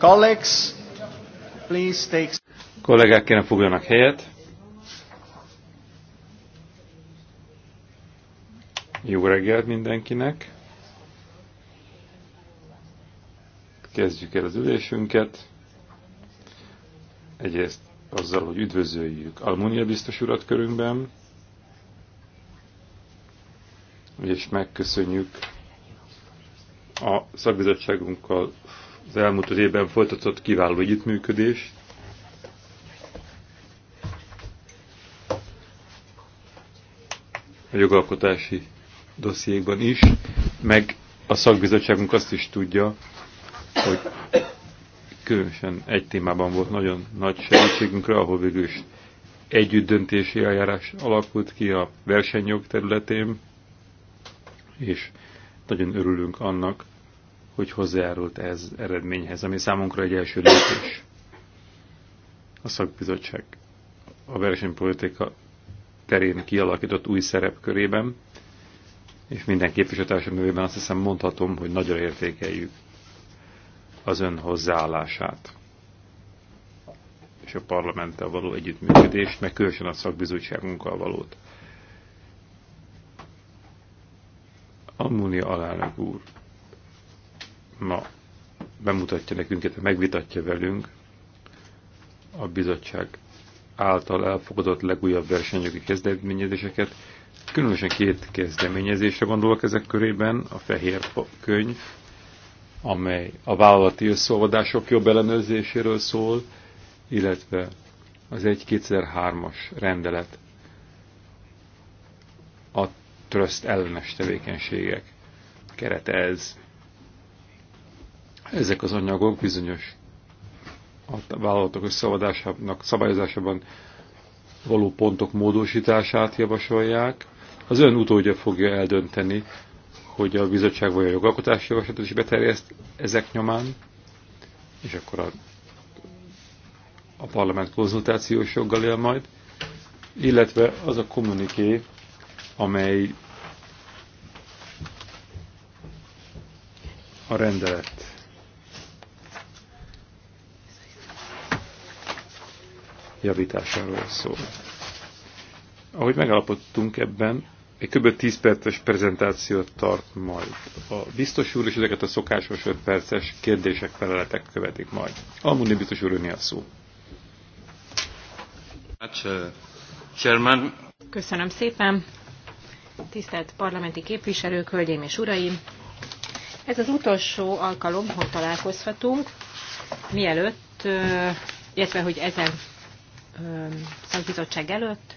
Colleagues, please take... Kollégák kérem foglalnak helyet. Jó reggelt mindenkinek. Kezdjük el az ülésünket. Egyrészt azzal, hogy üdvözöljük Almunia biztos urat körünkben, és megköszönjük a szakbizottságunkkal az elmúlt évben folytatott kiváló együttműködés. a jogalkotási dossziékban is, meg a szakbizottságunk azt is tudja, hogy különösen egy témában volt nagyon nagy segítségünkre, ahol végül is együtt döntési eljárás alakult ki a versenyjog területén, és nagyon örülünk annak, hogy hozzájárult ez eredményhez, ami számunkra egy első lépés. A szakbizottság a versenypolitika terén kialakított új szerepkörében, és minden képviselőtársam nevében azt hiszem mondhatom, hogy nagyra értékeljük az ön hozzáállását és a parlamenttel való együttműködést, meg különösen a szakbizottságunkkal valót. Ammunia alelnök úr ma bemutatja nekünk, megvitatja velünk a bizottság által elfogadott legújabb versenyjogi kezdeményezéseket. Különösen két kezdeményezésre gondolok ezek körében, a fehér könyv, amely a vállalati összolvadások jobb ellenőrzéséről szól, illetve az 1-2003-as rendelet a tröszt ellenes tevékenységek kerete ez. Ezek az anyagok bizonyos a vállalatok összeadásának szabályozásában való pontok módosítását javasolják. Az ön utódja fogja eldönteni, hogy a bizottság vagy a jogalkotási javaslatot is beterjeszt ezek nyomán, és akkor a, a parlament konzultációs joggal él majd, illetve az a kommuniké, amely a rendelet javításáról szól. Ahogy megalapodtunk ebben, egy kb. 10 perces prezentációt tart majd. A biztos úr és ezeket a szokásos 5 perces kérdések, feleletek követik majd. Almúni biztos úr, a szó. Uh, Köszönöm szépen. Tisztelt parlamenti képviselők, hölgyeim és uraim! Ez az utolsó alkalom, hogy találkozhatunk, mielőtt, uh, illetve hogy ezen szakbizottság előtt.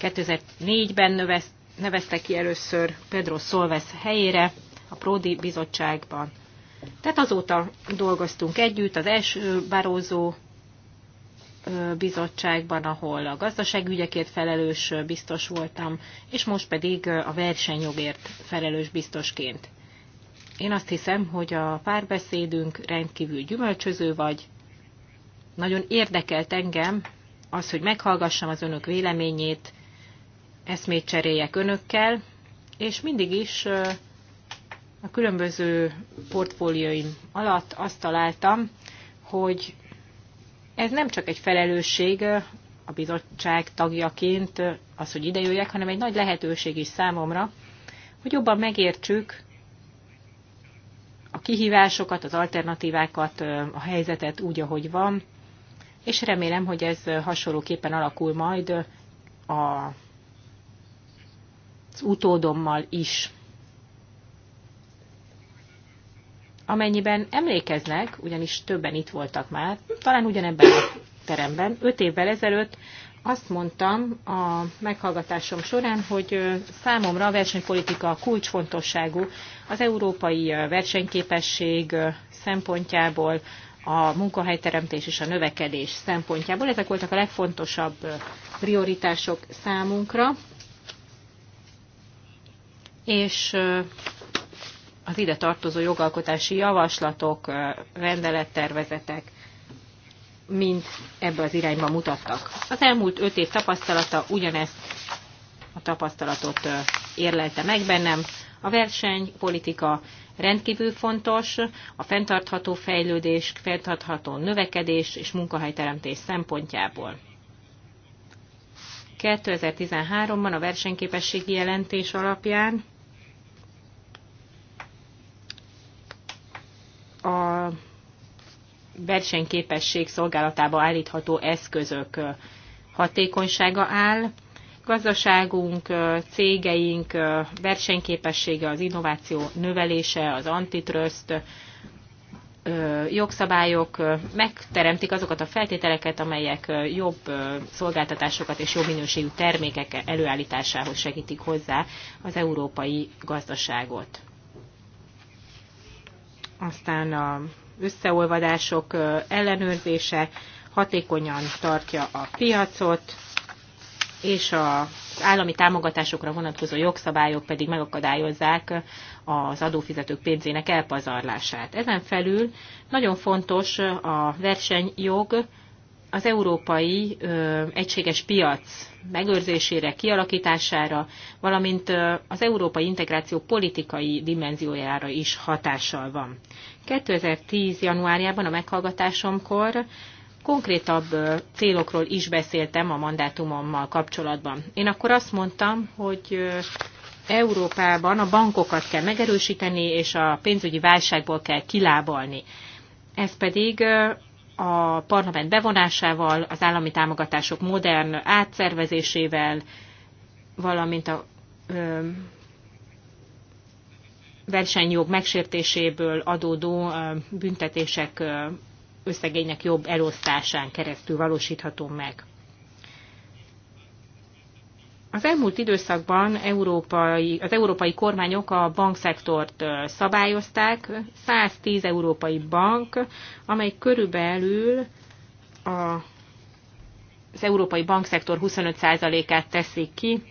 2004-ben nevezte ki először Pedro Solves helyére a Pródi bizottságban. Tehát azóta dolgoztunk együtt az első Barózó bizottságban, ahol a gazdaságügyekért felelős biztos voltam, és most pedig a versenyjogért felelős biztosként. Én azt hiszem, hogy a párbeszédünk rendkívül gyümölcsöző vagy. Nagyon érdekelt engem az, hogy meghallgassam az önök véleményét, eszmét cseréljek önökkel, és mindig is a különböző portfólióim alatt azt találtam, hogy ez nem csak egy felelősség a bizottság tagjaként az, hogy jöjjek, hanem egy nagy lehetőség is számomra, hogy jobban megértsük a kihívásokat, az alternatívákat, a helyzetet úgy, ahogy van, és remélem, hogy ez hasonlóképpen alakul majd a, az utódommal is. Amennyiben emlékeznek, ugyanis többen itt voltak már, talán ugyanebben a teremben, öt évvel ezelőtt azt mondtam a meghallgatásom során, hogy számomra a versenypolitika kulcsfontosságú az európai versenyképesség szempontjából, a munkahelyteremtés és a növekedés szempontjából. Ezek voltak a legfontosabb prioritások számunkra, és az ide tartozó jogalkotási javaslatok, rendelettervezetek mind ebbe az irányba mutattak. Az elmúlt öt év tapasztalata ugyanezt a tapasztalatot érlelte meg bennem. A versenypolitika rendkívül fontos a fenntartható fejlődés, fenntartható növekedés és munkahelyteremtés szempontjából. 2013-ban a versenyképességi jelentés alapján a versenyképesség szolgálatába állítható eszközök hatékonysága áll gazdaságunk, cégeink versenyképessége, az innováció növelése, az antitrust, jogszabályok megteremtik azokat a feltételeket, amelyek jobb szolgáltatásokat és jobb minőségű termékek előállításához segítik hozzá az európai gazdaságot. Aztán a összeolvadások ellenőrzése hatékonyan tartja a piacot, és az állami támogatásokra vonatkozó jogszabályok pedig megakadályozzák az adófizetők pénzének elpazarlását. Ezen felül nagyon fontos a versenyjog, az európai ö, egységes piac megőrzésére, kialakítására, valamint ö, az európai integráció politikai dimenziójára is hatással van. 2010. januárjában a meghallgatásomkor konkrétabb célokról is beszéltem a mandátumommal kapcsolatban. Én akkor azt mondtam, hogy Európában a bankokat kell megerősíteni, és a pénzügyi válságból kell kilábalni. Ez pedig a parlament bevonásával, az állami támogatások modern átszervezésével, valamint a ö, versenyjog megsértéséből adódó ö, büntetések ö, összegeinek jobb elosztásán keresztül valósítható meg. Az elmúlt időszakban európai, az európai kormányok a bankszektort szabályozták. 110 európai bank, amely körülbelül a, az európai bankszektor 25%-át teszik ki,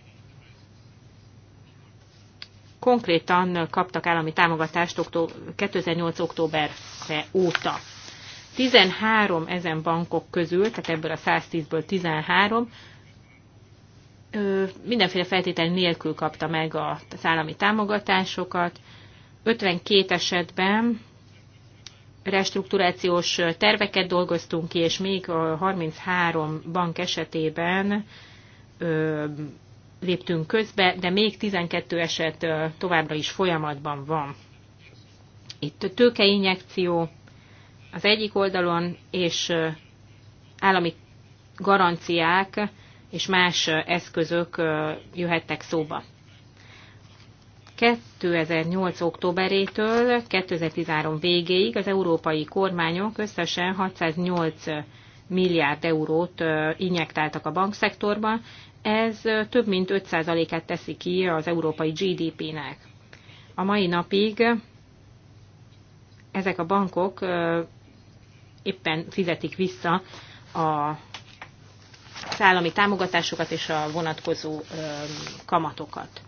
konkrétan kaptak állami támogatást 2008. október óta. 13 ezen bankok közül, tehát ebből a 110-ből 13 mindenféle feltétel nélkül kapta meg az állami támogatásokat. 52 esetben restrukturációs terveket dolgoztunk ki, és még a 33 bank esetében léptünk közbe, de még 12 eset továbbra is folyamatban van. Itt tőkeinjekció, az egyik oldalon, és állami garanciák és más eszközök jöhettek szóba. 2008. októberétől 2013 végéig az európai kormányok összesen 608 milliárd eurót injektáltak a bankszektorba, ez több mint 5%-át teszi ki az európai GDP-nek. A mai napig ezek a bankok éppen fizetik vissza a szállami támogatásokat és a vonatkozó kamatokat.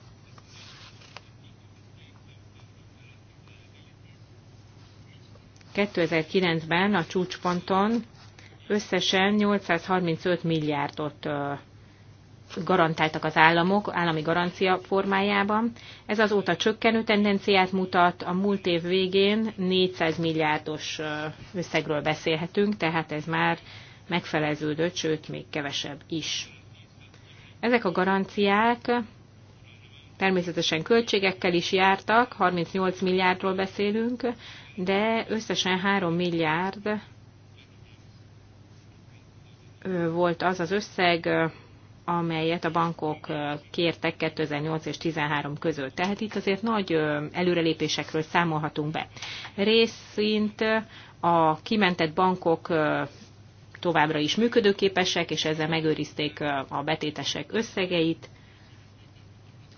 ben a csúcsponton összesen 835 milliárdot garantáltak az államok állami garancia formájában. Ez azóta csökkenő tendenciát mutat, a múlt év végén 400 milliárdos összegről beszélhetünk, tehát ez már megfeleződött, sőt még kevesebb is. Ezek a garanciák természetesen költségekkel is jártak, 38 milliárdról beszélünk, de összesen 3 milliárd volt az az összeg, amelyet a bankok kértek 2008 és 2013 között. Tehát itt azért nagy előrelépésekről számolhatunk be. Részint a kimentett bankok továbbra is működőképesek, és ezzel megőrizték a betétesek összegeit,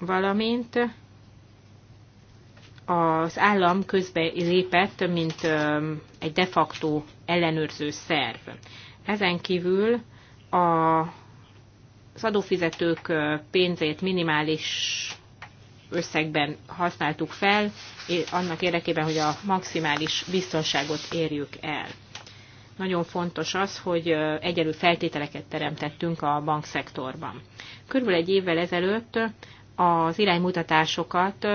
valamint az állam közbe lépett, mint egy de facto ellenőrző szerv. Ezen kívül a az adófizetők pénzét minimális összegben használtuk fel, annak érdekében, hogy a maximális biztonságot érjük el. Nagyon fontos az, hogy egyelő feltételeket teremtettünk a bankszektorban. Körülbelül egy évvel ezelőtt az iránymutatásokat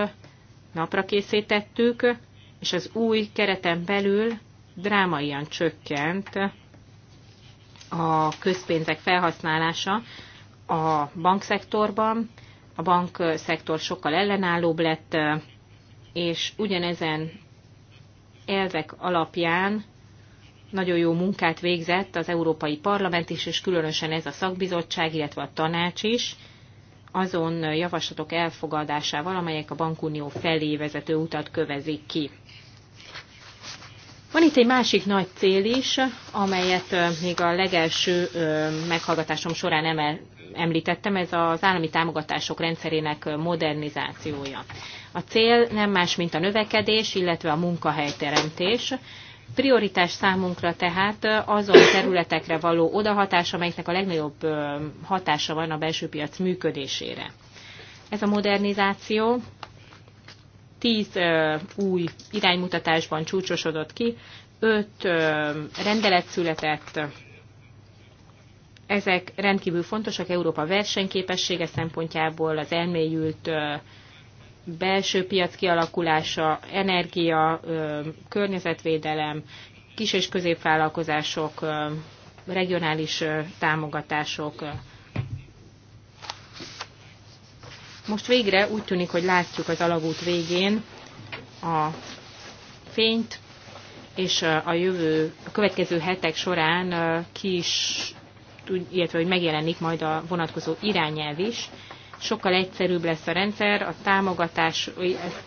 napra készítettük, és az új kereten belül drámaian csökkent a közpénzek felhasználása a bankszektorban. A bankszektor sokkal ellenállóbb lett, és ugyanezen elvek alapján nagyon jó munkát végzett az Európai Parlament is, és különösen ez a szakbizottság, illetve a tanács is, azon javaslatok elfogadásával, amelyek a bankunió felé vezető utat kövezik ki. Van itt egy másik nagy cél is, amelyet még a legelső meghallgatásom során emel, említettem, ez az állami támogatások rendszerének modernizációja. A cél nem más, mint a növekedés, illetve a munkahelyteremtés. Prioritás számunkra tehát azon területekre való odahatás, amelyiknek a legnagyobb hatása van a belső piac működésére. Ez a modernizáció tíz új iránymutatásban csúcsosodott ki, öt rendelet született, ezek rendkívül fontosak Európa versenyképessége szempontjából, az elmélyült belső piac kialakulása, energia, környezetvédelem, kis- és középvállalkozások, regionális támogatások, Most végre úgy tűnik, hogy látjuk az alagút végén a fényt, és a jövő, a következő hetek során ki is, illetve hogy megjelenik majd a vonatkozó irányelv is. Sokkal egyszerűbb lesz a rendszer, a támogatás,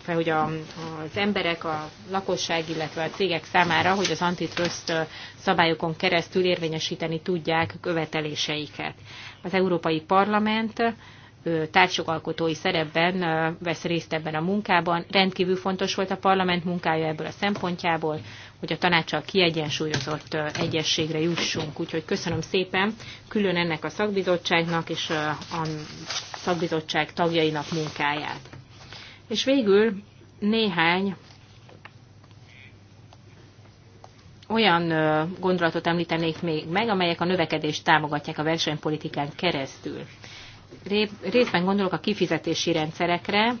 hogy az emberek, a lakosság, illetve a cégek számára, hogy az antitrust szabályokon keresztül érvényesíteni tudják követeléseiket. Az Európai Parlament társjogalkotói szerepben vesz részt ebben a munkában. Rendkívül fontos volt a parlament munkája ebből a szempontjából, hogy a tanácssal kiegyensúlyozott egyességre jussunk. Úgyhogy köszönöm szépen külön ennek a szakbizottságnak és a szakbizottság tagjainak munkáját. És végül néhány olyan gondolatot említenék még meg, amelyek a növekedést támogatják a versenypolitikán keresztül részben gondolok a kifizetési rendszerekre,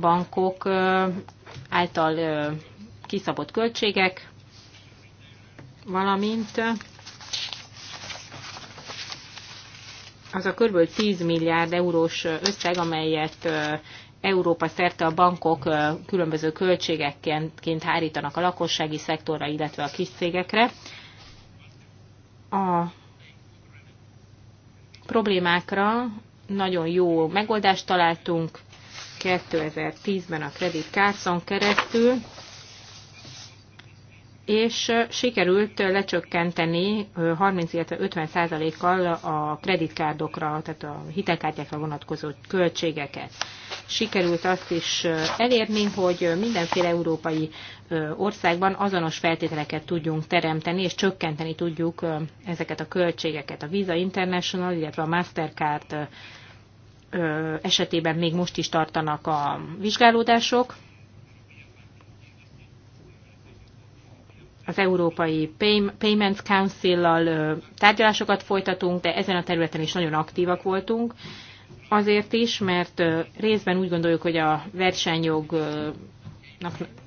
bankok által kiszabott költségek, valamint az a kb. 10 milliárd eurós összeg, amelyet Európa szerte a bankok különböző költségekként hárítanak a lakossági szektorra, illetve a kis cégekre. A problémákra nagyon jó megoldást találtunk 2010-ben a Credit Cardson keresztül, és sikerült lecsökkenteni 30, 50 kal a kreditkárdokra, tehát a hitelkártyákra vonatkozó költségeket. Sikerült azt is elérni, hogy mindenféle európai országban azonos feltételeket tudjunk teremteni, és csökkenteni tudjuk ezeket a költségeket. A Visa International, illetve a Mastercard esetében még most is tartanak a vizsgálódások. Az Európai Payments Council-lal tárgyalásokat folytatunk, de ezen a területen is nagyon aktívak voltunk. Azért is, mert részben úgy gondoljuk, hogy a versenyjognak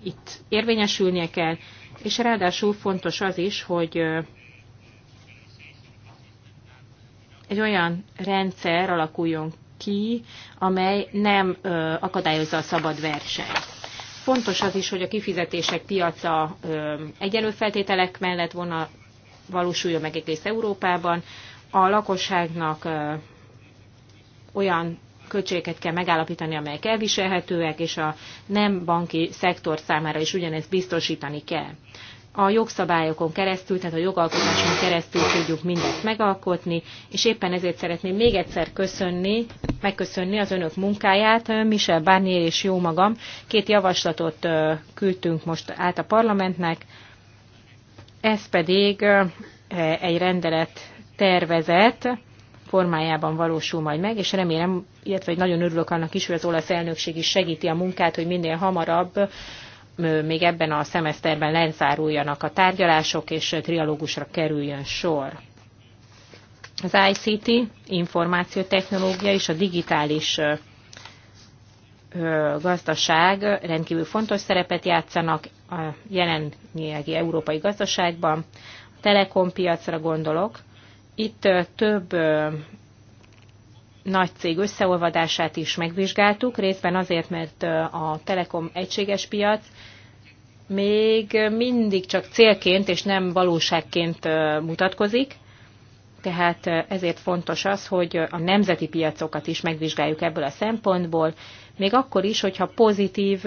itt érvényesülnie kell, és ráadásul fontos az is, hogy egy olyan rendszer alakuljon ki, amely nem akadályozza a szabad versenyt. Fontos az is, hogy a kifizetések piaca egyenlő feltételek mellett volna valósuljon meg egész Európában. A lakosságnak olyan költségeket kell megállapítani, amelyek elviselhetőek, és a nem banki szektor számára is ugyanezt biztosítani kell a jogszabályokon keresztül, tehát a jogalkotáson keresztül tudjuk mindezt megalkotni, és éppen ezért szeretném még egyszer köszönni, megköszönni az önök munkáját. Michel Barnier és jó magam két javaslatot küldtünk most át a parlamentnek, ez pedig egy rendelet tervezet formájában valósul majd meg, és remélem, illetve hogy nagyon örülök annak is, hogy az olasz elnökség is segíti a munkát, hogy minél hamarabb még ebben a szemeszterben lezáruljanak a tárgyalások, és trialógusra kerüljön sor. Az ICT, információtechnológia és a digitális gazdaság rendkívül fontos szerepet játszanak a jelenlegi európai gazdaságban. A telekompiacra gondolok. Itt több nagy cég összeolvadását is megvizsgáltuk, részben azért, mert a Telekom egységes piac még mindig csak célként és nem valóságként mutatkozik, tehát ezért fontos az, hogy a nemzeti piacokat is megvizsgáljuk ebből a szempontból, még akkor is, hogyha pozitív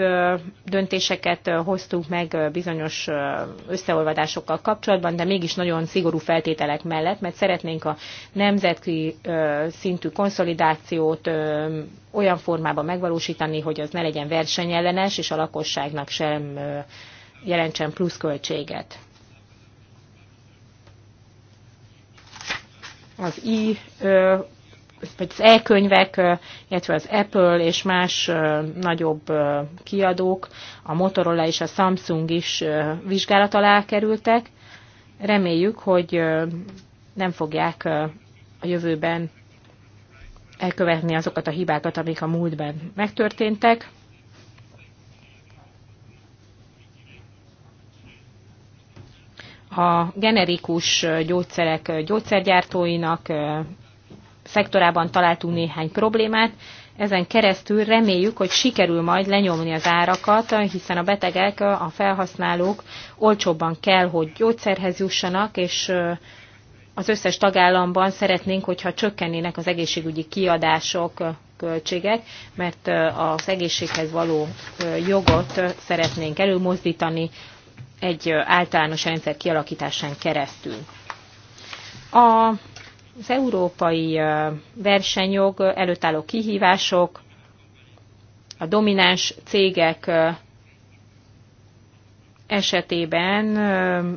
döntéseket hoztunk meg bizonyos összeolvadásokkal kapcsolatban, de mégis nagyon szigorú feltételek mellett, mert szeretnénk a nemzeti szintű konszolidációt olyan formában megvalósítani, hogy az ne legyen versenyellenes, és a lakosságnak sem jelentsen pluszköltséget. az i vagy az e-könyvek, illetve az Apple és más nagyobb kiadók, a Motorola és a Samsung is vizsgálat alá kerültek. Reméljük, hogy nem fogják a jövőben elkövetni azokat a hibákat, amik a múltban megtörténtek. a generikus gyógyszerek gyógyszergyártóinak szektorában találtunk néhány problémát. Ezen keresztül reméljük, hogy sikerül majd lenyomni az árakat, hiszen a betegek, a felhasználók olcsóbban kell, hogy gyógyszerhez jussanak, és az összes tagállamban szeretnénk, hogyha csökkennének az egészségügyi kiadások, költségek, mert az egészséghez való jogot szeretnénk előmozdítani egy általános rendszer kialakításán keresztül. A az európai versenyjog előtt álló kihívások, a domináns cégek esetében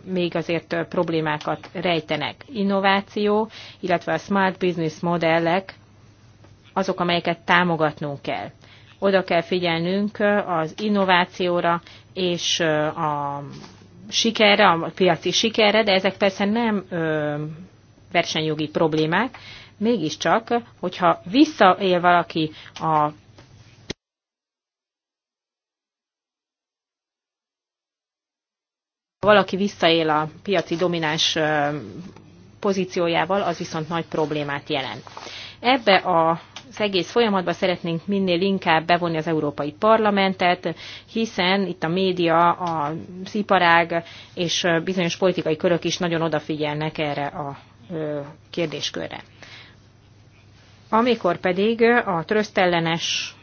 még azért problémákat rejtenek. Innováció, illetve a smart business modellek azok, amelyeket támogatnunk kell. Oda kell figyelnünk az innovációra, és a sikerre, a piaci sikerre, de ezek persze nem versenyjogi problémák, mégiscsak, hogyha visszaél valaki a valaki visszaél a piaci domináns pozíciójával, az viszont nagy problémát jelent. Ebbe a az egész folyamatban szeretnénk minél inkább bevonni az Európai Parlamentet, hiszen itt a média, a sziparág és bizonyos politikai körök is nagyon odafigyelnek erre a kérdéskörre. Amikor pedig a trösztellenes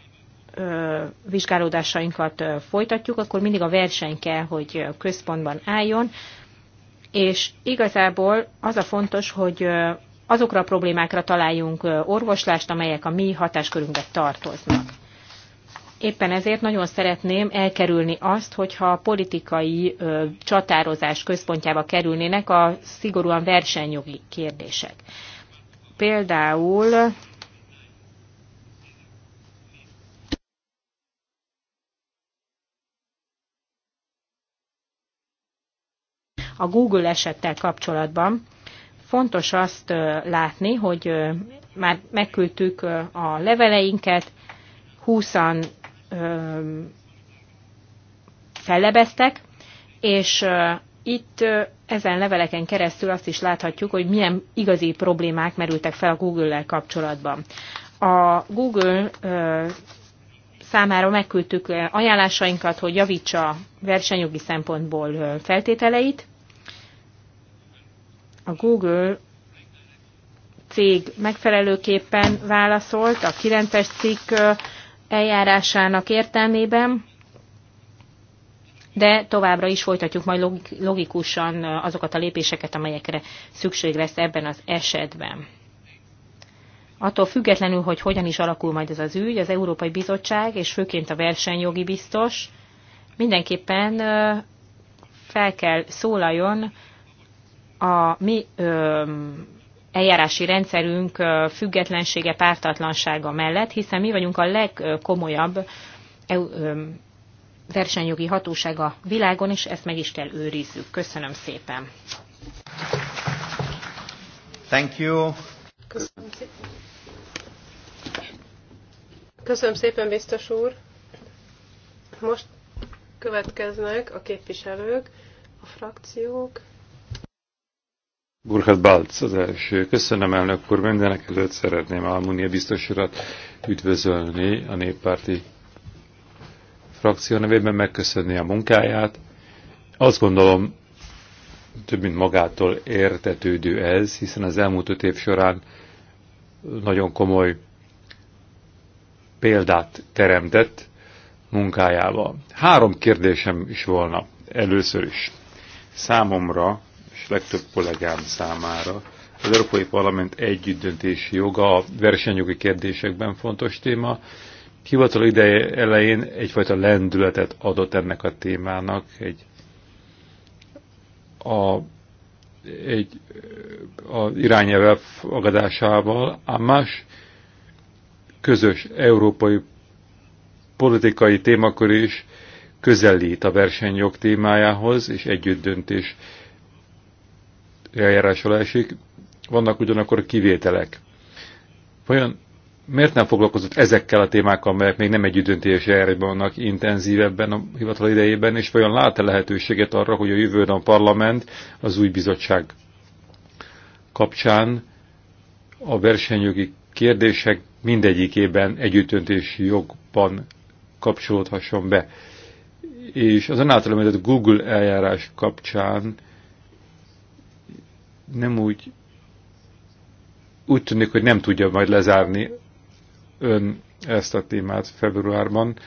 vizsgálódásainkat folytatjuk, akkor mindig a verseny kell, hogy központban álljon, és igazából az a fontos, hogy azokra a problémákra találjunk orvoslást, amelyek a mi hatáskörünkbe tartoznak. Éppen ezért nagyon szeretném elkerülni azt, hogyha a politikai ö, csatározás központjába kerülnének a szigorúan versenyjogi kérdések. Például a Google esettel kapcsolatban fontos azt látni, hogy már megküldtük a leveleinket, 20-an fellebeztek, és itt ezen leveleken keresztül azt is láthatjuk, hogy milyen igazi problémák merültek fel a Google-lel kapcsolatban. A Google számára megküldtük ajánlásainkat, hogy javítsa versenyjogi szempontból feltételeit, a Google cég megfelelőképpen válaszolt a 9-es cikk eljárásának értelmében, de továbbra is folytatjuk majd logikusan azokat a lépéseket, amelyekre szükség lesz ebben az esetben. Attól függetlenül, hogy hogyan is alakul majd ez az ügy, az Európai Bizottság és főként a versenyjogi biztos mindenképpen fel kell szólaljon a mi ö, eljárási rendszerünk függetlensége, pártatlansága mellett, hiszen mi vagyunk a legkomolyabb versenyjogi hatóság a világon, és ezt meg is kell őrizzük. Köszönöm szépen. Thank you. Köszönöm szépen. Köszönöm szépen, biztos úr. Most következnek a képviselők, a frakciók. Burkhard Balc az első. Köszönöm, elnök úr. Mindenek előtt szeretném Almunia biztos urat üdvözölni a néppárti frakció nevében, megköszönni a munkáját. Azt gondolom, több mint magától értetődő ez, hiszen az elmúlt öt év során nagyon komoly példát teremtett munkájával. Három kérdésem is volna, először is. Számomra legtöbb kollégám számára. Az Európai Parlament együttdöntési joga a versenyjogi kérdésekben fontos téma. Hivatal ideje elején egyfajta lendületet adott ennek a témának, egy, a, egy az irányelve fogadásával, ám más közös európai politikai témakör is közelít a versenyjog témájához, és együttdöntés eljárás alá esik, vannak ugyanakkor kivételek. Vajon miért nem foglalkozott ezekkel a témákkal, amelyek még nem egy döntési eljárásban vannak intenzívebben a hivatal idejében, és vajon lát-e lehetőséget arra, hogy a jövőn a parlament az új bizottság kapcsán a versenyjogi kérdések mindegyikében együttöntési jogban kapcsolódhasson be. És az hogy a Google eljárás kapcsán nem úgy, úgy tűnik, hogy nem tudja majd lezárni ön ezt a témát februárban.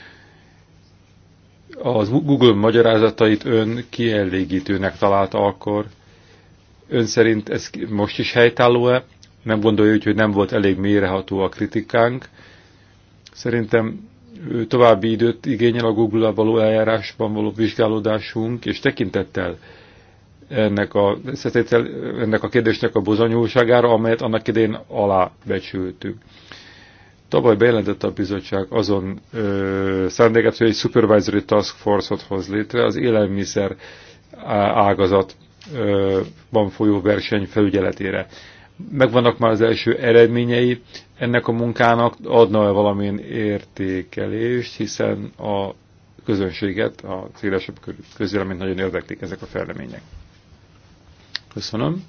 Az Google magyarázatait ön kielégítőnek találta akkor. Ön szerint ez most is helytálló-e? Nem gondolja úgy, hogy nem volt elég mélyreható a kritikánk. Szerintem további időt igényel a Google-a való eljárásban való vizsgálódásunk, és tekintettel ennek a, ennek a kérdésnek a bozonyúságára, amelyet annak idén alábecsültünk. Tavaly bejelentette a bizottság azon ö, szándéket, hogy egy supervisory task force-ot hoz létre az élelmiszer ágazatban folyó verseny felügyeletére. Megvannak már az első eredményei ennek a munkának, adna-e valamilyen értékelést, hiszen a közönséget, a szélesebb közvéleményt nagyon érdeklik ezek a fejlemények. Köszönöm.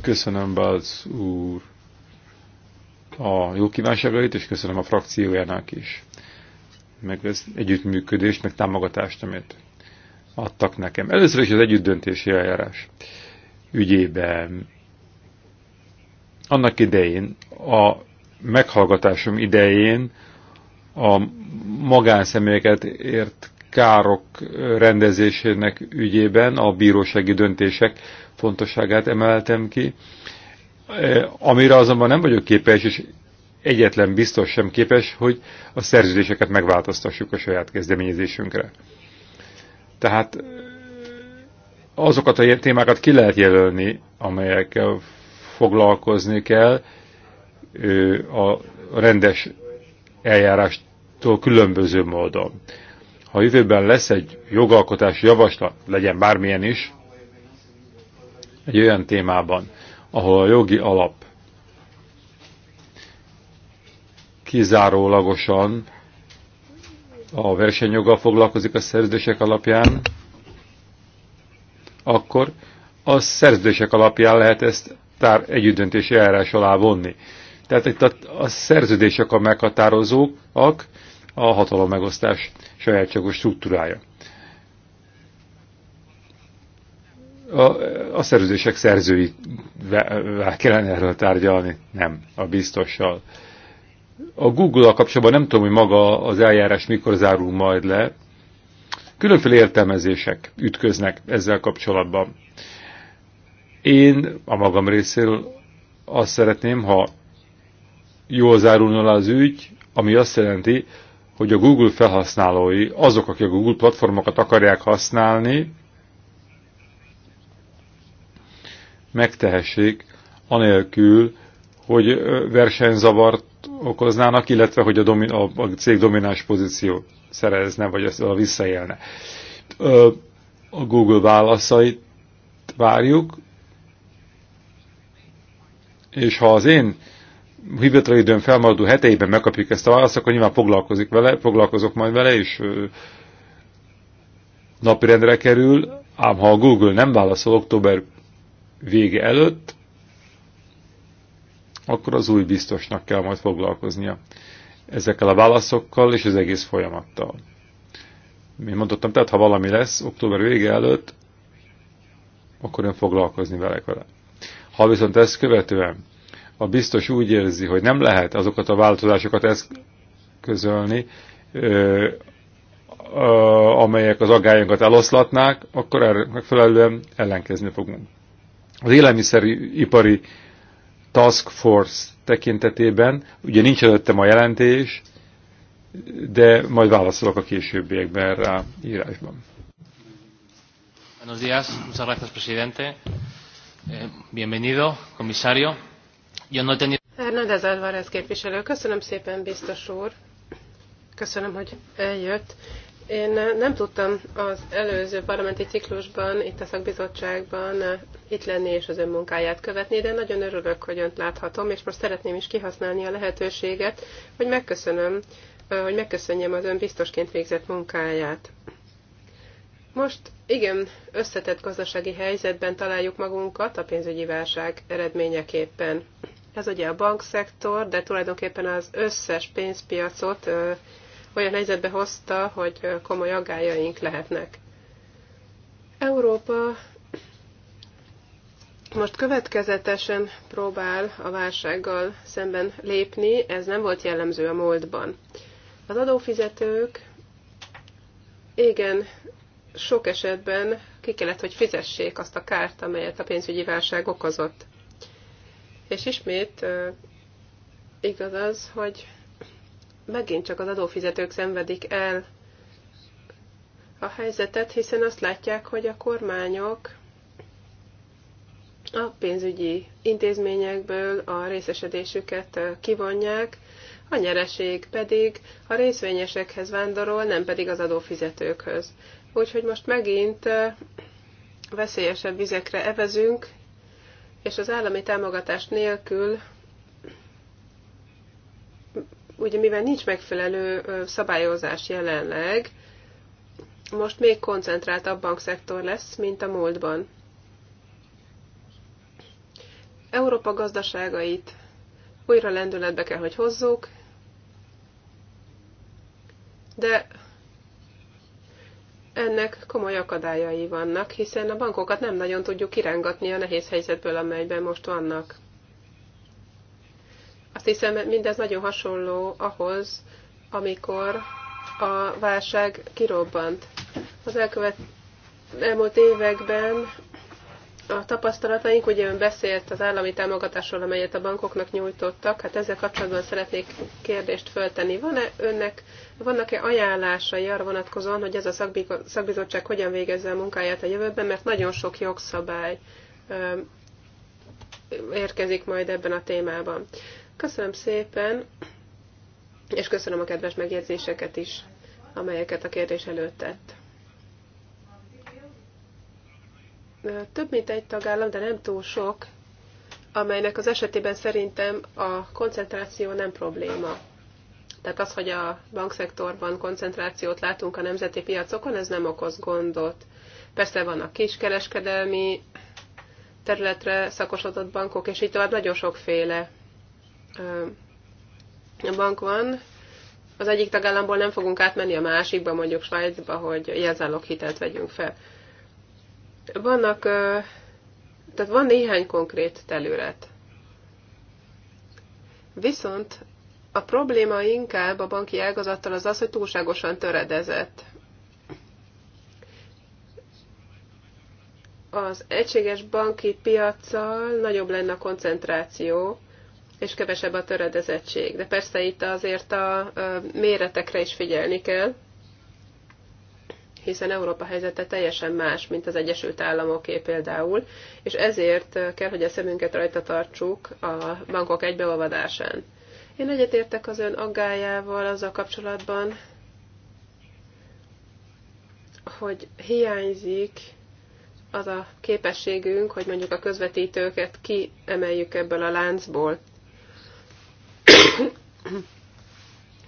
Köszönöm Balc úr a jó kívánságait, és köszönöm a frakciójának is. Meg az együttműködést, meg támogatást, amit adtak nekem. Először is az együttdöntési eljárás ügyében. Annak idején, a meghallgatásom idején a magánszemélyeket ért károk rendezésének ügyében a bírósági döntések fontosságát emeltem ki, e, amire azonban nem vagyok képes, és egyetlen biztos sem képes, hogy a szerződéseket megváltoztassuk a saját kezdeményezésünkre. Tehát e, azokat a témákat ki lehet jelölni, amelyekkel foglalkozni kell a rendes eljárástól különböző módon ha jövőben lesz egy jogalkotási javaslat, legyen bármilyen is, egy olyan témában, ahol a jogi alap kizárólagosan a versenyjoggal foglalkozik a szerződések alapján, akkor a szerződések alapján lehet ezt tár együttdöntési eljárás alá vonni. Tehát itt a, a szerződések a meghatározók, a hatalom megosztás sajátságos struktúrája. A, a szerződések szerzőivel kellene erről tárgyalni, nem, a biztossal. A Google-al kapcsolatban nem tudom, hogy maga az eljárás mikor zárul majd le. Különféle értelmezések ütköznek ezzel kapcsolatban. Én a magam részéről azt szeretném, ha jól zárulna az ügy, ami azt jelenti, hogy a Google felhasználói, azok, akik a Google platformokat akarják használni, megtehessék, anélkül, hogy versenyzavart okoznának, illetve hogy a, domin a, a cég domináns pozíció szerezne, vagy ezt visszaélne. A Google válaszait várjuk, és ha az én hivatalos időn felmaradó heteiben megkapjuk ezt a választ, akkor nyilván foglalkozik vele, foglalkozok majd vele, és napirendre kerül, ám ha a Google nem válaszol október vége előtt, akkor az új biztosnak kell majd foglalkoznia ezekkel a válaszokkal és az egész folyamattal. Mint mondottam, tehát ha valami lesz október vége előtt, akkor én foglalkozni velek vele. Ha viszont ezt követően a biztos úgy érzi, hogy nem lehet azokat a változásokat eszközölni, amelyek az aggályokat eloszlatnák, akkor erre megfelelően ellenkezni fogunk. Az élelmiszeripari task force tekintetében, ugye nincs előttem a jelentés, de majd válaszolok a későbbiekben rá írásban. Buenos días, muchas gracias, presidente. Eh, bienvenido, comisario. Hernández Álvarez képviselő, köszönöm szépen, biztos úr. Köszönöm, hogy eljött. Én nem tudtam az előző parlamenti ciklusban, itt a szakbizottságban itt lenni és az ön munkáját követni, de nagyon örülök, hogy önt láthatom, és most szeretném is kihasználni a lehetőséget, hogy megköszönöm, hogy megköszönjem az ön biztosként végzett munkáját. Most igen, összetett gazdasági helyzetben találjuk magunkat a pénzügyi válság eredményeképpen. Ez ugye a bankszektor, de tulajdonképpen az összes pénzpiacot olyan helyzetbe hozta, hogy komoly aggájaink lehetnek. Európa most következetesen próbál a válsággal szemben lépni, ez nem volt jellemző a múltban. Az adófizetők igen, sok esetben ki kellett, hogy fizessék azt a kárt, amelyet a pénzügyi válság okozott. És ismét igaz az, hogy megint csak az adófizetők szenvedik el a helyzetet, hiszen azt látják, hogy a kormányok a pénzügyi intézményekből a részesedésüket kivonják, a nyereség pedig a részvényesekhez vándorol, nem pedig az adófizetőkhöz. Úgyhogy most megint veszélyesebb vizekre evezünk, és az állami támogatás nélkül ugye mivel nincs megfelelő szabályozás jelenleg, most még koncentráltabb bankszektor lesz, mint a múltban. Európa gazdaságait újra lendületbe kell, hogy hozzuk, de ennek komoly akadályai vannak, hiszen a bankokat nem nagyon tudjuk kirángatni a nehéz helyzetből, amelyben most vannak. Azt hiszem, mindez nagyon hasonló ahhoz, amikor a válság kirobbant. Az elkövet elmúlt években a tapasztalataink, ugye ön beszélt az állami támogatásról, amelyet a bankoknak nyújtottak, hát ezzel kapcsolatban szeretnék kérdést föltenni. Van-e önnek, vannak-e ajánlásai arra vonatkozóan, hogy ez a szakbizottság hogyan végezze a munkáját a jövőben, mert nagyon sok jogszabály érkezik majd ebben a témában. Köszönöm szépen, és köszönöm a kedves megjegyzéseket is, amelyeket a kérdés előtt tett. több mint egy tagállam, de nem túl sok, amelynek az esetében szerintem a koncentráció nem probléma. Tehát az, hogy a bankszektorban koncentrációt látunk a nemzeti piacokon, ez nem okoz gondot. Persze van a kiskereskedelmi területre szakosodott bankok, és így tovább nagyon sokféle bank van. Az egyik tagállamból nem fogunk átmenni a másikba, mondjuk Svájcba, hogy jelzálok hitelt vegyünk fel vannak, tehát van néhány konkrét terület. Viszont a probléma inkább a banki ágazattal az az, hogy túlságosan töredezett. Az egységes banki piaccal nagyobb lenne a koncentráció, és kevesebb a töredezettség. De persze itt azért a méretekre is figyelni kell hiszen Európa helyzete teljesen más, mint az Egyesült Államoké például, és ezért kell, hogy a szemünket rajta tartsuk a bankok egybeolvadásán. Én egyetértek az ön aggájával azzal kapcsolatban, hogy hiányzik az a képességünk, hogy mondjuk a közvetítőket kiemeljük ebből a láncból.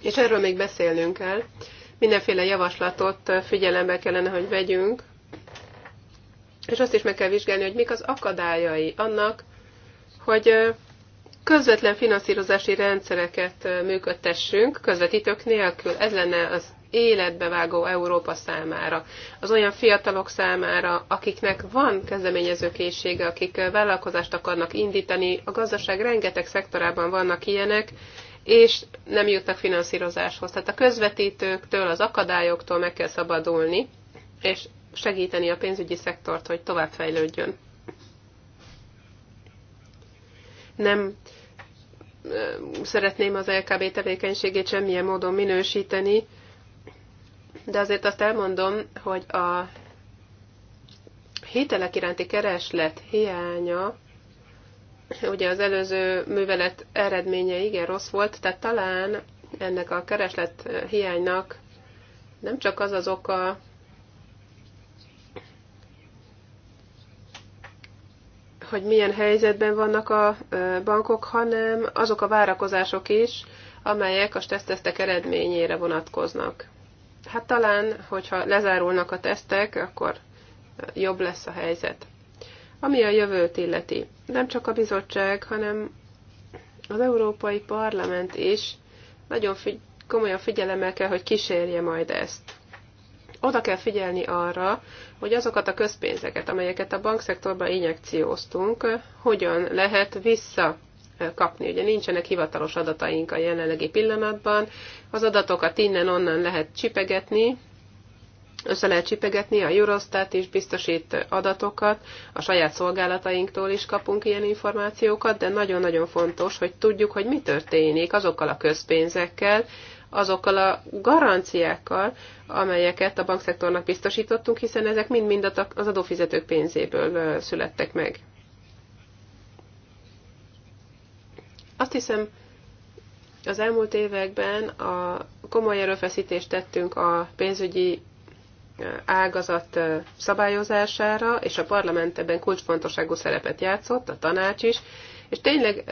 És erről még beszélnünk kell, mindenféle javaslatot figyelembe kellene, hogy vegyünk, és azt is meg kell vizsgálni, hogy mik az akadályai annak, hogy közvetlen finanszírozási rendszereket működtessünk közvetítők nélkül. Ez lenne az életbe vágó Európa számára, az olyan fiatalok számára, akiknek van kezdeményezőkészsége, akik vállalkozást akarnak indítani, a gazdaság rengeteg szektorában vannak ilyenek, és nem jutnak finanszírozáshoz. Tehát a közvetítőktől, az akadályoktól meg kell szabadulni, és segíteni a pénzügyi szektort, hogy továbbfejlődjön. Nem szeretném az LKB tevékenységét semmilyen módon minősíteni, de azért azt elmondom, hogy a hitelek iránti kereslet hiánya ugye az előző művelet eredménye igen rossz volt, tehát talán ennek a kereslet hiánynak nem csak az az oka, hogy milyen helyzetben vannak a bankok, hanem azok a várakozások is, amelyek a tesztesztek eredményére vonatkoznak. Hát talán, hogyha lezárulnak a tesztek, akkor jobb lesz a helyzet. Ami a jövőt illeti nem csak a bizottság, hanem az Európai Parlament is nagyon figy- komolyan figyelemmel kell, hogy kísérje majd ezt. Oda kell figyelni arra, hogy azokat a közpénzeket, amelyeket a bankszektorba injekcióztunk, hogyan lehet vissza kapni. Ugye nincsenek hivatalos adataink a jelenlegi pillanatban, az adatokat innen-onnan lehet csipegetni, össze lehet csipegetni, a Eurostat is biztosít adatokat, a saját szolgálatainktól is kapunk ilyen információkat, de nagyon-nagyon fontos, hogy tudjuk, hogy mi történik azokkal a közpénzekkel, azokkal a garanciákkal, amelyeket a bankszektornak biztosítottunk, hiszen ezek mind-mind az adófizetők pénzéből születtek meg. Azt hiszem, az elmúlt években a komoly erőfeszítést tettünk a pénzügyi ágazat szabályozására, és a parlament ebben kulcsfontosságú szerepet játszott, a tanács is, és tényleg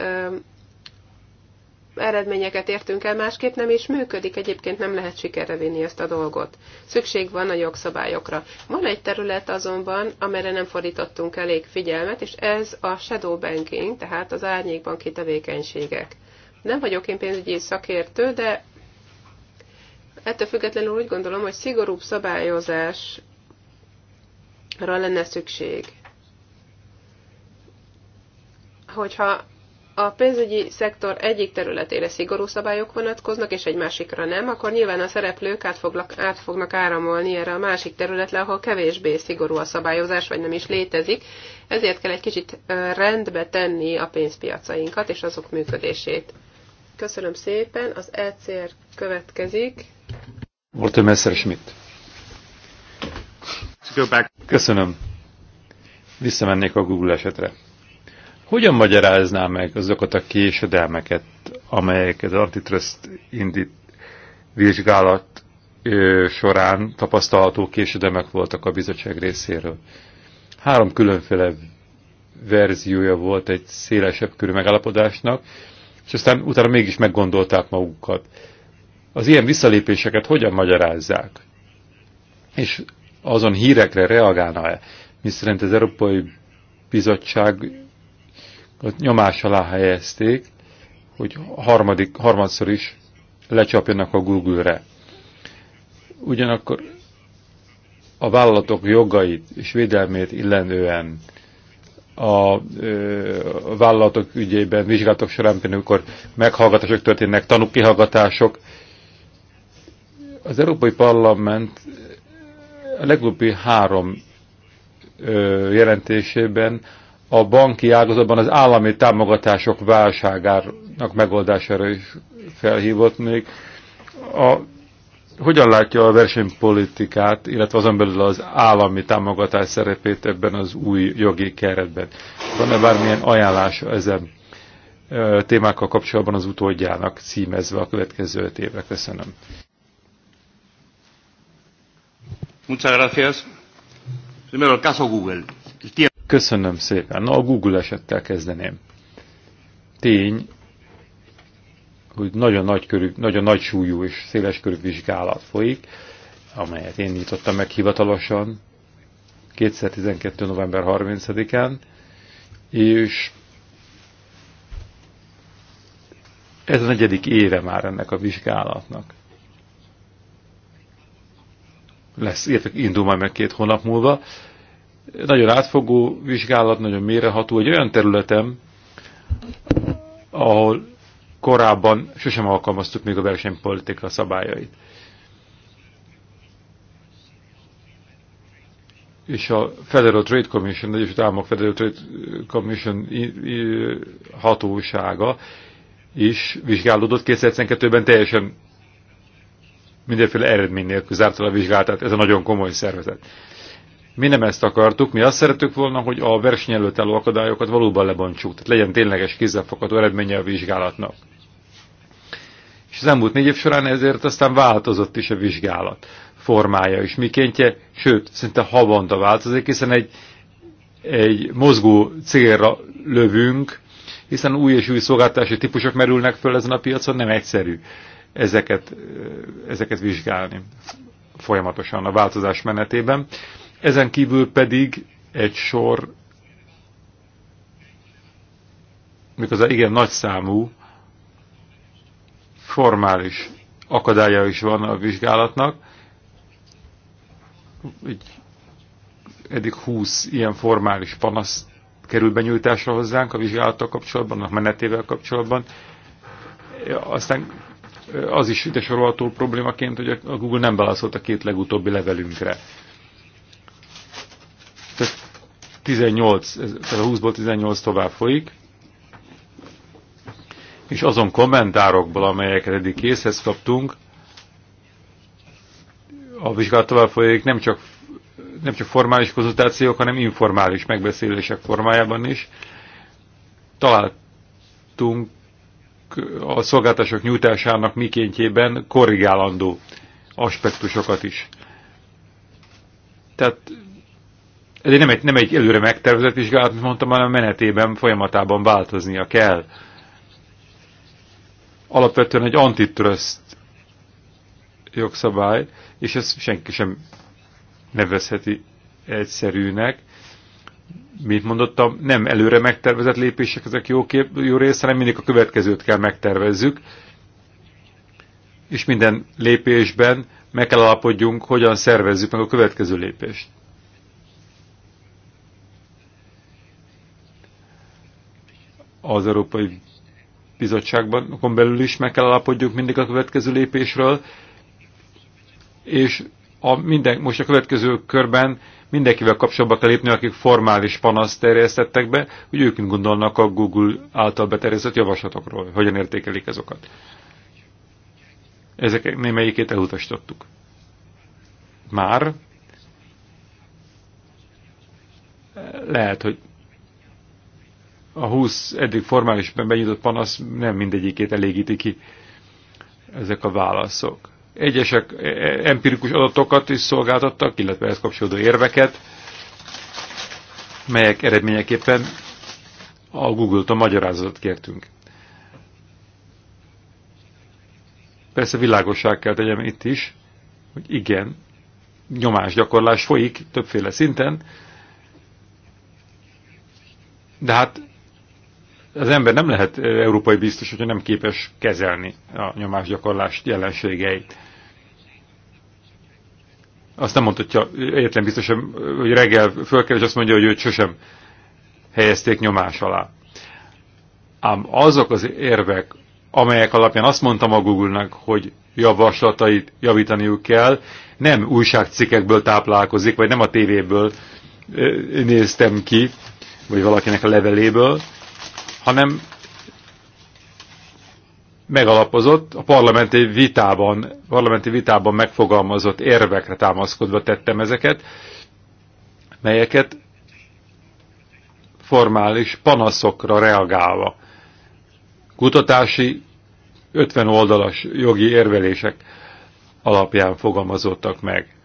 eredményeket értünk el, másképp nem is működik, egyébként nem lehet sikerre vinni ezt a dolgot. Szükség van a jogszabályokra. Van egy terület azonban, amire nem fordítottunk elég figyelmet, és ez a shadow banking, tehát az árnyékbanki tevékenységek. Nem vagyok én pénzügyi szakértő, de Ettől függetlenül úgy gondolom, hogy szigorúbb szabályozásra lenne szükség. Hogyha a pénzügyi szektor egyik területére szigorú szabályok vonatkoznak, és egy másikra nem, akkor nyilván a szereplők át, foglak, át fognak áramolni erre a másik területre, ahol kevésbé szigorú a szabályozás, vagy nem is létezik. Ezért kell egy kicsit rendbe tenni a pénzpiacainkat és azok működését. Köszönöm szépen, az ECR következik. Walter Messerschmidt. Köszönöm. Visszamennék a Google esetre. Hogyan magyarázná meg azokat a késedelmeket, amelyek az antitrust indít vizsgálat ö, során tapasztalható késedelmek voltak a bizottság részéről? Három különféle verziója volt egy szélesebb körű megállapodásnak, és aztán utána mégis meggondolták magukat az ilyen visszalépéseket hogyan magyarázzák? És azon hírekre reagálna-e, miszerint az Európai Bizottság nyomás alá helyezték, hogy harmadik, harmadszor is lecsapjanak a Google-re. Ugyanakkor a vállalatok jogait és védelmét illenően a, ö, a vállalatok ügyében vizsgálatok során, amikor meghallgatások történnek, tanúkihallgatások az Európai Parlament a legutóbbi három ö, jelentésében a banki ágazatban az állami támogatások válságának megoldására is felhívott még. A, hogyan látja a versenypolitikát, illetve azon belül az állami támogatás szerepét ebben az új jogi keretben? Van-e bármilyen ajánlás ezen témákkal kapcsolatban az utódjának címezve a következő öt évre? Köszönöm. Köszönöm szépen. Na, a Google esettel kezdeném. Tény, hogy nagyon nagy, körű, nagyon nagy súlyú és széles körű vizsgálat folyik, amelyet én nyitottam meg hivatalosan 2012. november 30-án, és ez a negyedik éve már ennek a vizsgálatnak lesz, illetve indul majd meg két hónap múlva. Nagyon átfogó vizsgálat, nagyon méreható, egy olyan területem, ahol korábban sosem alkalmaztuk még a versenypolitika szabályait. és a Federal Trade Commission, Egyesült Államok Federal Trade Commission hatósága is vizsgálódott. 2012-ben teljesen mindenféle eredmény nélkül zárta a vizsgálatát, ez a nagyon komoly szervezet. Mi nem ezt akartuk, mi azt szerettük volna, hogy a verseny előtt álló akadályokat valóban lebontsuk, tehát legyen tényleges kézzelfogható eredménye a vizsgálatnak. És az elmúlt négy év során ezért aztán változott is a vizsgálat formája is mikéntje, sőt, szinte havonta változik, hiszen egy, egy mozgó célra lövünk, hiszen új és új szolgáltási típusok merülnek föl ezen a piacon, nem egyszerű ezeket, ezeket vizsgálni folyamatosan a változás menetében. Ezen kívül pedig egy sor, miközben igen nagy számú formális akadálya is van a vizsgálatnak. Egy, eddig 20 ilyen formális panasz kerül benyújtásra hozzánk a vizsgálattal kapcsolatban, a menetével kapcsolatban. Aztán az is ide sorolható problémaként, hogy a Google nem válaszolt a két legutóbbi levelünkre. Tehát 18, tehát a 20-ból 18 tovább folyik, és azon kommentárokból, amelyeket eddig készhez kaptunk, a vizsgálat tovább folyik nem csak, nem csak formális konzultációk, hanem informális megbeszélések formájában is. Találtunk a szolgáltások nyújtásának mikéntjében korrigálandó aspektusokat is. Tehát ez nem egy, nem egy előre megtervezett vizsgálat, mint mondtam, hanem menetében, folyamatában változnia kell. Alapvetően egy antitrust jogszabály, és ezt senki sem nevezheti egyszerűnek mint mondottam, nem előre megtervezett lépések, ezek jó, kép, jó része, hanem mindig a következőt kell megtervezzük, és minden lépésben meg kell alapodjunk, hogyan szervezzük meg a következő lépést. Az Európai Bizottságban belül is meg kell alapodjuk mindig a következő lépésről, és a minden, most a következő körben mindenkivel kapcsolatba kell lépni, akik formális panaszt terjesztettek be, hogy ők mit gondolnak a Google által beterjesztett javaslatokról, hogyan értékelik azokat. Ezek némelyikét elutasítottuk. Már lehet, hogy a 20 eddig formálisban benyújtott panasz nem mindegyikét elégíti ki ezek a válaszok. Egyesek e, e, empirikus adatokat is szolgáltattak, illetve ehhez kapcsolódó érveket, melyek eredményeképpen a Google-t a magyarázatot kértünk. Persze világosság kell tegyem itt is, hogy igen, nyomásgyakorlás folyik többféle szinten, de hát az ember nem lehet e, európai biztos, hogyha nem képes kezelni a nyomásgyakorlást jelenségeit azt nem mondhatja egyetlen biztosan, hogy reggel fölkel, és azt mondja, hogy őt sosem helyezték nyomás alá. Ám azok az érvek, amelyek alapján azt mondtam a Google-nak, hogy javaslatait javítaniuk kell, nem újságcikkekből táplálkozik, vagy nem a tévéből néztem ki, vagy valakinek a leveléből, hanem megalapozott, a parlamenti vitában, parlamenti vitában megfogalmazott érvekre támaszkodva tettem ezeket, melyeket formális panaszokra reagálva. Kutatási 50 oldalas jogi érvelések alapján fogalmazottak meg.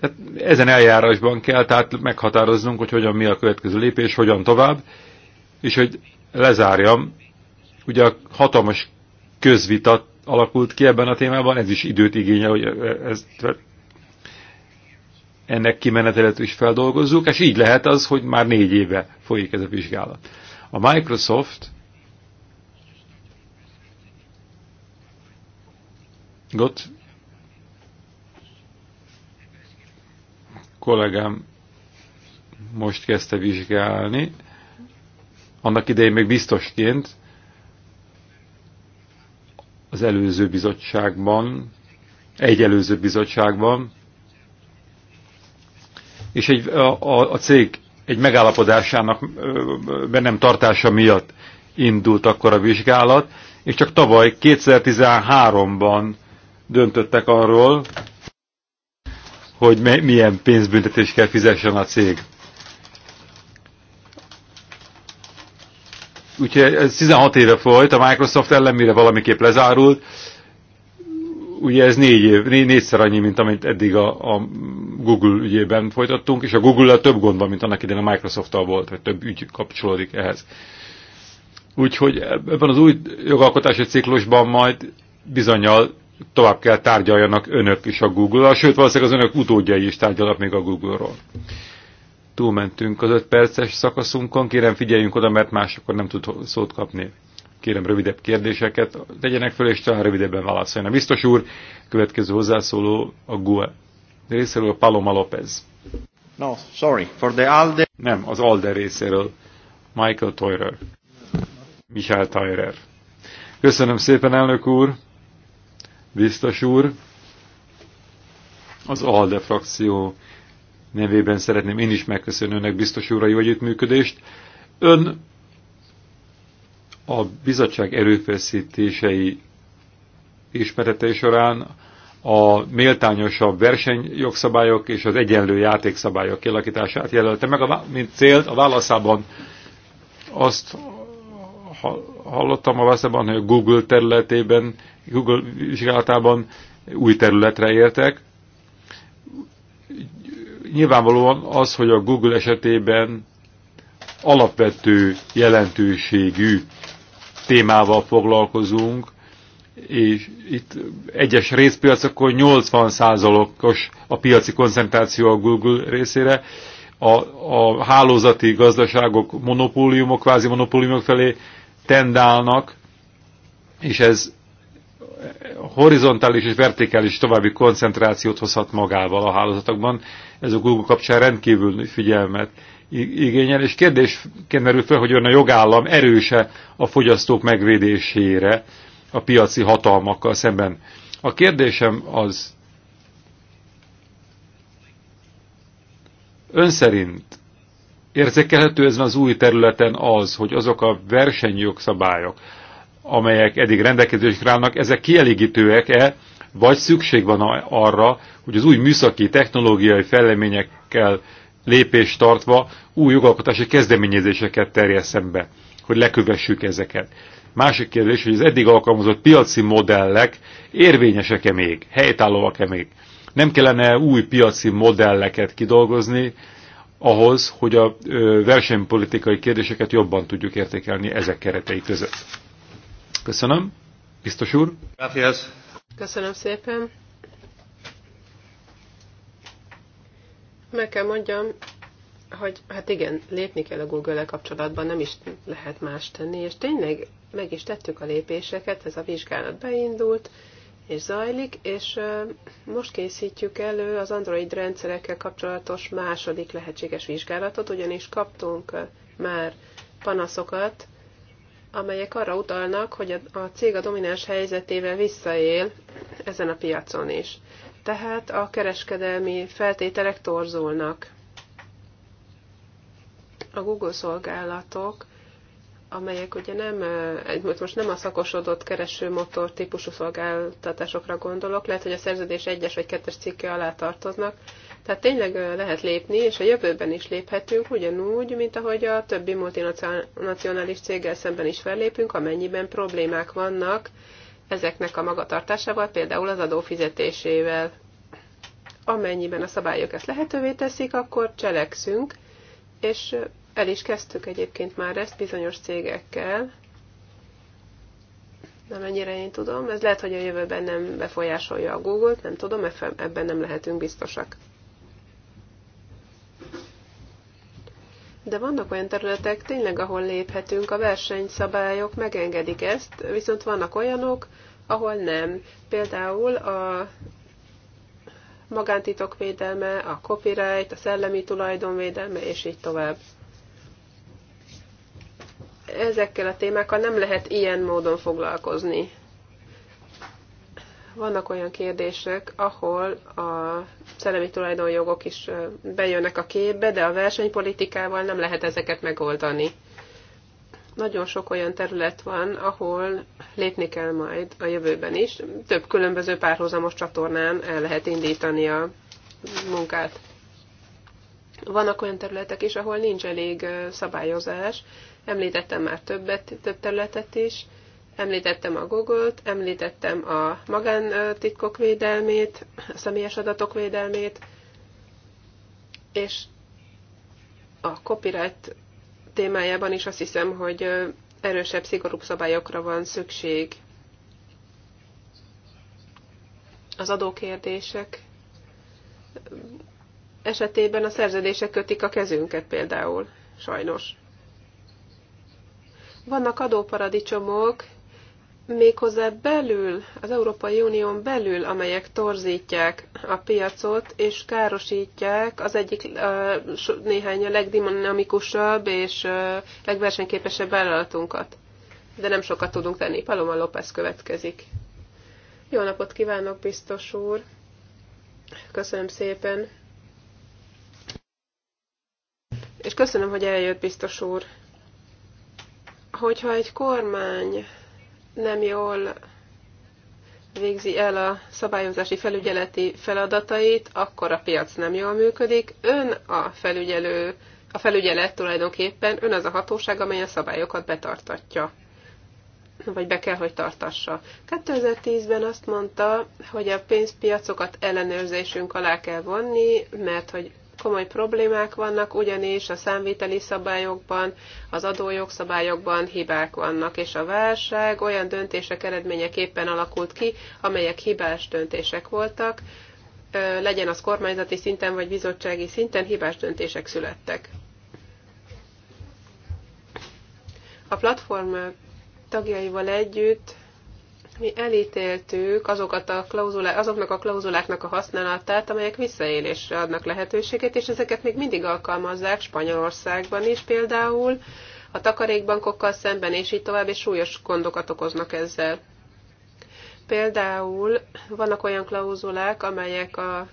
Tehát ezen eljárásban kell tehát meghatároznunk, hogy hogyan mi a következő lépés, hogyan tovább, és hogy lezárjam, Ugye a hatalmas közvita alakult ki ebben a témában, ez is időt igényel, hogy e- e- ez, ennek kimenetelet is feldolgozzuk, és így lehet az, hogy már négy éve folyik ez a vizsgálat. A Microsoft Gott kollégám most kezdte vizsgálni, annak idején még biztosként, az előző bizottságban, egy előző bizottságban, és egy, a, a cég egy megállapodásának be nem tartása miatt indult akkor a vizsgálat, és csak tavaly 2013-ban döntöttek arról, hogy milyen pénzbüntetést kell fizessen a cég. Úgyhogy ez 16 éve folyt, a Microsoft ellen mire valamiképp lezárult, ugye ez négy év, né, négyszer annyi, mint amit eddig a, a Google ügyében folytattunk, és a Google-lel több gond van, mint annak idején a Microsoft-tal volt, vagy több ügy kapcsolódik ehhez. Úgyhogy ebben az új jogalkotási ciklusban majd bizonyal tovább kell tárgyaljanak önök is a Google-ral, sőt valószínűleg az önök utódjai is tárgyalnak még a Google-ról túlmentünk az öt perces szakaszunkon, kérem figyeljünk oda, mert másokkor nem tud szót kapni. Kérem rövidebb kérdéseket, tegyenek föl, és talán rövidebben válaszoljon. A biztos úr, következő hozzászóló a GUE részéről Paloma López. No, sorry, for the ALDE... Nem, az ALDE részéről Michael Teurer. Michael Teurer. Köszönöm szépen, elnök úr, biztos úr. Az ALDE frakció nevében szeretném én is megköszönni önnek biztos úr a jó együttműködést. Ön a bizottság erőfeszítései ismeretei során a méltányosabb versenyjogszabályok és az egyenlő játékszabályok kialakítását jelölte meg, a, mint célt a válaszában azt hallottam a válaszában, hogy a Google területében, Google vizsgálatában új területre értek, nyilvánvalóan az, hogy a Google esetében alapvető jelentőségű témával foglalkozunk, és itt egyes részpiacokon 80%-os a piaci koncentráció a Google részére, a, a hálózati gazdaságok monopóliumok, kvázi monopóliumok felé tendálnak, és ez horizontális és vertikális további koncentrációt hozhat magával a hálózatokban, ez a Google kapcsán rendkívül figyelmet igényel, és kérdés merül fel, hogy olyan a jogállam erőse a fogyasztók megvédésére a piaci hatalmakkal szemben. A kérdésem az, ön szerint érzékelhető ezen az új területen az, hogy azok a versenyjogszabályok, amelyek eddig rendelkezésre állnak, ezek kielégítőek-e vagy szükség van arra, hogy az új műszaki, technológiai fejleményekkel lépést tartva új jogalkotási kezdeményezéseket terjeszem be, hogy lekövessük ezeket. Másik kérdés, hogy az eddig alkalmazott piaci modellek érvényesek-e még, helytállóak-e még. Nem kellene új piaci modelleket kidolgozni ahhoz, hogy a versenypolitikai kérdéseket jobban tudjuk értékelni ezek keretei között. Köszönöm. Biztos úr. Gracias. Köszönöm szépen. Meg kell mondjam, hogy hát igen, lépni kell a Google-el kapcsolatban, nem is lehet más tenni, és tényleg meg is tettük a lépéseket, ez a vizsgálat beindult, és zajlik, és most készítjük elő az Android rendszerekkel kapcsolatos második lehetséges vizsgálatot, ugyanis kaptunk már panaszokat amelyek arra utalnak, hogy a, a cég a domináns helyzetével visszaél ezen a piacon is. Tehát a kereskedelmi feltételek torzulnak. A Google szolgálatok amelyek ugye nem, most nem a szakosodott keresőmotor típusú szolgáltatásokra gondolok, lehet, hogy a szerződés egyes vagy kettes cikke alá tartoznak, tehát tényleg lehet lépni, és a jövőben is léphetünk, ugyanúgy, mint ahogy a többi multinacionális céggel szemben is fellépünk, amennyiben problémák vannak ezeknek a magatartásával, például az adófizetésével. Amennyiben a szabályok ezt lehetővé teszik, akkor cselekszünk, és el is kezdtük egyébként már ezt bizonyos cégekkel, nem ennyire én tudom. Ez lehet, hogy a jövőben nem befolyásolja a Google-t, nem tudom, ebben nem lehetünk biztosak. De vannak olyan területek tényleg, ahol léphetünk, a versenyszabályok megengedik ezt, viszont vannak olyanok, ahol nem. Például a magántitok védelme, a copyright, a szellemi tulajdonvédelme, és így tovább. Ezekkel a témákkal nem lehet ilyen módon foglalkozni vannak olyan kérdések, ahol a szellemi tulajdonjogok is bejönnek a képbe, de a versenypolitikával nem lehet ezeket megoldani. Nagyon sok olyan terület van, ahol lépni kell majd a jövőben is. Több különböző párhuzamos csatornán el lehet indítani a munkát. Vannak olyan területek is, ahol nincs elég szabályozás. Említettem már többet, több területet is Említettem a Google-t, említettem a magántitkok védelmét, a személyes adatok védelmét, és a copyright témájában is azt hiszem, hogy erősebb, szigorúbb szabályokra van szükség. Az adókérdések esetében a szerződések kötik a kezünket például, sajnos. Vannak adóparadicsomok, méghozzá belül, az Európai Unión belül, amelyek torzítják a piacot és károsítják az egyik néhány a legdinamikusabb és legversenyképesebb vállalatunkat. De nem sokat tudunk tenni. Paloma López következik. Jó napot kívánok, biztos úr! Köszönöm szépen! És köszönöm, hogy eljött, biztos úr! Hogyha egy kormány nem jól végzi el a szabályozási felügyeleti feladatait, akkor a piac nem jól működik. Ön a felügyelő, a felügyelet tulajdonképpen, ön az a hatóság, amely a szabályokat betartatja vagy be kell, hogy tartassa. 2010-ben azt mondta, hogy a pénzpiacokat ellenőrzésünk alá kell vonni, mert hogy komoly problémák vannak, ugyanis a számviteli szabályokban, az adójogszabályokban hibák vannak, és a válság olyan döntések eredményeképpen alakult ki, amelyek hibás döntések voltak, legyen az kormányzati szinten vagy bizottsági szinten hibás döntések születtek. A platform tagjaival együtt mi elítéltük azokat a azoknak a klauzuláknak a használatát, amelyek visszaélésre adnak lehetőséget, és ezeket még mindig alkalmazzák Spanyolországban is például, a takarékbankokkal szemben, és így tovább, és súlyos gondokat okoznak ezzel. Például vannak olyan klauzulák, amelyek a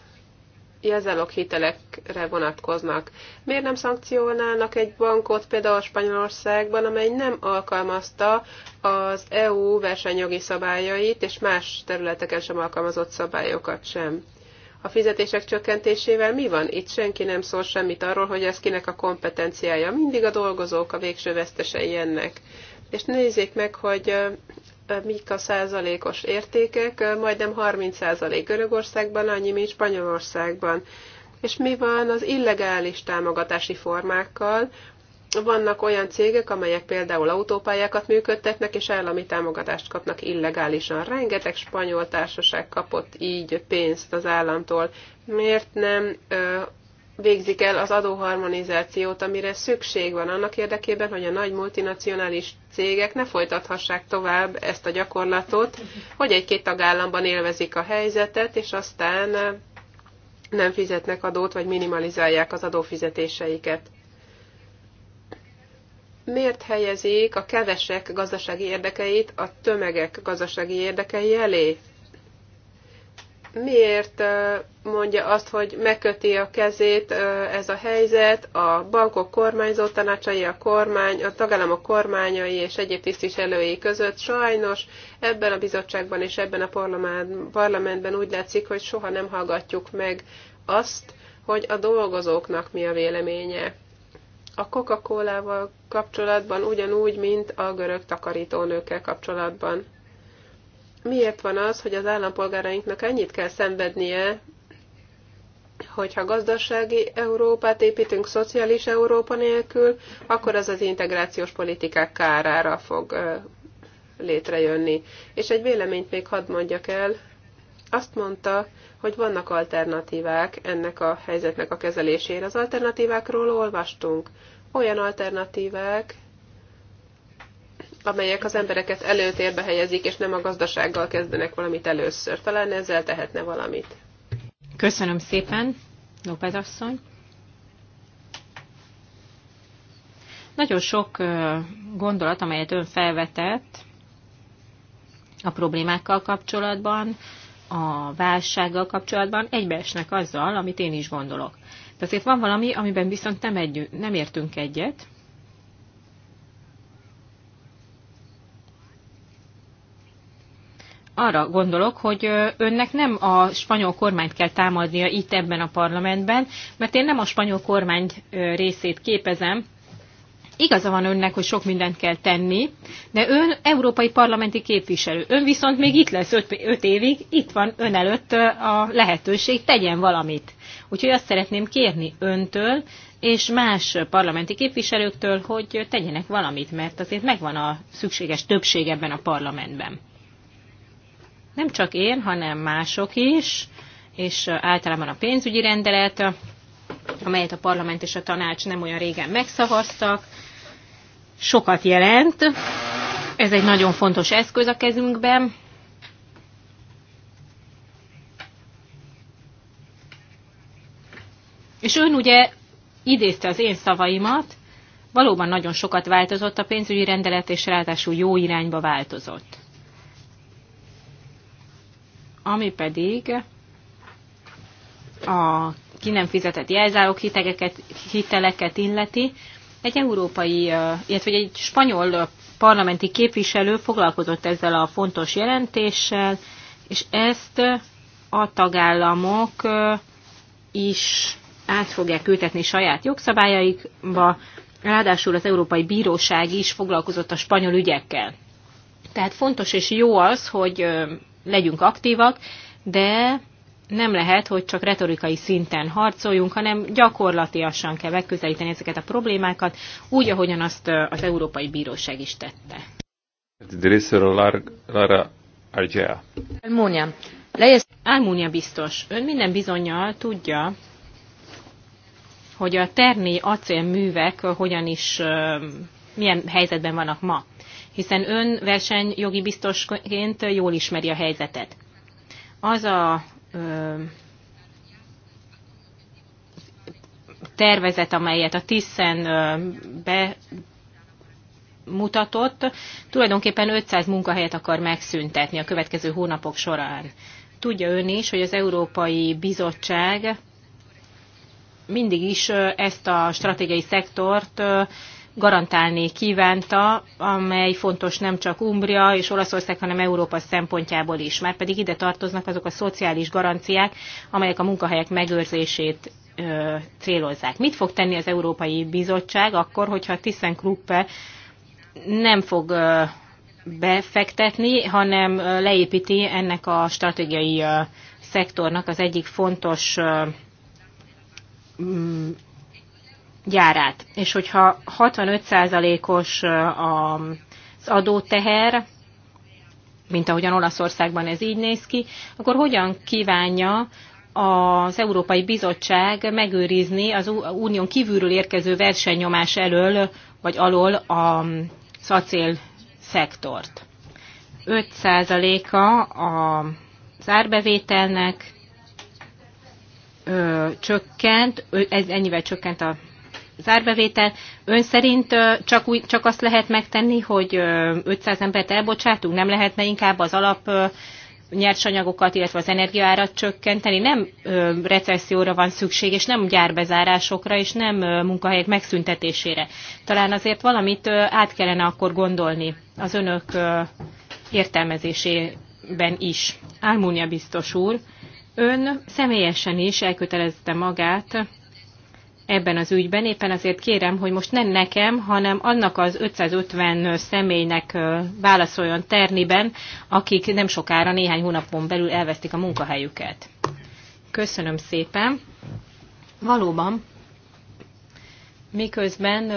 jelzálog hitelekre vonatkoznak. Miért nem szankcionálnak egy bankot például Spanyolországban, amely nem alkalmazta az EU versenyjogi szabályait és más területeken sem alkalmazott szabályokat sem. A fizetések csökkentésével mi van? Itt senki nem szól semmit arról, hogy ez kinek a kompetenciája. Mindig a dolgozók a végső vesztesei ennek. És nézzék meg, hogy mik a százalékos értékek, majdnem 30 százalék Görögországban, annyi, mint Spanyolországban. És mi van az illegális támogatási formákkal, vannak olyan cégek, amelyek például autópályákat működtetnek, és állami támogatást kapnak illegálisan. Rengeteg spanyol társaság kapott így pénzt az államtól. Miért nem ö, végzik el az adóharmonizációt, amire szükség van annak érdekében, hogy a nagy multinacionális cégek ne folytathassák tovább ezt a gyakorlatot, hogy egy-két tagállamban élvezik a helyzetet, és aztán nem fizetnek adót, vagy minimalizálják az adófizetéseiket miért helyezik a kevesek gazdasági érdekeit a tömegek gazdasági érdekei elé? Miért mondja azt, hogy megköti a kezét ez a helyzet a bankok kormányzó tanácsai, a kormány, a tagállamok kormányai és egyéb tisztviselői között? Sajnos ebben a bizottságban és ebben a parlamentben úgy látszik, hogy soha nem hallgatjuk meg azt, hogy a dolgozóknak mi a véleménye a Coca-Colával kapcsolatban ugyanúgy, mint a görög takarítónőkkel kapcsolatban. Miért van az, hogy az állampolgárainknak ennyit kell szenvednie, hogyha gazdasági Európát építünk szociális Európa nélkül, akkor az az integrációs politikák kárára fog létrejönni. És egy véleményt még hadd mondjak el. Azt mondta hogy vannak alternatívák ennek a helyzetnek a kezelésére. Az alternatívákról olvastunk. Olyan alternatívák, amelyek az embereket előtérbe helyezik, és nem a gazdasággal kezdenek valamit először. Talán ezzel tehetne valamit. Köszönöm szépen, López asszony. Nagyon sok gondolat, amelyet ön felvetett a problémákkal kapcsolatban, a válsággal kapcsolatban egybeesnek azzal, amit én is gondolok. De azért van valami, amiben viszont nem, egy, nem értünk egyet. Arra gondolok, hogy önnek nem a spanyol kormányt kell támadnia itt ebben a parlamentben, mert én nem a spanyol kormány részét képezem, Igaza van önnek, hogy sok mindent kell tenni, de ön európai parlamenti képviselő. Ön viszont még itt lesz 5 évig, itt van ön előtt a lehetőség, tegyen valamit. Úgyhogy azt szeretném kérni öntől és más parlamenti képviselőktől, hogy tegyenek valamit, mert azért megvan a szükséges többség ebben a parlamentben. Nem csak én, hanem mások is, és általában a pénzügyi rendelet, amelyet a parlament és a tanács nem olyan régen megszavaztak, sokat jelent. Ez egy nagyon fontos eszköz a kezünkben. És ön ugye idézte az én szavaimat, valóban nagyon sokat változott a pénzügyi rendelet, és ráadásul jó irányba változott. Ami pedig a ki nem fizetett jelzálók hiteleket, hiteleket illeti, egy európai, illetve egy spanyol parlamenti képviselő foglalkozott ezzel a fontos jelentéssel, és ezt a tagállamok is át fogják ültetni saját jogszabályaikba, ráadásul az Európai Bíróság is foglalkozott a spanyol ügyekkel. Tehát fontos és jó az, hogy legyünk aktívak, de nem lehet, hogy csak retorikai szinten harcoljunk, hanem gyakorlatiasan kell megközelíteni ezeket a problémákat, úgy, ahogyan azt az Európai Bíróság is tette. Lara Argea. Almúnia. Lejesz... Almúnia biztos. Ön minden bizonyal tudja, hogy a terni acélművek hogyan is, milyen helyzetben vannak ma. Hiszen ön versenyjogi biztosként jól ismeri a helyzetet. Az a tervezet, amelyet a Tiszen bemutatott, tulajdonképpen 500 munkahelyet akar megszüntetni a következő hónapok során. Tudja ön is, hogy az Európai Bizottság mindig is ezt a stratégiai szektort garantálni kívánta, amely fontos nem csak Umbria és Olaszország, hanem Európa szempontjából is. Már pedig ide tartoznak azok a szociális garanciák, amelyek a munkahelyek megőrzését ö, célozzák. Mit fog tenni az Európai Bizottság akkor, hogyha a Kruppe nem fog ö, befektetni, hanem ö, leépíti ennek a stratégiai ö, szektornak az egyik fontos ö, gyárát. És hogyha 65%-os az adóteher, mint ahogyan Olaszországban ez így néz ki, akkor hogyan kívánja az Európai Bizottság megőrizni az unión kívülről érkező versenynyomás elől, vagy alól a szacél szektort. 5%-a az árbevételnek ö, csökkent, ez ennyivel csökkent a zárbevétel. Ön szerint csak, úgy, csak azt lehet megtenni, hogy 500 embert elbocsátunk, nem lehetne inkább az alap nyersanyagokat, illetve az energiaárat csökkenteni. Nem recesszióra van szükség, és nem gyárbezárásokra, és nem munkahelyek megszüntetésére. Talán azért valamit át kellene akkor gondolni az önök értelmezésében is. Álmúnia biztos úr, ön személyesen is elkötelezte magát ebben az ügyben. Éppen azért kérem, hogy most nem nekem, hanem annak az 550 személynek válaszoljon terniben, akik nem sokára, néhány hónapon belül elvesztik a munkahelyüket. Köszönöm szépen. Valóban, miközben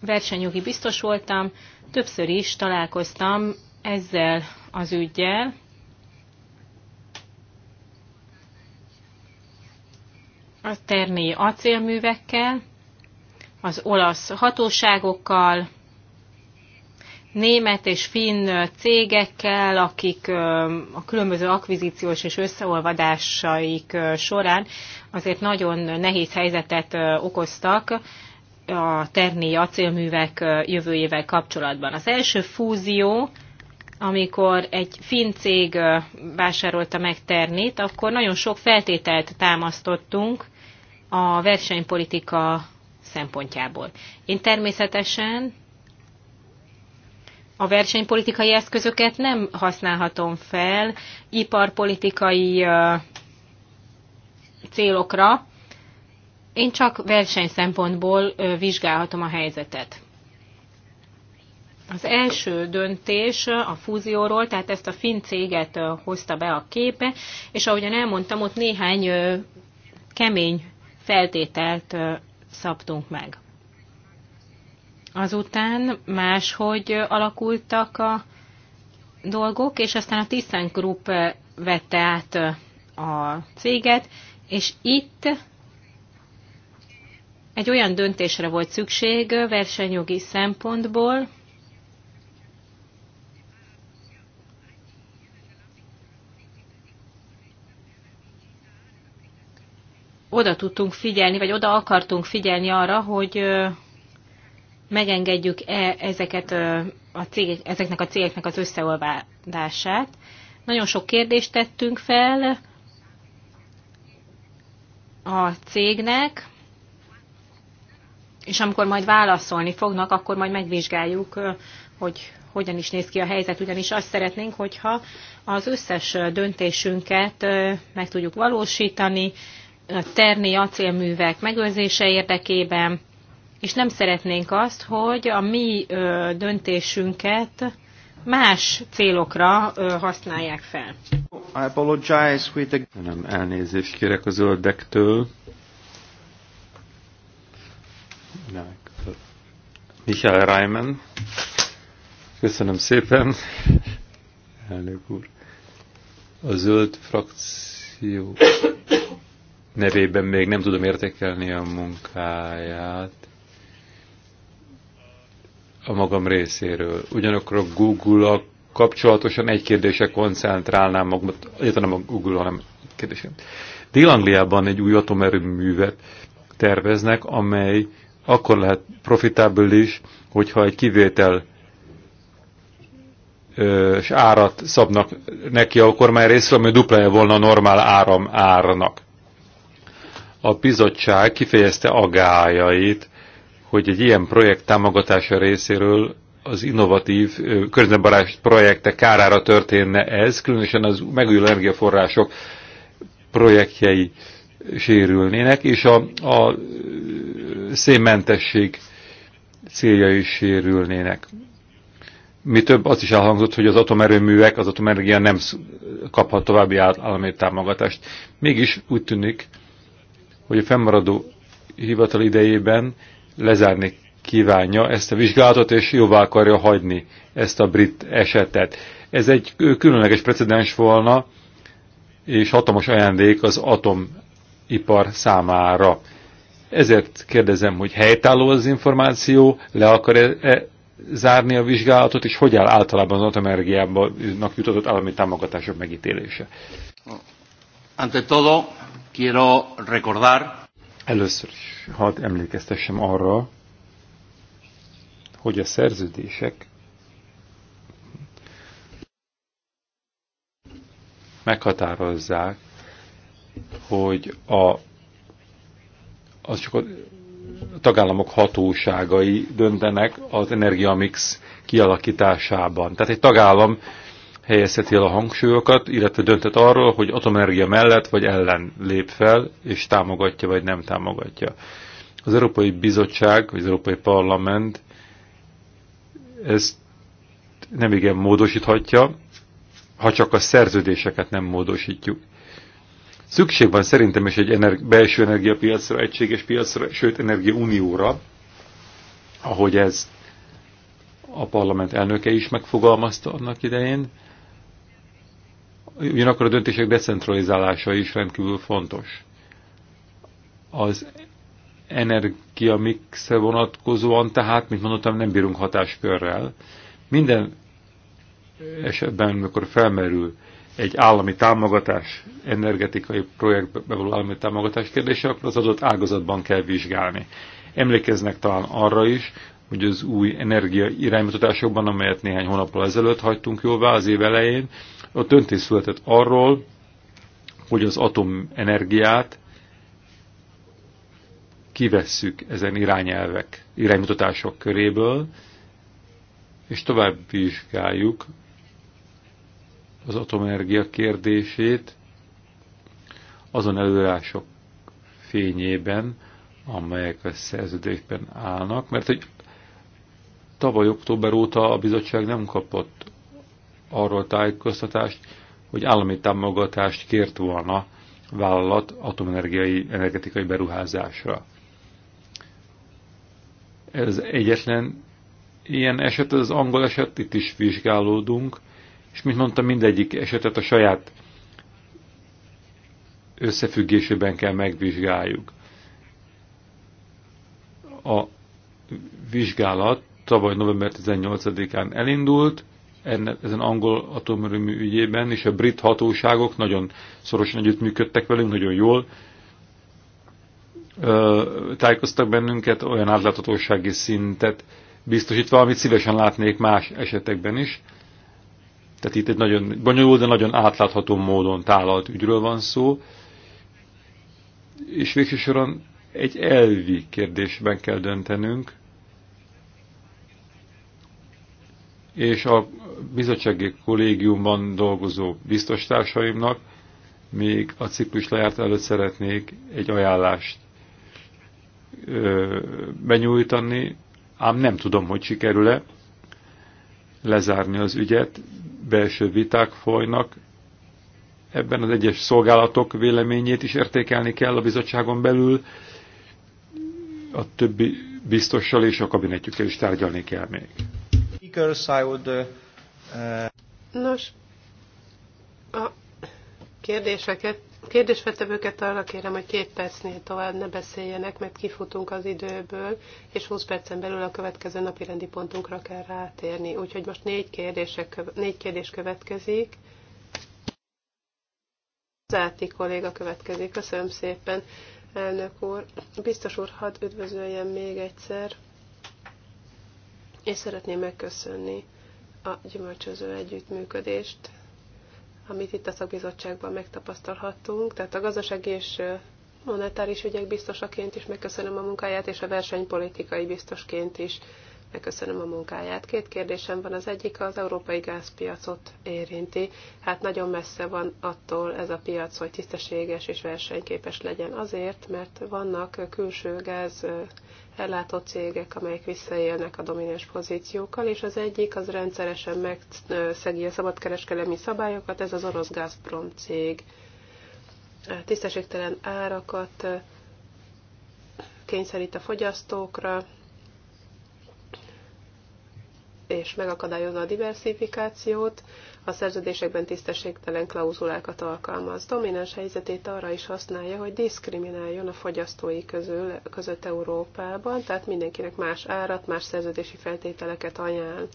versenyjogi biztos voltam, többször is találkoztam ezzel az ügyjel, a termély acélművekkel, az olasz hatóságokkal, német és finn cégekkel, akik a különböző akvizíciós és összeolvadásaik során azért nagyon nehéz helyzetet okoztak a terni acélművek jövőjével kapcsolatban. Az első fúzió, amikor egy finn cég vásárolta meg Ternit, akkor nagyon sok feltételt támasztottunk a versenypolitika szempontjából. Én természetesen a versenypolitikai eszközöket nem használhatom fel iparpolitikai célokra, én csak verseny szempontból vizsgálhatom a helyzetet. Az első döntés a fúzióról, tehát ezt a finn céget hozta be a képe, és ahogyan elmondtam, ott néhány kemény feltételt szabtunk meg. Azután máshogy alakultak a dolgok, és aztán a Tiszen Group vette át a céget, és itt egy olyan döntésre volt szükség versenyjogi szempontból, oda tudtunk figyelni, vagy oda akartunk figyelni arra, hogy megengedjük-e ezeket a cégek, ezeknek a cégeknek az összeolvadását. Nagyon sok kérdést tettünk fel a cégnek, és amikor majd válaszolni fognak, akkor majd megvizsgáljuk, hogy hogyan is néz ki a helyzet, ugyanis azt szeretnénk, hogyha az összes döntésünket meg tudjuk valósítani, terni acélművek megőrzése érdekében, és nem szeretnénk azt, hogy a mi döntésünket más célokra használják fel. I apologize with the... Nem elnézést kérek a zöldektől. Michael Reimann. Köszönöm szépen, elnök úr. A zöld frakció nevében még nem tudom értékelni a munkáját a magam részéről. Ugyanakkor a google kapcsolatosan egy kérdése koncentrálnám magamat, egyáltalán nem a Google, hanem kérdésem. Dél-Angliában egy új atomerőművet terveznek, amely akkor lehet profitábilis, hogyha egy kivétel és árat szabnak neki a kormány részre, ami duplája volna a normál áram árnak a bizottság kifejezte agályait, hogy egy ilyen projekt támogatása részéről az innovatív környezetbarát projektek kárára történne ez, különösen az megújuló energiaforrások projektjei sérülnének, és a, a szénmentesség céljai is sérülnének. Mi több, azt is elhangzott, hogy az atomerőművek, az atomenergia nem kaphat további állami támogatást. Mégis úgy tűnik, hogy a fennmaradó hivatal idejében lezárni kívánja ezt a vizsgálatot, és jóvá akarja hagyni ezt a brit esetet. Ez egy különleges precedens volna, és hatalmas ajándék az atomipar számára. Ezért kérdezem, hogy helytálló az információ, le akar -e, -e zárni a vizsgálatot, és hogy áll általában az atomenergiának jutott állami támogatások megítélése? Ante todo, Quiero recordar... Először is hadd emlékeztessem arra, hogy a szerződések meghatározzák, hogy a, az csak a tagállamok hatóságai döntenek az energiamix kialakításában. Tehát egy tagállam helyezheti el a hangsúlyokat, illetve döntet arról, hogy atomenergia mellett vagy ellen lép fel, és támogatja vagy nem támogatja. Az Európai Bizottság, vagy az Európai Parlament ezt nem igen módosíthatja, ha csak a szerződéseket nem módosítjuk. Szükség van szerintem is egy energi belső energiapiacra, egységes piacra, sőt energiaunióra, ahogy ez a parlament elnöke is megfogalmazta annak idején, ugyanakkor a döntések decentralizálása is rendkívül fontos. Az energia mixe vonatkozóan tehát, mint mondottam, nem bírunk hatáskörrel. Minden esetben, amikor felmerül egy állami támogatás, energetikai projektbe való állami támogatás kérdése, akkor az adott ágazatban kell vizsgálni. Emlékeznek talán arra is, hogy az új energia iránymutatásokban, amelyet néhány hónappal ezelőtt hagytunk jóvá az év elején, a döntés született arról, hogy az atomenergiát kivesszük ezen irányelvek, iránymutatások köréből, és tovább vizsgáljuk az atomenergia kérdését azon előrások fényében, amelyek a szerződésben állnak, mert hogy tavaly október óta a bizottság nem kapott arról tájékoztatást, hogy állami támogatást kért volna vállalat atomenergiai energetikai beruházásra. Ez egyetlen ilyen eset, az angol eset, itt is vizsgálódunk, és mint mondtam, mindegyik esetet a saját összefüggésében kell megvizsgáljuk. A vizsgálat tavaly november 18-án elindult, ezen angol atomerőmű ügyében, és a brit hatóságok nagyon szorosan együttműködtek velünk, nagyon jól tájékoztak bennünket, olyan átláthatósági szintet biztosítva, amit szívesen látnék más esetekben is. Tehát itt egy nagyon bonyolult, de nagyon átlátható módon tálalt ügyről van szó. És végső soron egy elvi kérdésben kell döntenünk, és a bizottsági kollégiumban dolgozó biztostársaimnak még a ciklus lejárt előtt szeretnék egy ajánlást ö, benyújtani, ám nem tudom, hogy sikerül-e lezárni az ügyet, belső viták folynak, ebben az egyes szolgálatok véleményét is értékelni kell a bizottságon belül, a többi biztossal és a kabinetjükkel is tárgyalni kell még speakers. I would, uh, uh Nos, a kérdéseket, kérdésvetevőket arra kérem, hogy két percnél tovább ne beszéljenek, mert kifutunk az időből, és 20 percen belül a következő napi rendi pontunkra kell rátérni. Úgyhogy most négy, kérdések, négy kérdés következik. Záti kolléga következik. Köszönöm szépen, elnök úr. Biztos úr, hadd üdvözöljem még egyszer és szeretném megköszönni a gyümölcsöző együttműködést, amit itt a szakbizottságban megtapasztalhattunk. Tehát a gazdaság és monetáris ügyek biztosaként is megköszönöm a munkáját, és a versenypolitikai biztosként is megköszönöm a munkáját. Két kérdésem van. Az egyik az európai gázpiacot érinti. Hát nagyon messze van attól ez a piac, hogy tisztességes és versenyképes legyen. Azért, mert vannak külső gáz ellátó cégek, amelyek visszaélnek a domináns pozíciókkal, és az egyik az rendszeresen megszegi a szabadkereskedelmi szabályokat, ez az orosz Gazprom cég. Tisztességtelen árakat kényszerít a fogyasztókra, és megakadályozza a diversifikációt, a szerződésekben tisztességtelen klauzulákat alkalmaz. Domináns helyzetét arra is használja, hogy diszkrimináljon a fogyasztói közül, között Európában, tehát mindenkinek más árat, más szerződési feltételeket ajánl.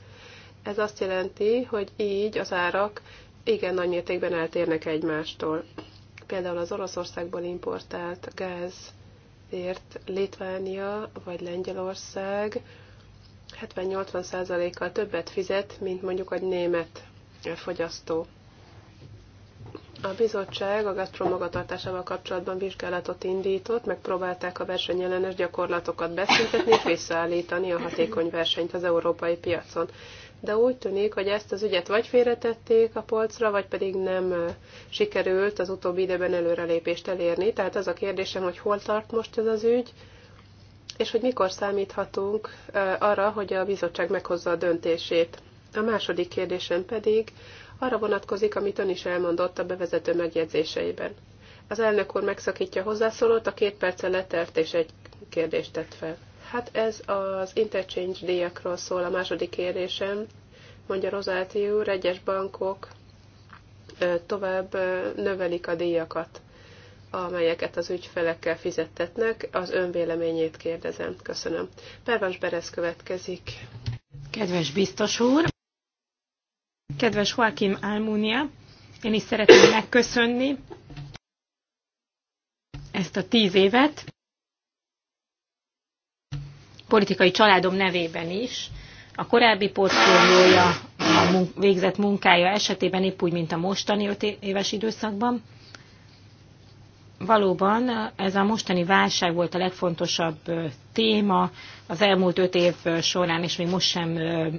Ez azt jelenti, hogy így az árak igen nagy mértékben eltérnek egymástól. Például az Oroszországból importált gázért Litvánia vagy Lengyelország 70-80%-kal többet fizet, mint mondjuk egy német fogyasztó. A bizottság a Gazprom magatartásával kapcsolatban vizsgálatot indított, megpróbálták a versenyellenes gyakorlatokat beszüntetni és visszaállítani a hatékony versenyt az európai piacon. De úgy tűnik, hogy ezt az ügyet vagy félretették a polcra, vagy pedig nem sikerült az utóbbi időben előrelépést elérni. Tehát az a kérdésem, hogy hol tart most ez az ügy, és hogy mikor számíthatunk arra, hogy a bizottság meghozza a döntését. A második kérdésem pedig arra vonatkozik, amit ön is elmondott a bevezető megjegyzéseiben. Az elnök úr megszakítja hozzászólót, a két perce letelt, és egy kérdést tett fel. Hát ez az interchange díjakról szól a második kérdésem, mondja Rozáti úr, egyes bankok tovább növelik a díjakat amelyeket az ügyfelekkel fizettetnek. Az önvéleményét kérdezem. Köszönöm. Pervans Berez következik. Kedves biztos úr! Kedves Joachim Almunia! Én is szeretném megköszönni ezt a tíz évet, politikai családom nevében is. A korábbi portfóliója, a végzett munkája esetében épp úgy, mint a mostani öt éves időszakban. Valóban ez a mostani válság volt a legfontosabb téma az elmúlt öt év során, és még most sem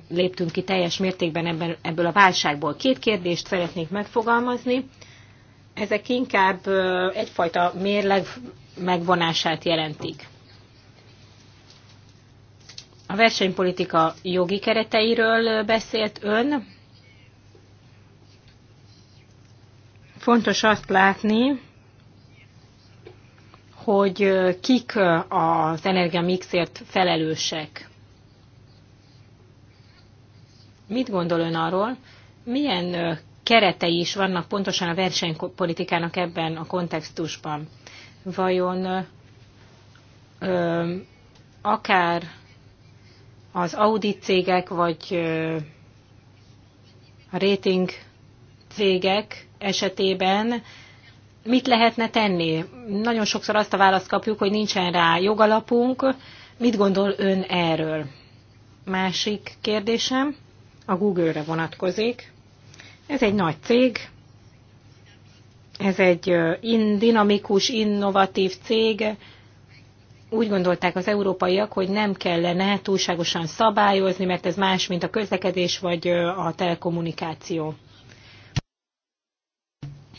léptünk ki teljes mértékben ebből a válságból. Két kérdést szeretnék megfogalmazni. Ezek inkább egyfajta mérleg megvonását jelentik. A versenypolitika jogi kereteiről beszélt ön. Fontos azt látni, hogy kik az energiamixért felelősek. Mit gondol ön arról, milyen keretei is vannak pontosan a versenypolitikának ebben a kontextusban? Vajon ö, akár az audit cégek, vagy ö, a rating cégek esetében mit lehetne tenni? Nagyon sokszor azt a választ kapjuk, hogy nincsen rá jogalapunk. Mit gondol ön erről? Másik kérdésem a Google-re vonatkozik. Ez egy nagy cég, ez egy in, dinamikus, innovatív cég. Úgy gondolták az európaiak, hogy nem kellene túlságosan szabályozni, mert ez más, mint a közlekedés vagy a telekommunikáció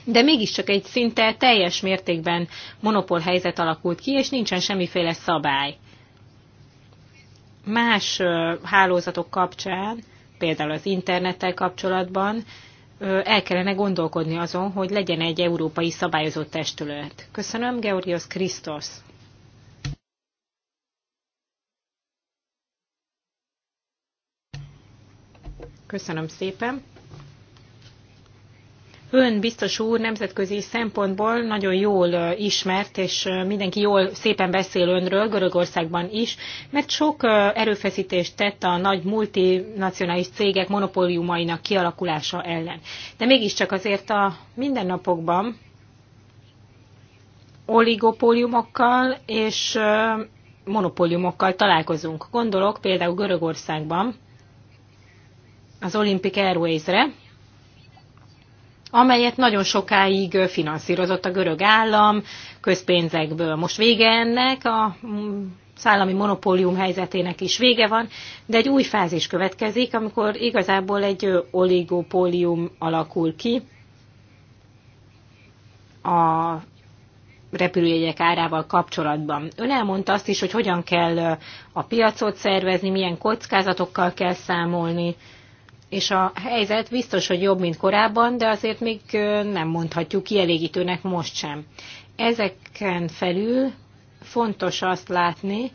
de mégiscsak egy szinte teljes mértékben monopól helyzet alakult ki, és nincsen semmiféle szabály. Más hálózatok kapcsán, például az internettel kapcsolatban, el kellene gondolkodni azon, hogy legyen egy európai szabályozott testület. Köszönöm, Georgios Krisztos. Köszönöm szépen. Ön, biztos úr, nemzetközi szempontból nagyon jól ismert, és mindenki jól szépen beszél önről, Görögországban is, mert sok erőfeszítést tett a nagy multinacionális cégek monopóliumainak kialakulása ellen. De mégiscsak azért a mindennapokban oligopóliumokkal és monopóliumokkal találkozunk. Gondolok például Görögországban az Olympic Airways-re, amelyet nagyon sokáig finanszírozott a görög állam közpénzekből. Most vége ennek, a mm, szállami monopólium helyzetének is vége van, de egy új fázis következik, amikor igazából egy oligopólium alakul ki a repülőjegyek árával kapcsolatban. Ön elmondta azt is, hogy hogyan kell a piacot szervezni, milyen kockázatokkal kell számolni, és a helyzet biztos, hogy jobb, mint korábban, de azért még nem mondhatjuk kielégítőnek most sem. Ezeken felül fontos azt látni,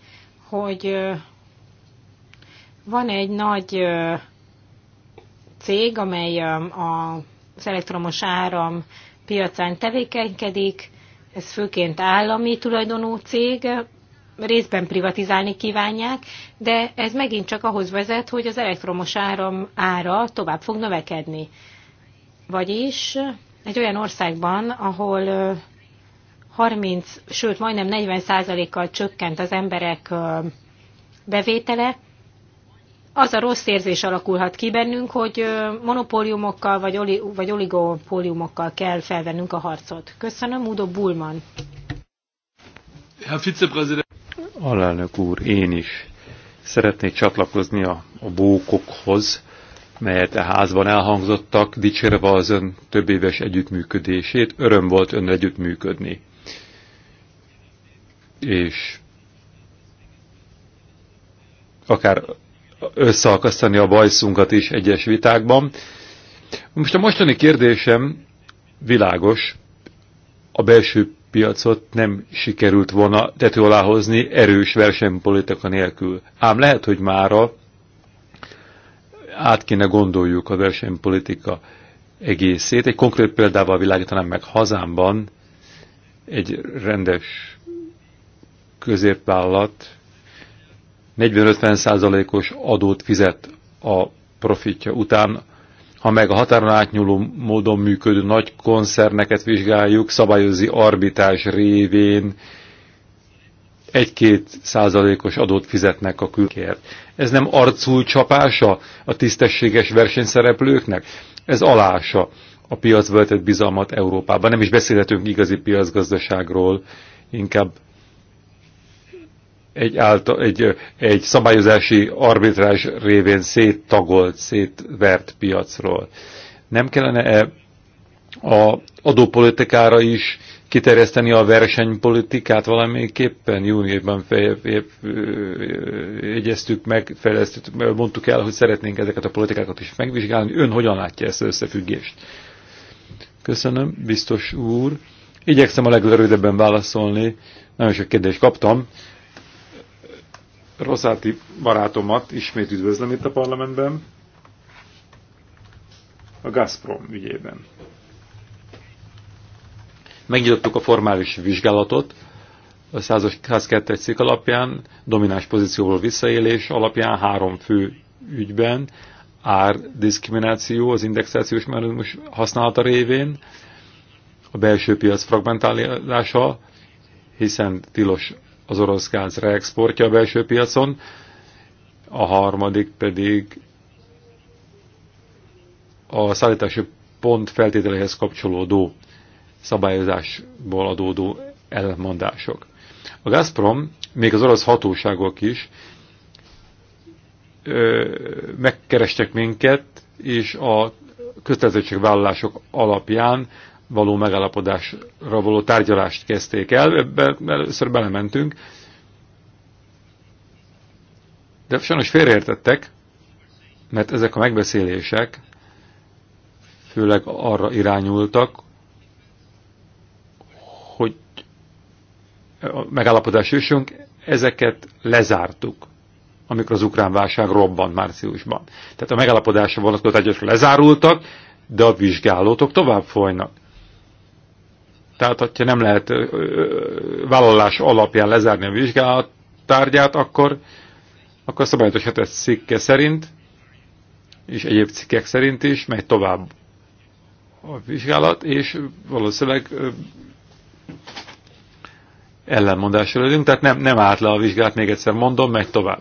hogy van egy nagy cég, amely az elektromos áram piacán tevékenykedik, ez főként állami tulajdonú cég, részben privatizálni kívánják, de ez megint csak ahhoz vezet, hogy az elektromos áram ára tovább fog növekedni. Vagyis egy olyan országban, ahol 30, sőt majdnem 40 százalékkal csökkent az emberek bevétele, az a rossz érzés alakulhat ki bennünk, hogy monopóliumokkal vagy, oli, vagy oligopóliumokkal kell felvennünk a harcot. Köszönöm, Udo Bullman. Herr Alelnök úr, én is szeretnék csatlakozni a, a bókokhoz, melyet a e házban elhangzottak, dicsérve az ön több éves együttműködését. Öröm volt ön együttműködni. És akár összeakasztani a bajszunkat is egyes vitákban. Most a mostani kérdésem világos, a belső piacot nem sikerült volna tető alá hozni erős versenypolitika nélkül. Ám lehet, hogy mára át kéne gondoljuk a versenypolitika egészét. Egy konkrét példával világítanám meg hazámban egy rendes középvállalat 40-50 százalékos adót fizet a profitja után ha meg a határon átnyúló módon működő nagy koncerneket vizsgáljuk, szabályozi arbitás révén egy-két százalékos adót fizetnek a külkért. Ez nem arcul csapása a tisztességes versenyszereplőknek? Ez alása a piacba bizalmat Európában. Nem is beszélhetünk igazi piacgazdaságról, inkább egy, álta, egy, egy szabályozási arbitrás révén széttagolt, szétvert piacról. Nem kellene -e a adópolitikára is kiterjeszteni a versenypolitikát valamiképpen? Júniusban jegyeztük meg, mondtuk el, hogy szeretnénk ezeket a politikákat is megvizsgálni. Ön hogyan látja ezt az összefüggést? Köszönöm, biztos úr. Igyekszem a legrövidebben válaszolni. Nagyon sok kérdést kaptam Rosati barátomat ismét üdvözlöm itt a parlamentben, a Gazprom ügyében. Megnyitottuk a formális vizsgálatot, a 102-es cikk alapján, domináns pozícióval visszaélés alapján három fő ügyben, árdiszkrimináció az indexációs mechanizmus használata révén, a belső piac fragmentálása, hiszen tilos az orosz gáz reexportja a belső piacon, a harmadik pedig a szállítási pont feltételéhez kapcsolódó szabályozásból adódó elmondások. A Gazprom, még az orosz hatóságok is ö, megkerestek minket, és a kötelezettségvállalások alapján való megállapodásra való tárgyalást kezdték el, ebben először belementünk, de sajnos félreértettek, mert ezek a megbeszélések főleg arra irányultak, hogy a megállapodás ősünk, ezeket lezártuk, amikor az ukrán válság robbant márciusban. Tehát a megállapodásra vonatkozó tárgyalások lezárultak, de a vizsgálótok tovább folynak tehát hogyha nem lehet vállalás alapján lezárni a vizsgálat tárgyát, akkor, akkor szabályos ez cikke szerint, és egyéb cikkek szerint is megy tovább a vizsgálat, és valószínűleg ellenmondással élünk, tehát nem, nem állt le a vizsgálat, még egyszer mondom, megy tovább.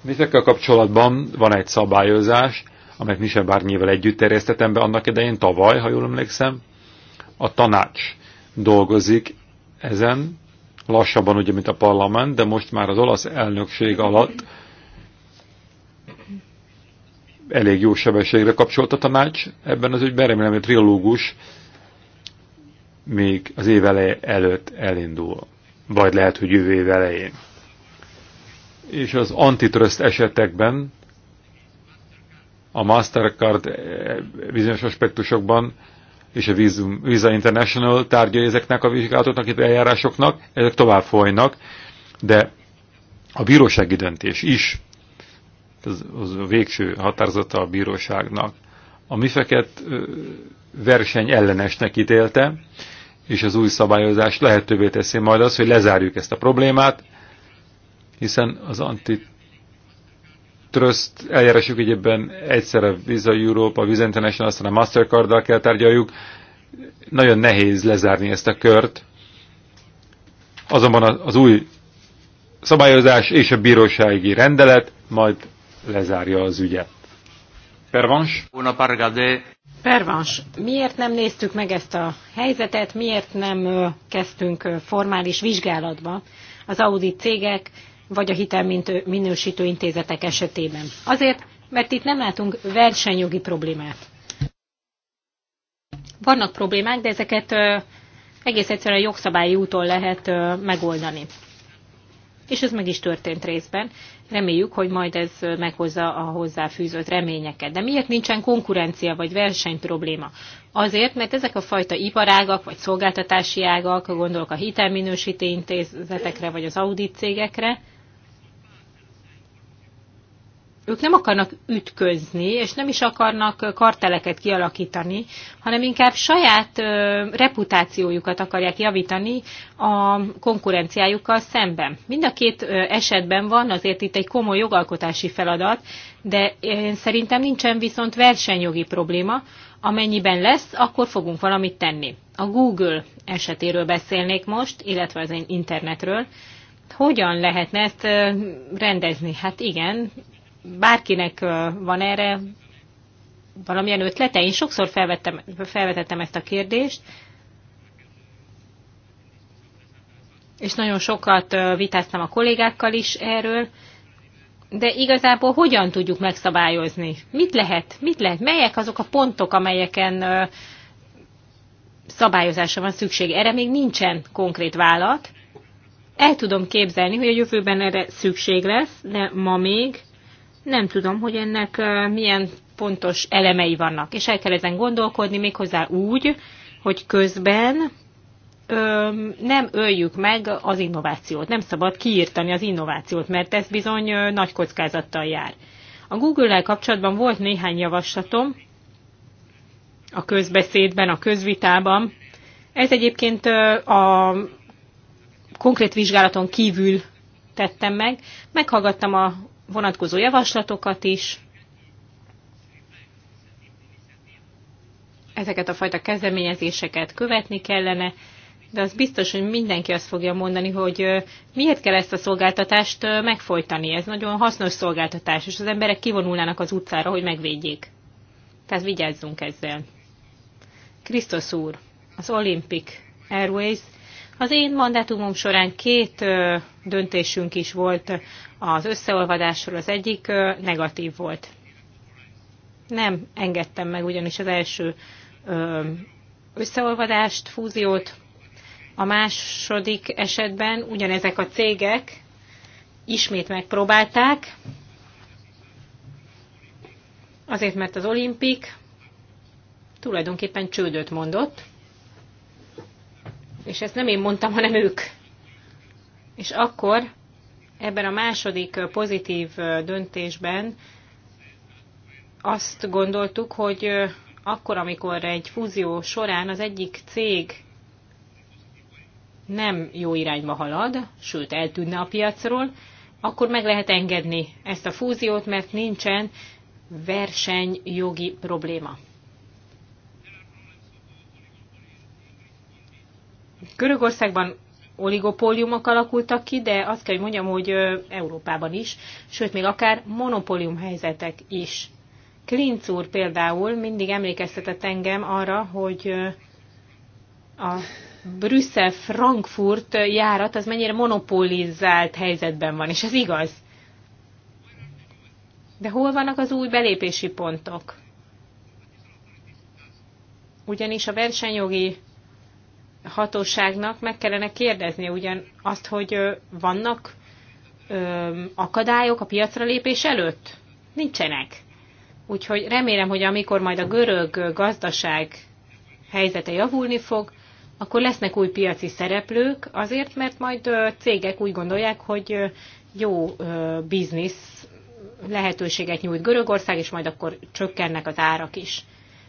Mitekkel kapcsolatban van egy szabályozás, amelyet Michel Barnier-vel együtt terjesztettem be annak idején, tavaly, ha jól emlékszem, a tanács dolgozik ezen, lassabban ugye, mint a parlament, de most már az olasz elnökség alatt elég jó sebességre kapcsolt a tanács ebben az ügyben, remélem, hogy a trilógus még az év eleje előtt elindul, vagy lehet, hogy jövő év elején. És az antitrust esetekben a Mastercard eh, bizonyos aspektusokban és a Visa International tárgyai ezeknek a vizsgálatoknak, itt eljárásoknak, ezek tovább folynak, de a bírósági döntés is, az, az a végső határozata a bíróságnak, a mifeket verseny ellenesnek ítélte, és az új szabályozás lehetővé teszi majd az, hogy lezárjuk ezt a problémát, hiszen az anti Trust eljárásuk egyébben egyszer a Visa Europe, a Visa International, aztán a Mastercard-dal kell tárgyaljuk. Nagyon nehéz lezárni ezt a kört. Azonban az új szabályozás és a bírósági rendelet majd lezárja az ügyet. Pervans? Pervans, miért nem néztük meg ezt a helyzetet, miért nem kezdtünk formális vizsgálatba? Az Audi cégek vagy a minősítő intézetek esetében. Azért, mert itt nem látunk versenyjogi problémát. Vannak problémák, de ezeket egész egyszerűen jogszabályi úton lehet megoldani. És ez meg is történt részben. Reméljük, hogy majd ez meghozza a hozzáfűzött reményeket. De miért nincsen konkurencia vagy verseny probléma? Azért, mert ezek a fajta iparágak vagy szolgáltatási ágak, gondolok a hitelminősíti intézetekre vagy az audit cégekre, ők nem akarnak ütközni, és nem is akarnak karteleket kialakítani, hanem inkább saját reputációjukat akarják javítani a konkurenciájukkal szemben. Mind a két esetben van azért itt egy komoly jogalkotási feladat, de én szerintem nincsen viszont versenyjogi probléma, amennyiben lesz, akkor fogunk valamit tenni. A Google esetéről beszélnék most, illetve az internetről. Hogyan lehetne ezt rendezni? Hát igen, bárkinek van erre valamilyen ötlete? Én sokszor felvettem, felvetettem ezt a kérdést, és nagyon sokat vitáztam a kollégákkal is erről, de igazából hogyan tudjuk megszabályozni? Mit lehet? Mit lehet? Melyek azok a pontok, amelyeken szabályozásra van szükség? Erre még nincsen konkrét vállat. El tudom képzelni, hogy a jövőben erre szükség lesz, de ma még nem tudom, hogy ennek milyen pontos elemei vannak. És el kell ezen gondolkodni méghozzá úgy, hogy közben ö, nem öljük meg az innovációt. Nem szabad kiírtani az innovációt, mert ez bizony ö, nagy kockázattal jár. A Google-el kapcsolatban volt néhány javaslatom a közbeszédben, a közvitában. Ez egyébként ö, a konkrét vizsgálaton kívül tettem meg. Meghallgattam a vonatkozó javaslatokat is. Ezeket a fajta kezdeményezéseket követni kellene, de az biztos, hogy mindenki azt fogja mondani, hogy miért kell ezt a szolgáltatást megfojtani. Ez nagyon hasznos szolgáltatás, és az emberek kivonulnának az utcára, hogy megvédjék. Tehát vigyázzunk ezzel. Krisztus úr, az Olympic Airways az én mandátumom során két döntésünk is volt az összeolvadásról, az egyik negatív volt. Nem engedtem meg ugyanis az első összeolvadást, fúziót. A második esetben ugyanezek a cégek ismét megpróbálták, azért mert az olimpik tulajdonképpen csődöt mondott, és ezt nem én mondtam, hanem ők. És akkor ebben a második pozitív döntésben azt gondoltuk, hogy akkor, amikor egy fúzió során az egyik cég nem jó irányba halad, sőt eltűnne a piacról, akkor meg lehet engedni ezt a fúziót, mert nincsen versenyjogi probléma. Görögországban oligopóliumok alakultak ki, de azt kell, hogy mondjam, hogy Európában is, sőt, még akár monopólium helyzetek is. Klinc úr például mindig emlékeztetett engem arra, hogy a Brüsszel-Frankfurt járat az mennyire monopolizált helyzetben van, és ez igaz. De hol vannak az új belépési pontok? Ugyanis a versenyjogi hatóságnak meg kellene kérdeznie ugyan azt, hogy vannak akadályok a piacra lépés előtt? Nincsenek. Úgyhogy remélem, hogy amikor majd a görög gazdaság helyzete javulni fog, akkor lesznek új piaci szereplők, azért, mert majd cégek úgy gondolják, hogy jó biznisz lehetőséget nyújt Görögország, és majd akkor csökkennek az árak is.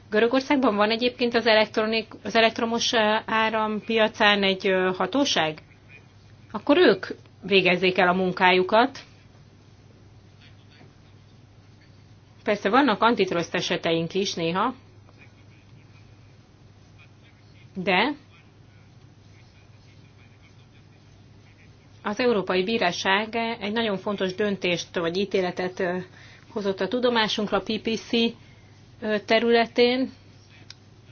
Görögországban van egyébként az, elektronik, az elektromos áram piacán egy hatóság? Akkor ők végezzék el a munkájukat. Persze vannak antitroszt eseteink is néha, de az Európai Bíráság egy nagyon fontos döntést vagy ítéletet hozott a tudomásunkra, PPC területén,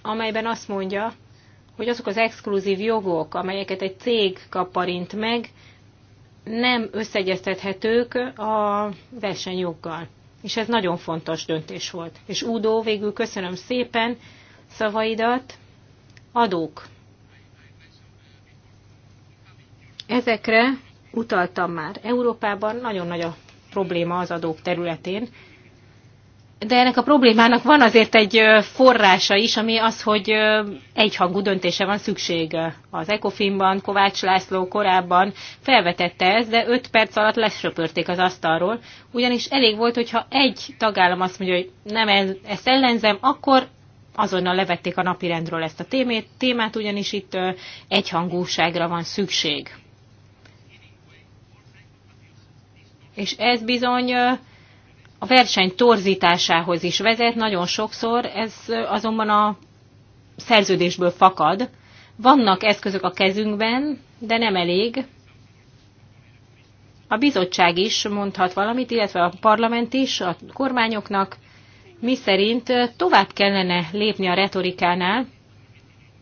amelyben azt mondja, hogy azok az exkluzív jogok, amelyeket egy cég kaparint meg, nem összeegyeztethetők a versenyjoggal. És ez nagyon fontos döntés volt. És Udó, végül köszönöm szépen szavaidat. Adók. Ezekre utaltam már. Európában nagyon nagy a probléma az adók területén, de ennek a problémának van azért egy forrása is, ami az, hogy egyhangú döntése van szükség. Az ECOFIN-ban Kovács László korábban felvetette ezt, de 5 perc alatt lesöpörték az asztalról, ugyanis elég volt, hogyha egy tagállam azt mondja, hogy nem ezt ellenzem, akkor azonnal levették a napirendről ezt a témét, témát, ugyanis itt egyhangúságra van szükség. És ez bizony a verseny torzításához is vezet, nagyon sokszor ez azonban a szerződésből fakad. Vannak eszközök a kezünkben, de nem elég. A bizottság is mondhat valamit, illetve a parlament is, a kormányoknak, mi szerint tovább kellene lépni a retorikánál.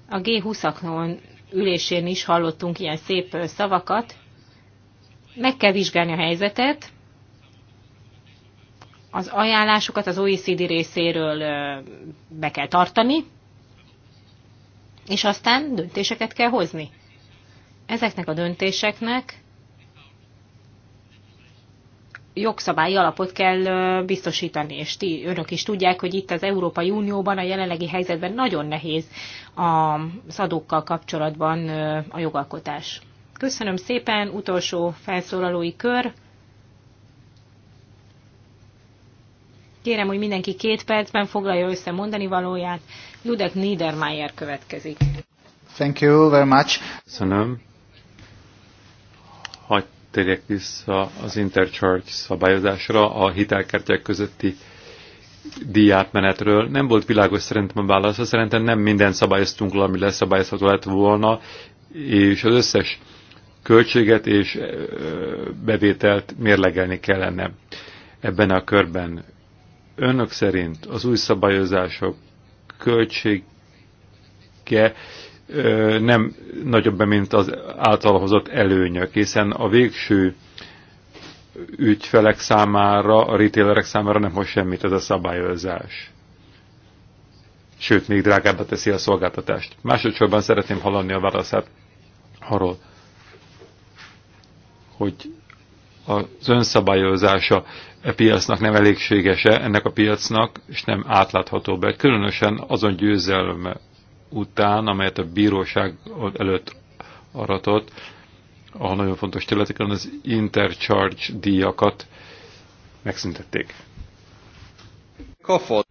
A g 20 ülésén is hallottunk ilyen szép szavakat. Meg kell vizsgálni a helyzetet, az ajánlásokat az OECD részéről be kell tartani, és aztán döntéseket kell hozni. Ezeknek a döntéseknek jogszabályi alapot kell biztosítani, és ti, önök is tudják, hogy itt az Európai Unióban a jelenlegi helyzetben nagyon nehéz a szadókkal kapcsolatban a jogalkotás. Köszönöm szépen, utolsó felszólalói kör. Kérem, hogy mindenki két percben foglalja össze mondani valóját. Judek Niedermayer következik. Thank you very much. Köszönöm. Hagy térjek vissza az intercharge szabályozásra, a hitelkártyák közötti díjátmenetről. Nem volt világos szerintem a válasz, szerintem nem minden szabályoztunk le, ami leszabályozható lett volna, és az összes költséget és bevételt mérlegelni kellene ebben a körben önök szerint az új szabályozások költsége nem nagyobb, mint az által hozott előnyök, hiszen a végső ügyfelek számára, a retailerek számára nem hoz semmit ez a szabályozás. Sőt, még drágábbá teszi a szolgáltatást. Másodszorban szeretném hallani a válaszát arról, hogy az önszabályozása e piacnak nem elégséges-e ennek a piacnak, és nem átlátható be, különösen azon győzelme után, amelyet a bíróság előtt aratott, a nagyon fontos területeken az intercharge díjakat megszüntették. Kofod.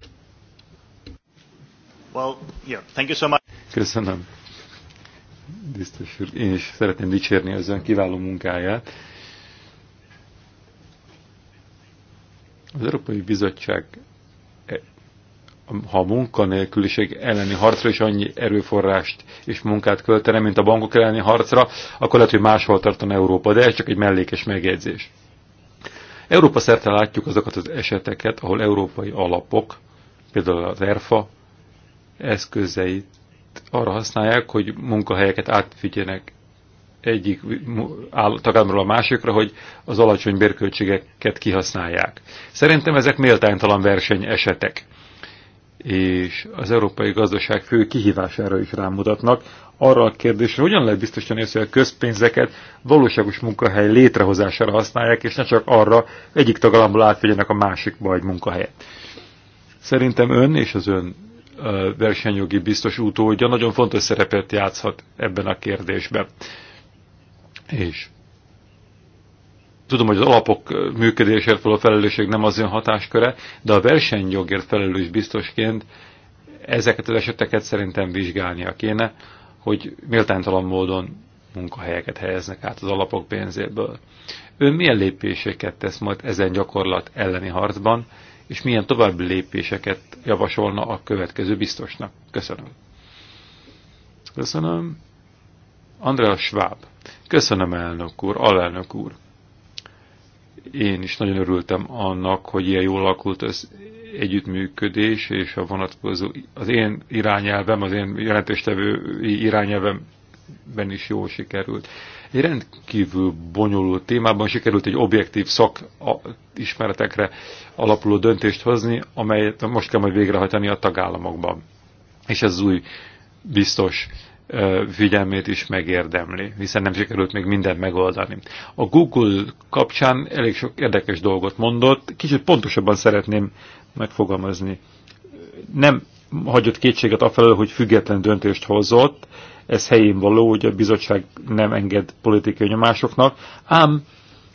Well, yeah, thank you so much. Köszönöm. Biztos, én is szeretném dicsérni ezen kiváló munkáját Az Európai Bizottság, e, ha a munkanélküliség elleni harcra is annyi erőforrást és munkát költene, mint a bankok elleni harcra, akkor lehet, hogy máshol tartana Európa, de ez csak egy mellékes megjegyzés. Európa szerte látjuk azokat az eseteket, ahol európai alapok, például az ERFA eszközeit arra használják, hogy munkahelyeket átfigyenek egyik tagállamról a másikra, hogy az alacsony bérköltségeket kihasználják. Szerintem ezek méltánytalan verseny esetek és az európai gazdaság fő kihívására is rámutatnak. Arra a kérdésre, hogyan lehet biztosan azt, hogy a közpénzeket valóságos munkahely létrehozására használják, és ne csak arra egyik tagállamból átvegyenek a másikba egy munkahelyet. Szerintem ön és az ön versenyjogi biztos utódja nagyon fontos szerepet játszhat ebben a kérdésben. És tudom, hogy az alapok működésért való felelősség nem az ön hatásköre, de a versenyjogért felelős biztosként ezeket az eseteket szerintem vizsgálnia kéne, hogy méltánytalan módon munkahelyeket helyeznek át az alapok pénzéből. Ön milyen lépéseket tesz majd ezen gyakorlat elleni harcban, és milyen további lépéseket javasolna a következő biztosnak? Köszönöm. Köszönöm. Andrea Schwab. Köszönöm, elnök úr, alelnök úr. Én is nagyon örültem annak, hogy ilyen jól alakult az együttműködés, és a vonatkozó, az én irányelvem, az én jelentéstevő irányelvemben is jól sikerült. Egy rendkívül bonyolult témában sikerült egy objektív szak ismeretekre alapuló döntést hozni, amelyet most kell majd végrehajtani a tagállamokban. És ez az új biztos figyelmét is megérdemli, hiszen nem sikerült még mindent megoldani. A Google kapcsán elég sok érdekes dolgot mondott, kicsit pontosabban szeretném megfogalmazni. Nem hagyott kétséget afelől, hogy független döntést hozott, ez helyén való, hogy a bizottság nem enged politikai nyomásoknak, ám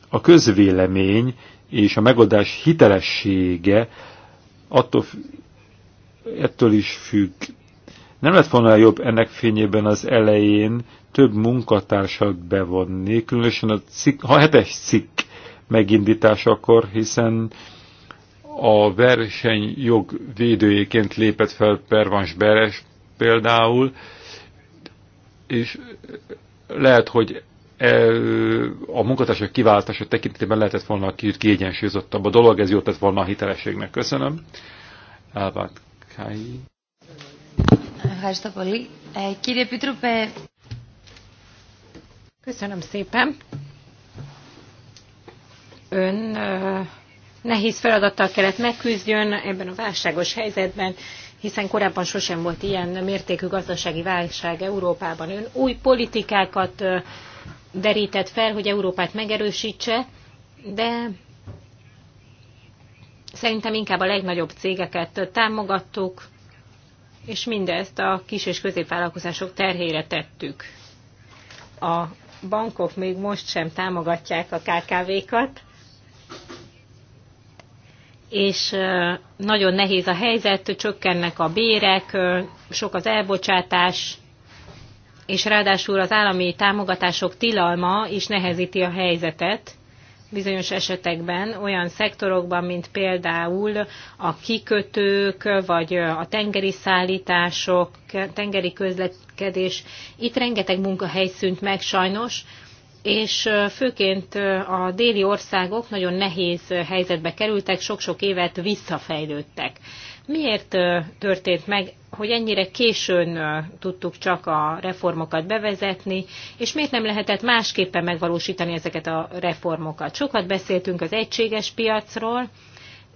a közvélemény és a megoldás hitelessége attól, ettől is függ, nem lett volna jobb ennek fényében az elején több munkatársat bevonni, különösen a, cikk, a hetes cikk megindításakor, hiszen a versenyjog védőjéként lépett fel Pervans Beres például, és lehet, hogy a munkatársak kiváltása tekintetében lehetett volna kicsit kiegyensúlyozottabb a dolog, ez jót lett volna a hitelességnek. Köszönöm. Elvált Kai. Ευχαριστώ πολύ. Ε, κύριε Επίτροπε... Köszönöm szépen. Ön uh, nehéz feladattal kellett megküzdjön ebben a válságos helyzetben, hiszen korábban sosem volt ilyen mértékű gazdasági válság Európában. Ön új politikákat uh, derített fel, hogy Európát megerősítse, de szerintem inkább a legnagyobb cégeket támogattuk, és mindezt a kis- és középvállalkozások terhére tettük. A bankok még most sem támogatják a KKV-kat, és nagyon nehéz a helyzet, csökkennek a bérek, sok az elbocsátás, és ráadásul az állami támogatások tilalma is nehezíti a helyzetet, bizonyos esetekben olyan szektorokban, mint például a kikötők, vagy a tengeri szállítások, tengeri közlekedés. Itt rengeteg munkahely szűnt meg sajnos, és főként a déli országok nagyon nehéz helyzetbe kerültek, sok-sok évet visszafejlődtek. Miért történt meg, hogy ennyire későn tudtuk csak a reformokat bevezetni, és miért nem lehetett másképpen megvalósítani ezeket a reformokat? Sokat beszéltünk az egységes piacról,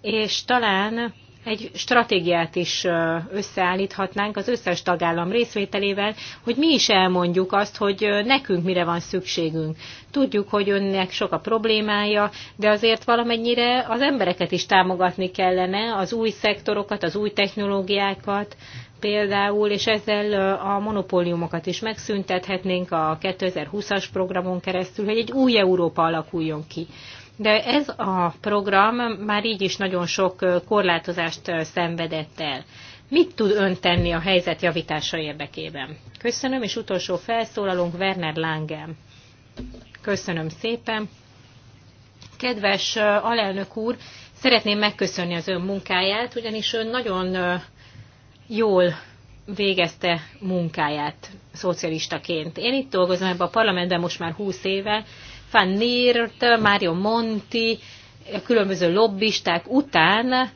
és talán egy stratégiát is összeállíthatnánk az összes tagállam részvételével, hogy mi is elmondjuk azt, hogy nekünk mire van szükségünk. Tudjuk, hogy önnek sok a problémája, de azért valamennyire az embereket is támogatni kellene, az új szektorokat, az új technológiákat, például, és ezzel a monopóliumokat is megszüntethetnénk a 2020-as programon keresztül, hogy egy új Európa alakuljon ki de ez a program már így is nagyon sok korlátozást szenvedett el. Mit tud ön tenni a helyzet javítása érdekében? Köszönöm, és utolsó felszólalunk Werner Langem. Köszönöm szépen. Kedves alelnök úr, szeretném megköszönni az ön munkáját, ugyanis ön nagyon jól végezte munkáját szocialistaként. Én itt dolgozom ebben a parlamentben most már 20 éve, van Mário Monti, a különböző lobbisták után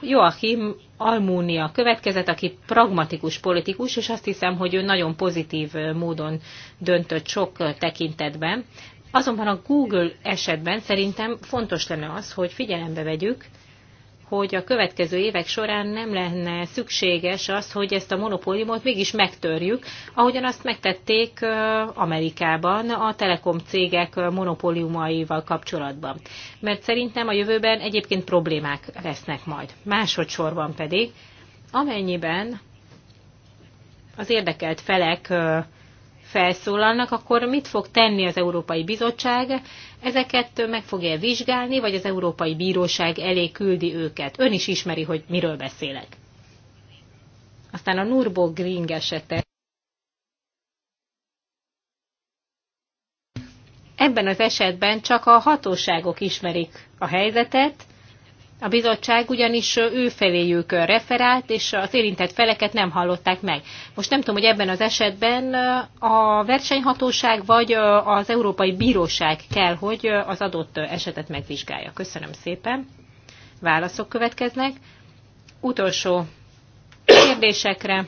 Joachim Almúnia következett, aki pragmatikus politikus, és azt hiszem, hogy ő nagyon pozitív módon döntött sok tekintetben. Azonban a Google esetben szerintem fontos lenne az, hogy figyelembe vegyük hogy a következő évek során nem lenne szükséges az, hogy ezt a monopóliumot mégis megtörjük, ahogyan azt megtették Amerikában a telekom cégek monopóliumaival kapcsolatban. Mert szerintem a jövőben egyébként problémák lesznek majd. Másodszorban pedig, amennyiben az érdekelt felek felszólalnak, akkor mit fog tenni az Európai Bizottság? Ezeket meg fogja vizsgálni, vagy az Európai Bíróság elé küldi őket? Ön is ismeri, hogy miről beszélek. Aztán a Nürburgring esete. Ebben az esetben csak a hatóságok ismerik a helyzetet, a bizottság ugyanis ő feléjük referált, és az érintett feleket nem hallották meg. Most nem tudom, hogy ebben az esetben a versenyhatóság vagy az Európai Bíróság kell, hogy az adott esetet megvizsgálja. Köszönöm szépen. Válaszok következnek. Utolsó kérdésekre.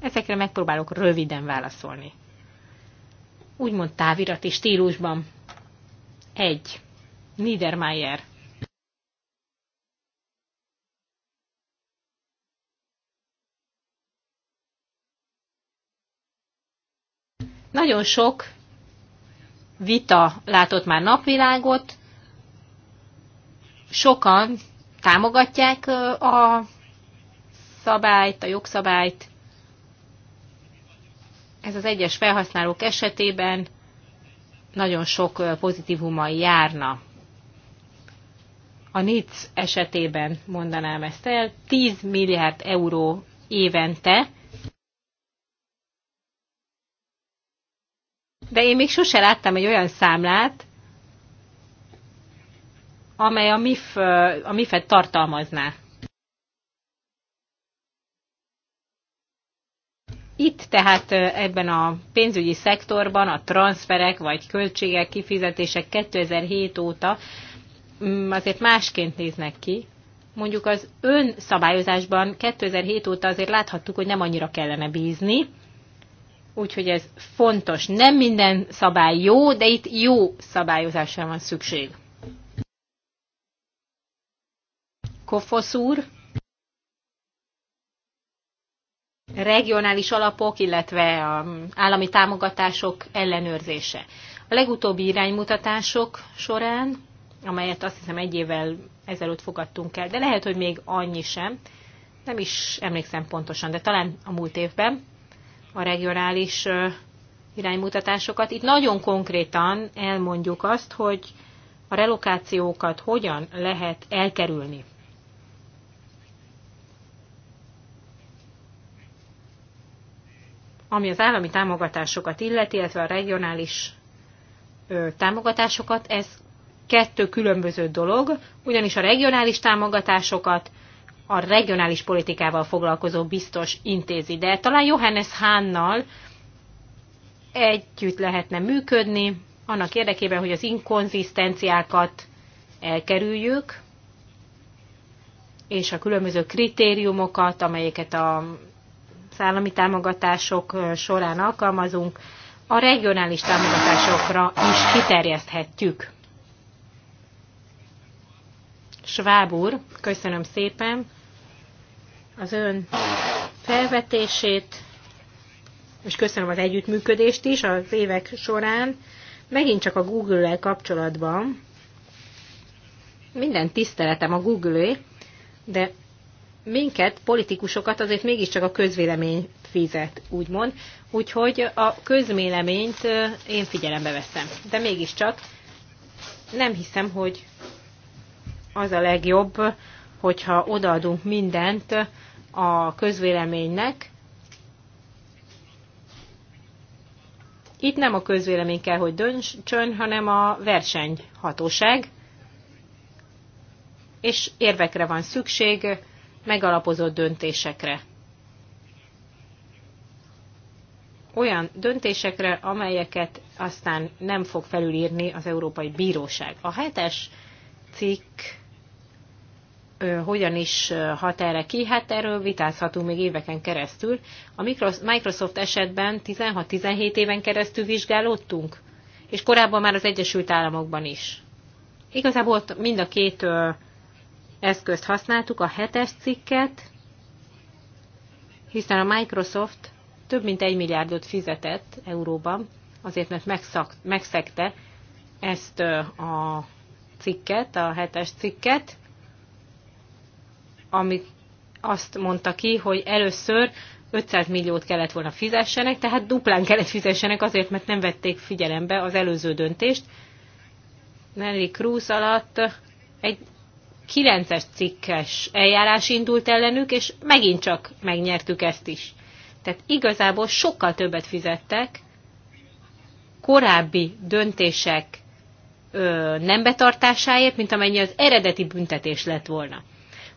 Ezekre megpróbálok röviden válaszolni. Úgymond távirati stílusban. Egy. Niedermayer. Nagyon sok vita látott már napvilágot, sokan támogatják a szabályt, a jogszabályt. Ez az egyes felhasználók esetében nagyon sok pozitívummal járna a NIC esetében mondanám ezt el, 10 milliárd euró évente, de én még sose láttam egy olyan számlát, amely a, MIF, a MIF-et tartalmazná. Itt tehát ebben a pénzügyi szektorban a transferek vagy költségek, kifizetések 2007 óta Mm, azért másként néznek ki. Mondjuk az önszabályozásban 2007 óta azért láthattuk, hogy nem annyira kellene bízni, úgyhogy ez fontos. Nem minden szabály jó, de itt jó szabályozásra van szükség. Kofosz úr, regionális alapok, illetve a állami támogatások ellenőrzése. A legutóbbi iránymutatások során amelyet azt hiszem egy évvel ezelőtt fogadtunk el, de lehet, hogy még annyi sem, nem is emlékszem pontosan, de talán a múlt évben a regionális iránymutatásokat. Itt nagyon konkrétan elmondjuk azt, hogy a relokációkat hogyan lehet elkerülni. Ami az állami támogatásokat illeti, illetve a regionális támogatásokat, ez kettő különböző dolog, ugyanis a regionális támogatásokat a regionális politikával foglalkozó biztos intézi, de talán Johannes Hánnal együtt lehetne működni, annak érdekében, hogy az inkonzisztenciákat elkerüljük, és a különböző kritériumokat, amelyeket a szállami támogatások során alkalmazunk, a regionális támogatásokra is kiterjeszthetjük. Schwab úr, köszönöm szépen az ön felvetését, és köszönöm az együttműködést is az évek során. Megint csak a Google-el kapcsolatban. Minden tiszteletem a Google-é, de minket, politikusokat azért mégiscsak a közvélemény fizet, úgymond. Úgyhogy a közvéleményt én figyelembe veszem. De mégiscsak nem hiszem, hogy az a legjobb, hogyha odaadunk mindent a közvéleménynek. Itt nem a közvélemény kell, hogy döntsön, hanem a versenyhatóság, és érvekre van szükség, megalapozott döntésekre. olyan döntésekre, amelyeket aztán nem fog felülírni az Európai Bíróság. A hetes cikk hogyan is hat erre ki, hát erről vitázhatunk még éveken keresztül. A Microsoft esetben 16-17 éven keresztül vizsgálódtunk, és korábban már az Egyesült Államokban is. Igazából mind a két eszközt használtuk, a hetes cikket, hiszen a Microsoft több mint egy milliárdot fizetett euróban, azért mert megszak, megszegte ezt a cikket, a hetes cikket, ami azt mondta ki, hogy először 500 milliót kellett volna fizessenek, tehát duplán kellett fizessenek azért, mert nem vették figyelembe az előző döntést. Nelly Cruz alatt egy 9-es cikkes eljárás indult ellenük, és megint csak megnyertük ezt is. Tehát igazából sokkal többet fizettek, korábbi döntések ö, nem betartásáért, mint amennyi az eredeti büntetés lett volna.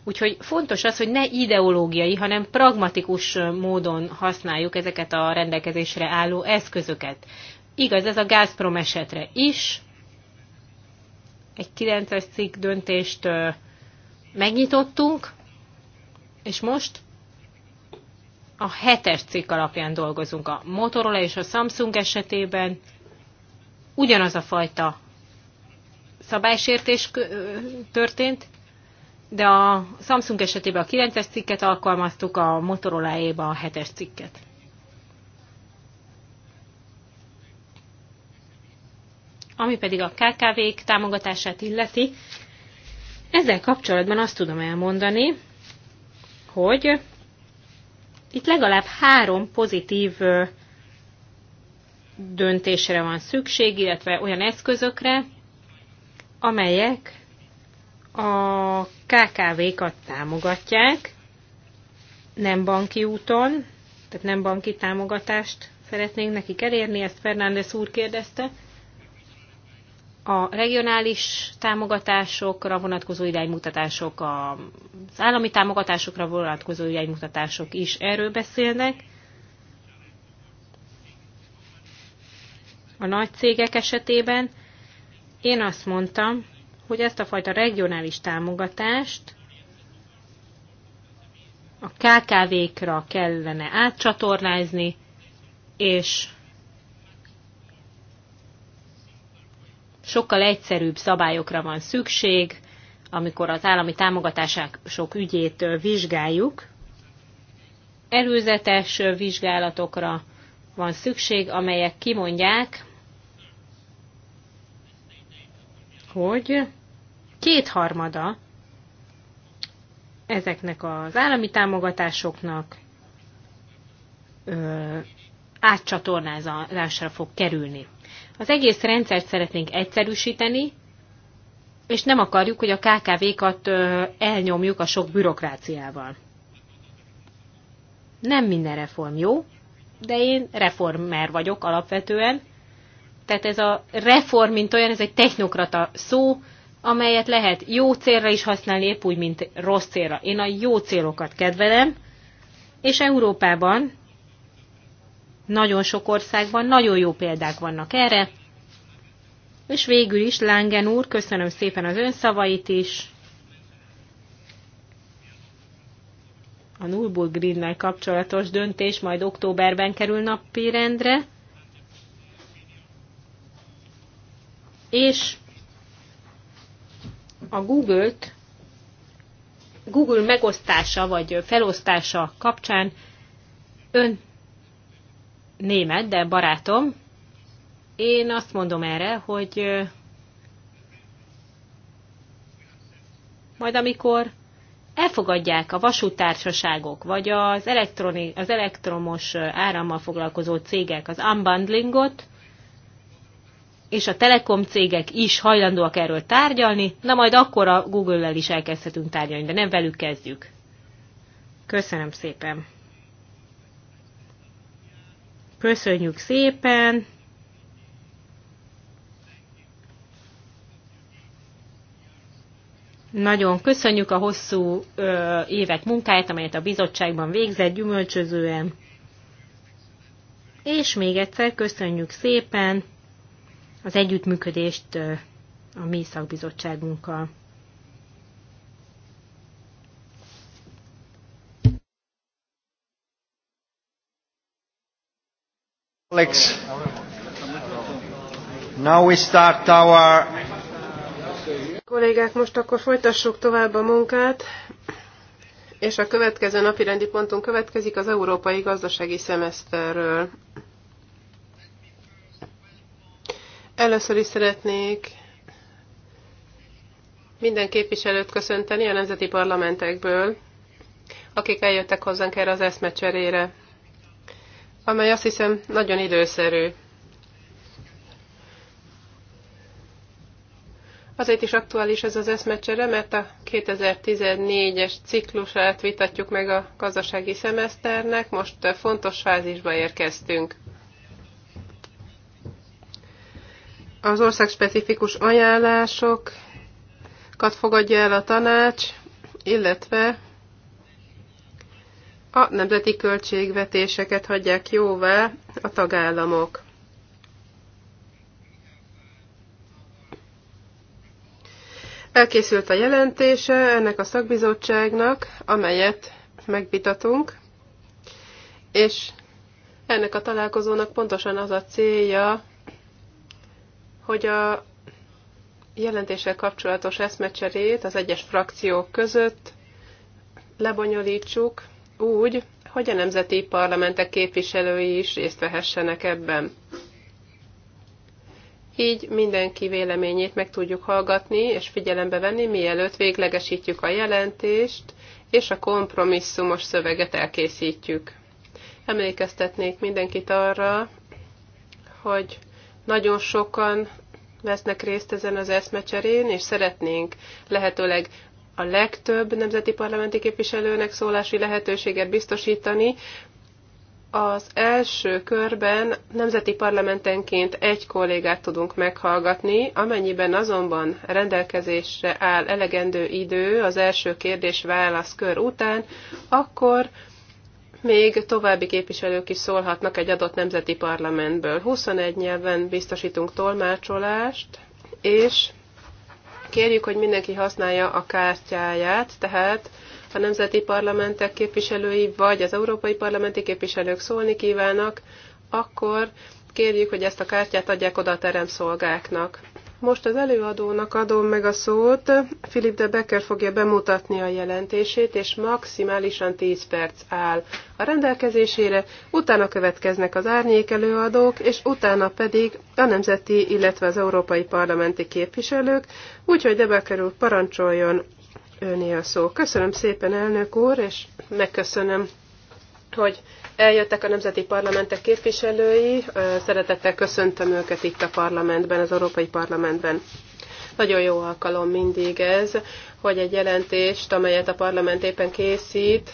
Úgyhogy fontos az, hogy ne ideológiai, hanem pragmatikus módon használjuk ezeket a rendelkezésre álló eszközöket. Igaz, ez a Gazprom esetre is. Egy 9-es cikk döntést megnyitottunk, és most a 7-es cikk alapján dolgozunk. A Motorola és a Samsung esetében ugyanaz a fajta szabálysértés történt, de a Samsung esetében a 9-es cikket alkalmaztuk, a Motorola-éba a 7-es cikket. Ami pedig a KKV-k támogatását illeti, ezzel kapcsolatban azt tudom elmondani, hogy itt legalább három pozitív döntésre van szükség, illetve olyan eszközökre, amelyek a KKV-kat támogatják, nem banki úton, tehát nem banki támogatást szeretnénk nekik elérni, ezt Fernández úr kérdezte. A regionális támogatásokra vonatkozó iránymutatások, az állami támogatásokra vonatkozó iránymutatások is erről beszélnek. A nagy cégek esetében én azt mondtam, hogy ezt a fajta regionális támogatást a KKV-kra kellene átcsatornázni, és sokkal egyszerűbb szabályokra van szükség, amikor az állami támogatások sok ügyét vizsgáljuk. Előzetes vizsgálatokra van szükség, amelyek kimondják, hogy kétharmada ezeknek az állami támogatásoknak ö, átcsatornázásra fog kerülni. Az egész rendszert szeretnénk egyszerűsíteni, és nem akarjuk, hogy a KKV-kat elnyomjuk a sok bürokráciával. Nem minden reform jó, de én reformer vagyok alapvetően. Tehát ez a reform, mint olyan, ez egy technokrata szó, amelyet lehet jó célra is használni, épp úgy, mint rossz célra. Én a jó célokat kedvelem, és Európában nagyon sok országban nagyon jó példák vannak erre, és végül is, Lángen úr, köszönöm szépen az ön szavait is. A Nullburg Grinnel kapcsolatos döntés majd októberben kerül napi rendre. És a Google-t, Google megosztása vagy felosztása kapcsán ön német, de barátom, én azt mondom erre, hogy majd amikor elfogadják a vasútársaságok, vagy az, elektroni, az elektromos árammal foglalkozó cégek az unbundlingot, és a telekom cégek is hajlandóak erről tárgyalni, na majd akkor a Google-lel is elkezdhetünk tárgyalni, de nem velük kezdjük. Köszönöm szépen! Köszönjük szépen! Nagyon köszönjük a hosszú ö, évek munkáját, amelyet a bizottságban végzett gyümölcsözően. És még egyszer köszönjük szépen! az együttműködést a mi szakbizottságunkkal. Alex, now we start our... Kollégák, most akkor folytassuk tovább a munkát, és a következő napi rendi pontunk következik az európai gazdasági szemeszterről. Először is szeretnék minden képviselőt köszönteni a nemzeti parlamentekből, akik eljöttek hozzánk erre az eszmecserére, amely azt hiszem nagyon időszerű. Azért is aktuális ez az eszmecsere, mert a 2014-es ciklusát vitatjuk meg a gazdasági szemeszternek, most fontos fázisba érkeztünk. az specifikus ajánlásokat fogadja el a tanács, illetve a nemzeti költségvetéseket hagyják jóvá a tagállamok. Elkészült a jelentése ennek a szakbizottságnak, amelyet megvitatunk, és ennek a találkozónak pontosan az a célja, hogy a jelentéssel kapcsolatos eszmecserét az egyes frakciók között lebonyolítsuk úgy, hogy a nemzeti parlamentek képviselői is részt vehessenek ebben. Így mindenki véleményét meg tudjuk hallgatni és figyelembe venni, mielőtt véglegesítjük a jelentést és a kompromisszumos szöveget elkészítjük. Emlékeztetnék mindenkit arra, hogy nagyon sokan vesznek részt ezen az eszmecserén, és szeretnénk lehetőleg a legtöbb nemzeti parlamenti képviselőnek szólási lehetőséget biztosítani. Az első körben nemzeti parlamentenként egy kollégát tudunk meghallgatni, amennyiben azonban rendelkezésre áll elegendő idő az első kérdés-válasz kör után, akkor még további képviselők is szólhatnak egy adott nemzeti parlamentből. 21 nyelven biztosítunk tolmácsolást, és kérjük, hogy mindenki használja a kártyáját, tehát a nemzeti parlamentek képviselői vagy az európai parlamenti képviselők szólni kívánnak, akkor kérjük, hogy ezt a kártyát adják oda a teremszolgáknak. Most az előadónak adom meg a szót, Filip de Becker fogja bemutatni a jelentését, és maximálisan 10 perc áll a rendelkezésére, utána következnek az árnyék előadók, és utána pedig a nemzeti, illetve az európai parlamenti képviselők, úgyhogy de Becker úr parancsoljon öné a szó. Köszönöm szépen, elnök úr, és megköszönöm, hogy Eljöttek a nemzeti parlamentek képviselői, szeretettel köszöntöm őket itt a parlamentben, az Európai Parlamentben. Nagyon jó alkalom mindig ez, hogy egy jelentést, amelyet a parlament éppen készít,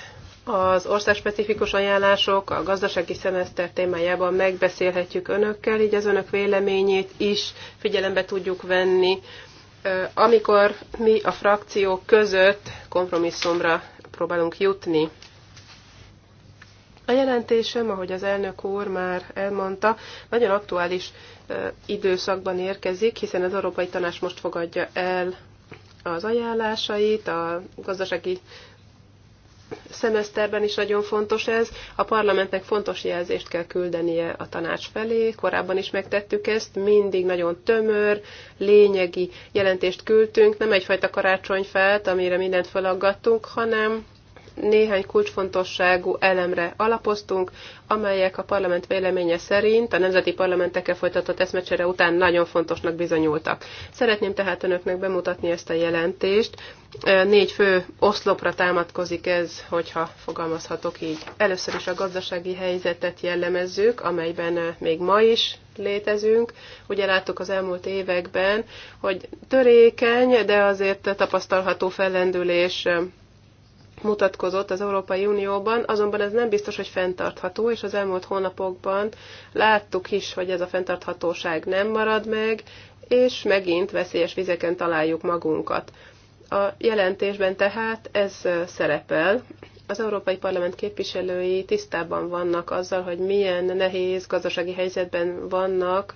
az országspecifikus ajánlások a gazdasági szemeszter témájában megbeszélhetjük önökkel, így az önök véleményét is figyelembe tudjuk venni, amikor mi a frakciók között kompromisszumra próbálunk jutni a jelentésem, ahogy az elnök úr már elmondta, nagyon aktuális időszakban érkezik, hiszen az Európai Tanács most fogadja el az ajánlásait, a gazdasági szemeszterben is nagyon fontos ez. A parlamentnek fontos jelzést kell küldenie a tanács felé, korábban is megtettük ezt, mindig nagyon tömör, lényegi jelentést küldtünk, nem egyfajta karácsonyfelt, amire mindent felaggattunk, hanem néhány kulcsfontosságú elemre alapoztunk, amelyek a parlament véleménye szerint a nemzeti parlamentekkel folytatott eszmecsere után nagyon fontosnak bizonyultak. Szeretném tehát önöknek bemutatni ezt a jelentést. Négy fő oszlopra támadkozik ez, hogyha fogalmazhatok így. Először is a gazdasági helyzetet jellemezzük, amelyben még ma is létezünk. Ugye láttuk az elmúlt években, hogy törékeny, de azért tapasztalható fellendülés mutatkozott az Európai Unióban, azonban ez nem biztos, hogy fenntartható, és az elmúlt hónapokban láttuk is, hogy ez a fenntarthatóság nem marad meg, és megint veszélyes vizeken találjuk magunkat. A jelentésben tehát ez szerepel. Az Európai Parlament képviselői tisztában vannak azzal, hogy milyen nehéz gazdasági helyzetben vannak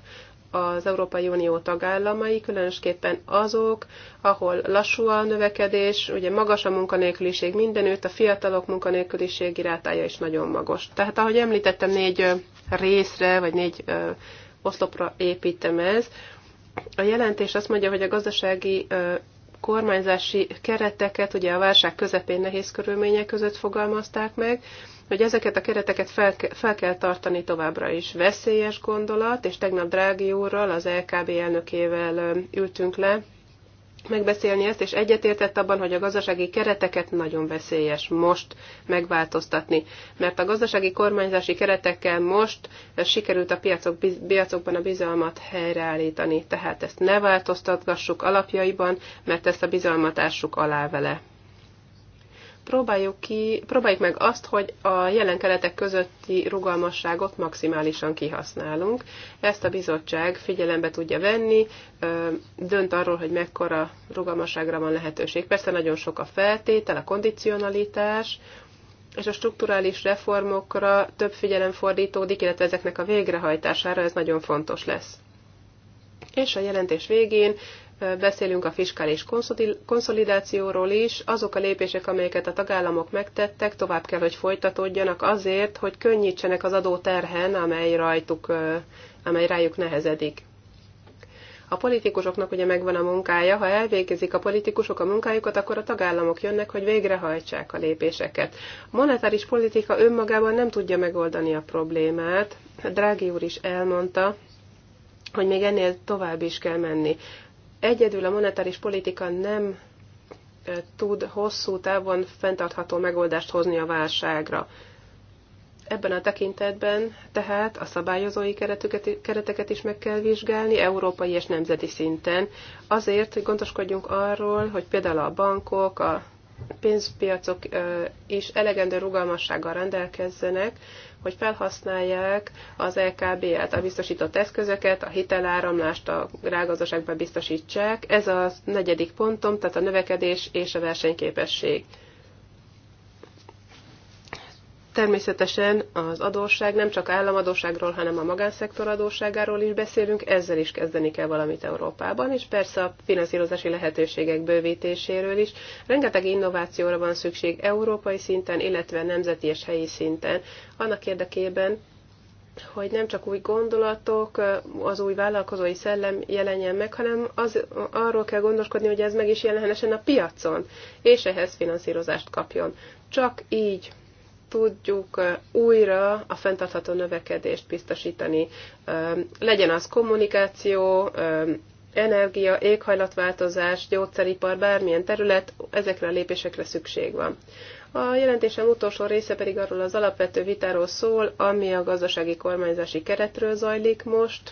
az Európai Unió tagállamai, különösképpen azok, ahol lassú a növekedés, ugye magas a munkanélküliség mindenütt, a fiatalok munkanélküliség irátája is nagyon magas. Tehát ahogy említettem, négy részre, vagy négy oszlopra építem ez. A jelentés azt mondja, hogy a gazdasági kormányzási kereteket ugye a válság közepén nehéz körülmények között fogalmazták meg, hogy ezeket a kereteket fel, fel kell tartani továbbra is. Veszélyes gondolat, és tegnap Drági úrral, az LKB elnökével ültünk le, megbeszélni ezt, és egyetértett abban, hogy a gazdasági kereteket nagyon veszélyes most megváltoztatni. Mert a gazdasági kormányzási keretekkel most sikerült a piacok, piacokban a bizalmat helyreállítani. Tehát ezt ne változtatgassuk alapjaiban, mert ezt a bizalmat ássuk alá vele próbáljuk, ki, próbáljuk meg azt, hogy a jelen keretek közötti rugalmasságot maximálisan kihasználunk. Ezt a bizottság figyelembe tudja venni, dönt arról, hogy mekkora rugalmasságra van lehetőség. Persze nagyon sok a feltétel, a kondicionalitás, és a strukturális reformokra több figyelem fordítódik, illetve ezeknek a végrehajtására ez nagyon fontos lesz. És a jelentés végén beszélünk a fiskális konszolidációról is, azok a lépések, amelyeket a tagállamok megtettek, tovább kell, hogy folytatódjanak azért, hogy könnyítsenek az adóterhen, amely, rajtuk, amely rájuk nehezedik. A politikusoknak ugye megvan a munkája, ha elvégezik a politikusok a munkájukat, akkor a tagállamok jönnek, hogy végrehajtsák a lépéseket. A monetáris politika önmagában nem tudja megoldani a problémát. Drági úr is elmondta, hogy még ennél tovább is kell menni. Egyedül a monetáris politika nem tud hosszú távon fenntartható megoldást hozni a válságra. Ebben a tekintetben tehát a szabályozói kereteket is meg kell vizsgálni európai és nemzeti szinten, azért, hogy gondoskodjunk arról, hogy például a bankok, a pénzpiacok is elegendő rugalmassággal rendelkezzenek, hogy felhasználják az LKB által biztosított eszközöket, a hiteláramlást a rágazdaságban biztosítsák. Ez a negyedik pontom, tehát a növekedés és a versenyképesség. Természetesen az adósság nem csak államadóságról, hanem a magánszektor adósságáról is beszélünk, ezzel is kezdeni kell valamit Európában, és persze a finanszírozási lehetőségek bővítéséről is. Rengeteg innovációra van szükség európai szinten, illetve nemzeti és helyi szinten, annak érdekében, hogy nem csak új gondolatok, az új vállalkozói szellem jelenjen meg, hanem az, arról kell gondoskodni, hogy ez meg is jelenhessen a piacon, és ehhez finanszírozást kapjon. Csak így tudjuk újra a fenntartható növekedést biztosítani. Legyen az kommunikáció, energia, éghajlatváltozás, gyógyszeripar, bármilyen terület, ezekre a lépésekre szükség van. A jelentésem utolsó része pedig arról az alapvető vitáról szól, ami a gazdasági kormányzási keretről zajlik most,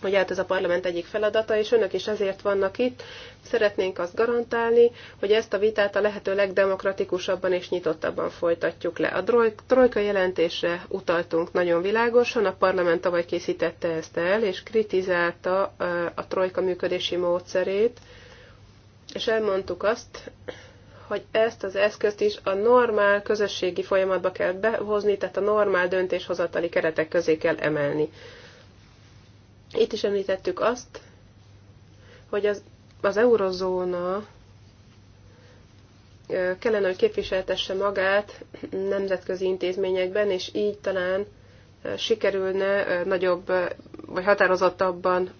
hogy hát ez a parlament egyik feladata, és önök is ezért vannak itt. Szeretnénk azt garantálni, hogy ezt a vitát a lehető legdemokratikusabban és nyitottabban folytatjuk le. A trojka jelentésre utaltunk nagyon világosan, a parlament tavaly készítette ezt el, és kritizálta a trojka működési módszerét, és elmondtuk azt, hogy ezt az eszközt is a normál közösségi folyamatba kell behozni, tehát a normál döntéshozatali keretek közé kell emelni. Itt is említettük azt, hogy az, az eurozóna kellene, hogy képviseltesse magát nemzetközi intézményekben, és így talán sikerülne nagyobb vagy határozottabban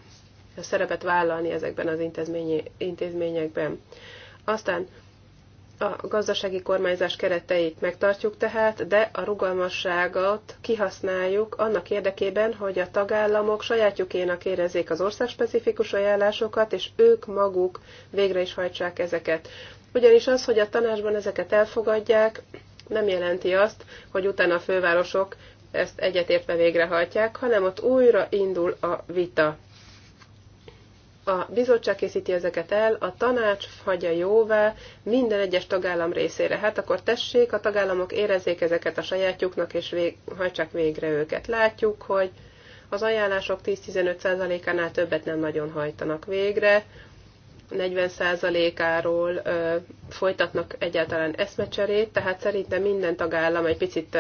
szerepet vállalni ezekben az intézményekben. Aztán a gazdasági kormányzás kereteit megtartjuk tehát, de a rugalmasságot kihasználjuk annak érdekében, hogy a tagállamok sajátjukénak érezzék az országspecifikus ajánlásokat, és ők maguk végre is hajtsák ezeket. Ugyanis az, hogy a tanácsban ezeket elfogadják, nem jelenti azt, hogy utána a fővárosok ezt egyetértve végrehajtják, hanem ott újra indul a vita a bizottság készíti ezeket el, a tanács hagyja jóvá minden egyes tagállam részére. Hát akkor tessék, a tagállamok érezzék ezeket a sajátjuknak, és vég, hajtsák végre őket. Látjuk, hogy az ajánlások 10-15%-ánál többet nem nagyon hajtanak végre, 40%-áról folytatnak egyáltalán eszmecserét, tehát szerintem minden tagállam egy picit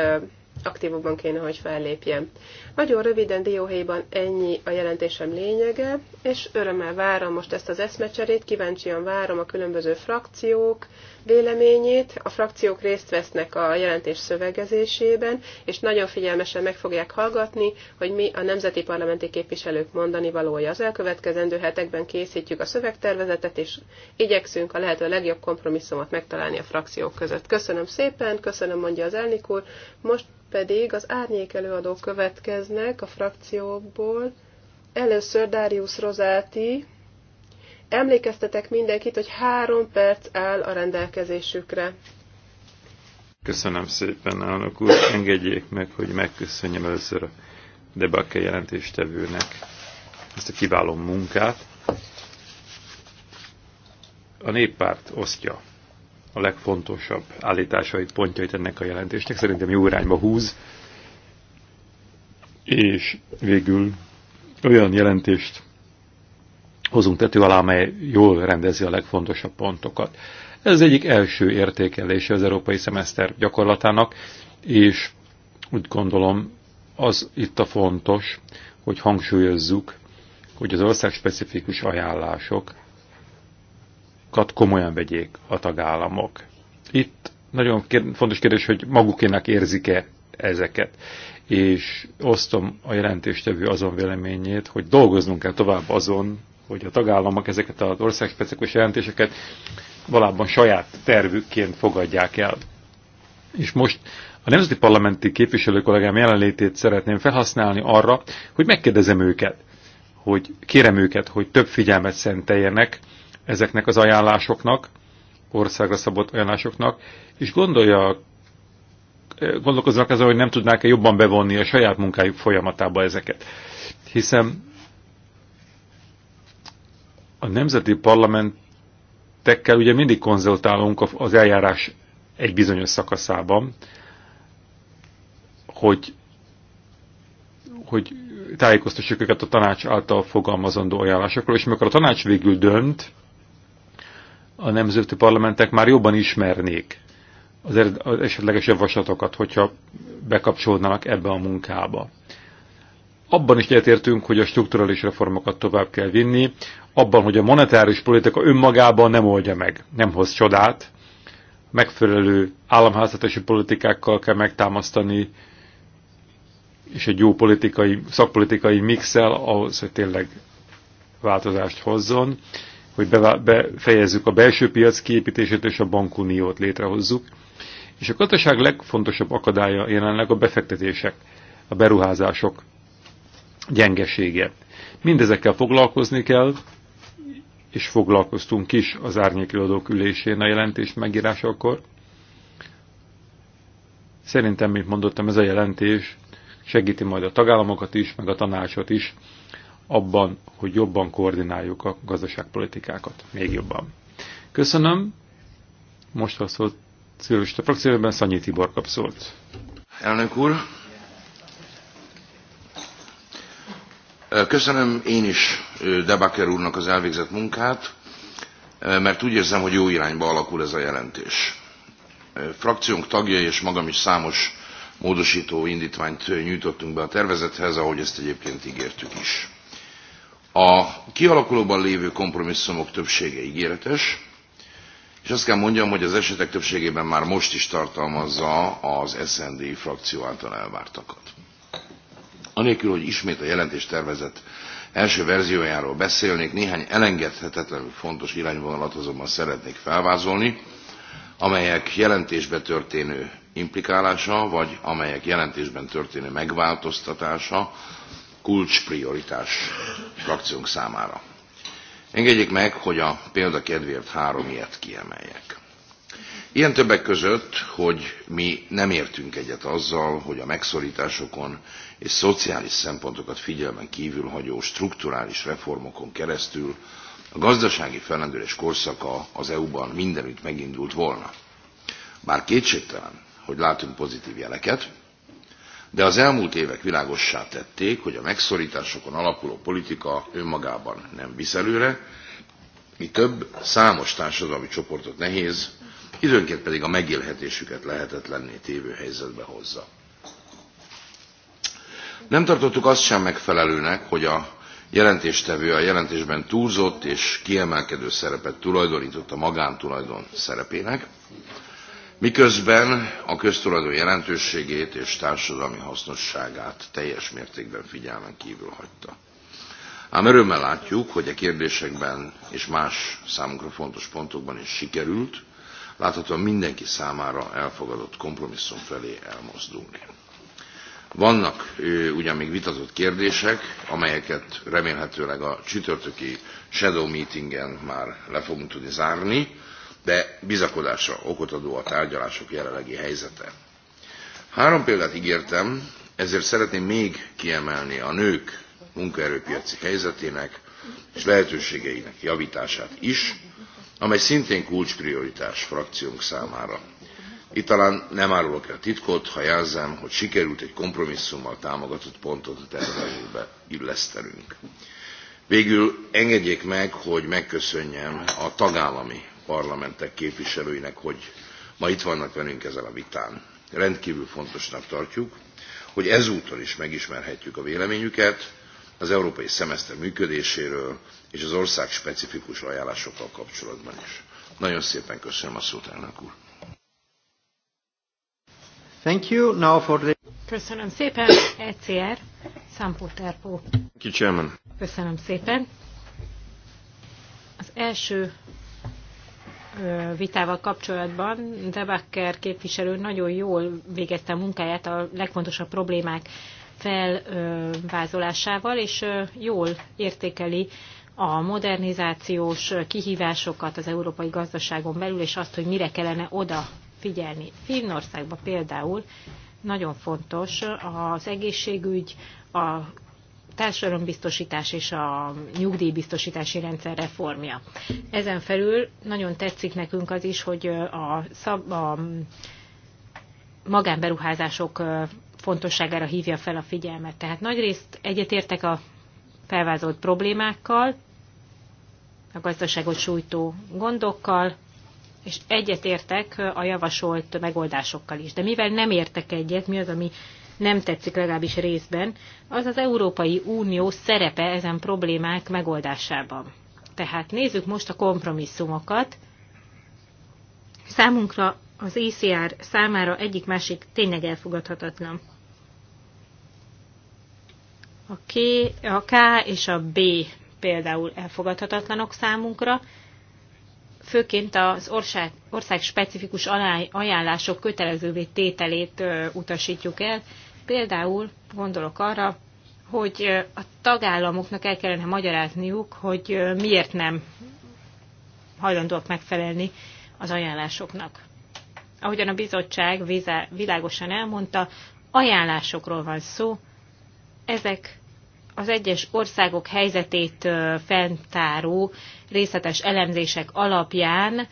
aktívabban kéne, hogy fellépjen. Nagyon röviden dióhéjban ennyi a jelentésem lényege, és örömmel várom most ezt az eszmecserét, kíváncsian várom a különböző frakciók véleményét. A frakciók részt vesznek a jelentés szövegezésében, és nagyon figyelmesen meg fogják hallgatni, hogy mi a nemzeti parlamenti képviselők mondani valója. Az elkövetkezendő hetekben készítjük a szövegtervezetet, és igyekszünk a lehető legjobb kompromisszumot megtalálni a frakciók között. Köszönöm szépen, köszönöm mondja az elnök úr, most pedig az árnyék előadók következnek a frakcióból. Először Darius Rozáti. Emlékeztetek mindenkit, hogy három perc áll a rendelkezésükre. Köszönöm szépen, elnök úr. Engedjék meg, hogy megköszönjem először a Debakke jelentéstevőnek ezt a kiváló munkát. A néppárt osztja a legfontosabb állításait, pontjait ennek a jelentésnek. Szerintem jó irányba húz, és végül olyan jelentést hozunk tető alá, amely jól rendezi a legfontosabb pontokat. Ez az egyik első értékelése az európai szemeszter gyakorlatának, és úgy gondolom, az itt a fontos, hogy hangsúlyozzuk, hogy az országspecifikus ajánlások javaslatokat komolyan vegyék a tagállamok. Itt nagyon fontos kérdés, hogy magukének érzik-e ezeket. És osztom a jelentéstevő azon véleményét, hogy dolgoznunk kell tovább azon, hogy a tagállamok ezeket az országspecifikus jelentéseket valában saját tervükként fogadják el. És most a nemzeti parlamenti képviselő kollégám jelenlétét szeretném felhasználni arra, hogy megkérdezem őket, hogy kérem őket, hogy több figyelmet szenteljenek ezeknek az ajánlásoknak, országra szabott ajánlásoknak, és gondolja, eh, gondolkoznak ezzel, hogy nem tudnák-e jobban bevonni a saját munkájuk folyamatába ezeket. Hiszen a nemzeti parlamentekkel ugye mindig konzultálunk az eljárás egy bizonyos szakaszában, hogy, hogy tájékoztassuk őket a tanács által fogalmazandó ajánlásokról, és mikor a tanács végül dönt, a nemzeti parlamentek már jobban ismernék az er-, esetleges javaslatokat, hogyha bekapcsolnának ebbe a munkába. Abban is egyetértünk, hogy a strukturális reformokat tovább kell vinni, abban, hogy a monetáris politika önmagában nem oldja meg, nem hoz csodát, megfelelő államháztatási politikákkal kell megtámasztani, és egy jó politikai, szakpolitikai mixel ahhoz, hogy tényleg változást hozzon hogy befejezzük a belső piac kiépítését és a bankuniót létrehozzuk. És a gazdaság legfontosabb akadálya jelenleg a befektetések, a beruházások gyengesége. Mindezekkel foglalkozni kell, és foglalkoztunk is az árnyékiladók ülésén a jelentés megírásakor. Szerintem, mint mondottam, ez a jelentés segíti majd a tagállamokat is, meg a tanácsot is abban, hogy jobban koordináljuk a gazdaságpolitikákat, még jobban. Köszönöm. Most a szocialista frakcióban Szanyi Tibor kap szólt. Elnök úr, köszönöm én is Debaker úrnak az elvégzett munkát, mert úgy érzem, hogy jó irányba alakul ez a jelentés. Frakciónk tagjai és magam is számos módosító indítványt nyújtottunk be a tervezethez, ahogy ezt egyébként ígértük is. A kialakulóban lévő kompromisszumok többsége ígéretes, és azt kell mondjam, hogy az esetek többségében már most is tartalmazza az SND frakció által elvártakat. Anélkül, hogy ismét a jelentés tervezett első verziójáról beszélnék, néhány elengedhetetlenül fontos irányvonalat azonban szeretnék felvázolni, amelyek jelentésbe történő implikálása, vagy amelyek jelentésben történő megváltoztatása kulcsprioritás frakciónk számára. Engedjék meg, hogy a kedvéért három ilyet kiemeljek. Ilyen többek között, hogy mi nem értünk egyet azzal, hogy a megszorításokon és szociális szempontokat figyelmen kívül hagyó strukturális reformokon keresztül a gazdasági felendülés korszaka az EU-ban mindenütt megindult volna. Bár kétségtelen, hogy látunk pozitív jeleket, de az elmúlt évek világossá tették, hogy a megszorításokon alapuló politika önmagában nem visz előre, mi több számos társadalmi csoportot nehéz, időnként pedig a megélhetésüket lehetetlenné tévő helyzetbe hozza. Nem tartottuk azt sem megfelelőnek, hogy a jelentéstevő a jelentésben túlzott és kiemelkedő szerepet tulajdonított a magántulajdon szerepének, miközben a köztulajdon jelentőségét és társadalmi hasznosságát teljes mértékben figyelmen kívül hagyta. Ám örömmel látjuk, hogy a e kérdésekben és más számunkra fontos pontokban is sikerült, láthatóan mindenki számára elfogadott kompromisszum felé elmozdulni. Vannak ugyan még vitatott kérdések, amelyeket remélhetőleg a csütörtöki shadow meetingen már le fogunk tudni zárni, de bizakodásra okot adó a tárgyalások jelenlegi helyzete. Három példát ígértem, ezért szeretném még kiemelni a nők munkaerőpiaci helyzetének és lehetőségeinek javítását is, amely szintén kulcsprioritás frakciónk számára. Itt talán nem árulok el titkot, ha jelzem, hogy sikerült egy kompromisszummal támogatott pontot a tervezetbe illesztenünk. Végül engedjék meg, hogy megköszönjem a tagállami parlamentek képviselőinek, hogy ma itt vannak velünk ezen a vitán. Rendkívül fontosnak tartjuk, hogy ezúton is megismerhetjük a véleményüket az európai szemeszter működéséről és az ország specifikus ajánlásokkal kapcsolatban is. Nagyon szépen köszönöm a szót, elnök úr. Thank you. Now for the... Köszönöm szépen, ECR, Sampo Terpó. Köszönöm szépen. Az első vitával kapcsolatban Debakker képviselő nagyon jól végezte a munkáját a legfontosabb problémák felvázolásával, és jól értékeli a modernizációs kihívásokat az európai gazdaságon belül, és azt, hogy mire kellene oda figyelni. Finnországban például nagyon fontos az egészségügy, a társadalombiztosítás és a nyugdíjbiztosítási rendszer reformja. Ezen felül nagyon tetszik nekünk az is, hogy a, szab, a magánberuházások fontosságára hívja fel a figyelmet. Tehát nagyrészt egyetértek a felvázolt problémákkal, a gazdaságot sújtó gondokkal, és egyetértek a javasolt megoldásokkal is. De mivel nem értek egyet, mi az, ami nem tetszik legalábbis részben, az az Európai Unió szerepe ezen problémák megoldásában. Tehát nézzük most a kompromisszumokat. Számunkra az ICR e számára egyik-másik tényleg elfogadhatatlan. A K, a K és a B például elfogadhatatlanok számunkra, főként az ország, ország specifikus ajánlások kötelezővé tételét utasítjuk el. Például gondolok arra, hogy a tagállamoknak el kellene magyarázniuk, hogy miért nem hajlandóak megfelelni az ajánlásoknak. Ahogyan a bizottság világosan elmondta, ajánlásokról van szó, ezek az egyes országok helyzetét fenntáró részletes elemzések alapján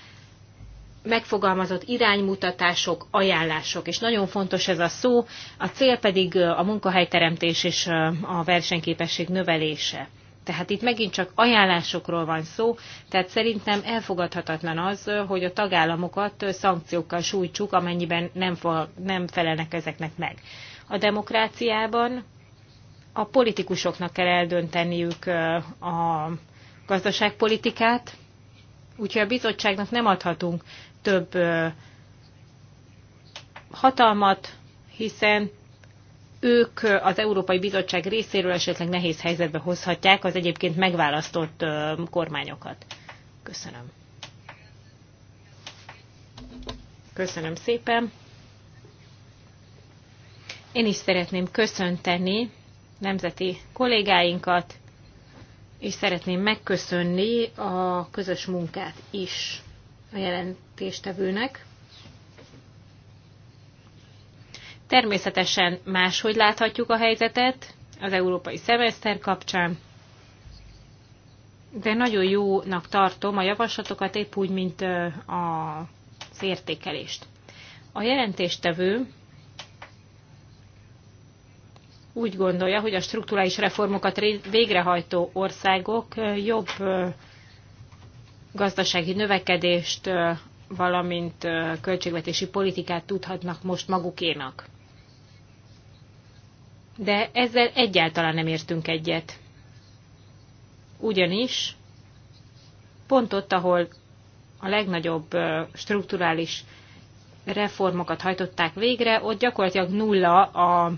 megfogalmazott iránymutatások, ajánlások, és nagyon fontos ez a szó, a cél pedig a munkahelyteremtés és a versenyképesség növelése. Tehát itt megint csak ajánlásokról van szó, tehát szerintem elfogadhatatlan az, hogy a tagállamokat szankciókkal sújtsuk, amennyiben nem, nem felelnek ezeknek meg. A demokráciában a politikusoknak kell eldönteniük a gazdaságpolitikát, úgyhogy a bizottságnak nem adhatunk több hatalmat, hiszen ők az Európai Bizottság részéről esetleg nehéz helyzetbe hozhatják az egyébként megválasztott kormányokat. Köszönöm. Köszönöm szépen. Én is szeretném köszönteni nemzeti kollégáinkat, és szeretném megköszönni a közös munkát is a jelentéstevőnek. Természetesen máshogy láthatjuk a helyzetet az európai szemeszter kapcsán, de nagyon jónak tartom a javaslatokat, épp úgy, mint a értékelést. A jelentéstevő úgy gondolja, hogy a strukturális reformokat végrehajtó országok jobb gazdasági növekedést, valamint költségvetési politikát tudhatnak most magukénak. De ezzel egyáltalán nem értünk egyet. Ugyanis pont ott, ahol a legnagyobb strukturális reformokat hajtották végre, ott gyakorlatilag nulla a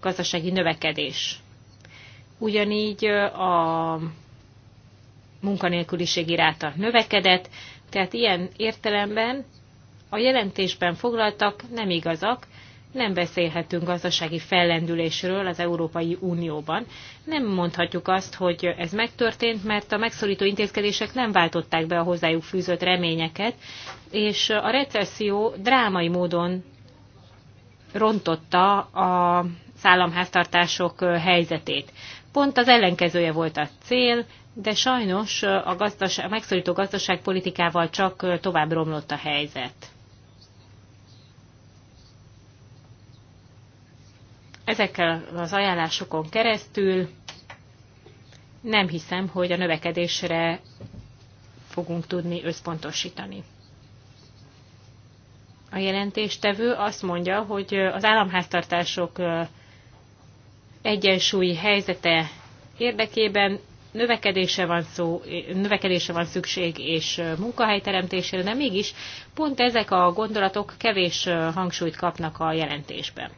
gazdasági növekedés. Ugyanígy a munkanélküliségi ráta növekedett, tehát ilyen értelemben a jelentésben foglaltak nem igazak, nem beszélhetünk gazdasági fellendülésről az Európai Unióban. Nem mondhatjuk azt, hogy ez megtörtént, mert a megszorító intézkedések nem váltották be a hozzájuk fűzött reményeket, és a recesszió drámai módon rontotta a szállamháztartások helyzetét. Pont az ellenkezője volt a cél, de sajnos a, gazdaság, a megszorító gazdaságpolitikával csak tovább romlott a helyzet. Ezekkel az ajánlásokon keresztül nem hiszem, hogy a növekedésre fogunk tudni összpontosítani. A jelentéstevő azt mondja, hogy az államháztartások egyensúlyi helyzete érdekében növekedése van, szó, növekedése van szükség és munkahelyteremtésére, de mégis pont ezek a gondolatok kevés hangsúlyt kapnak a jelentésben.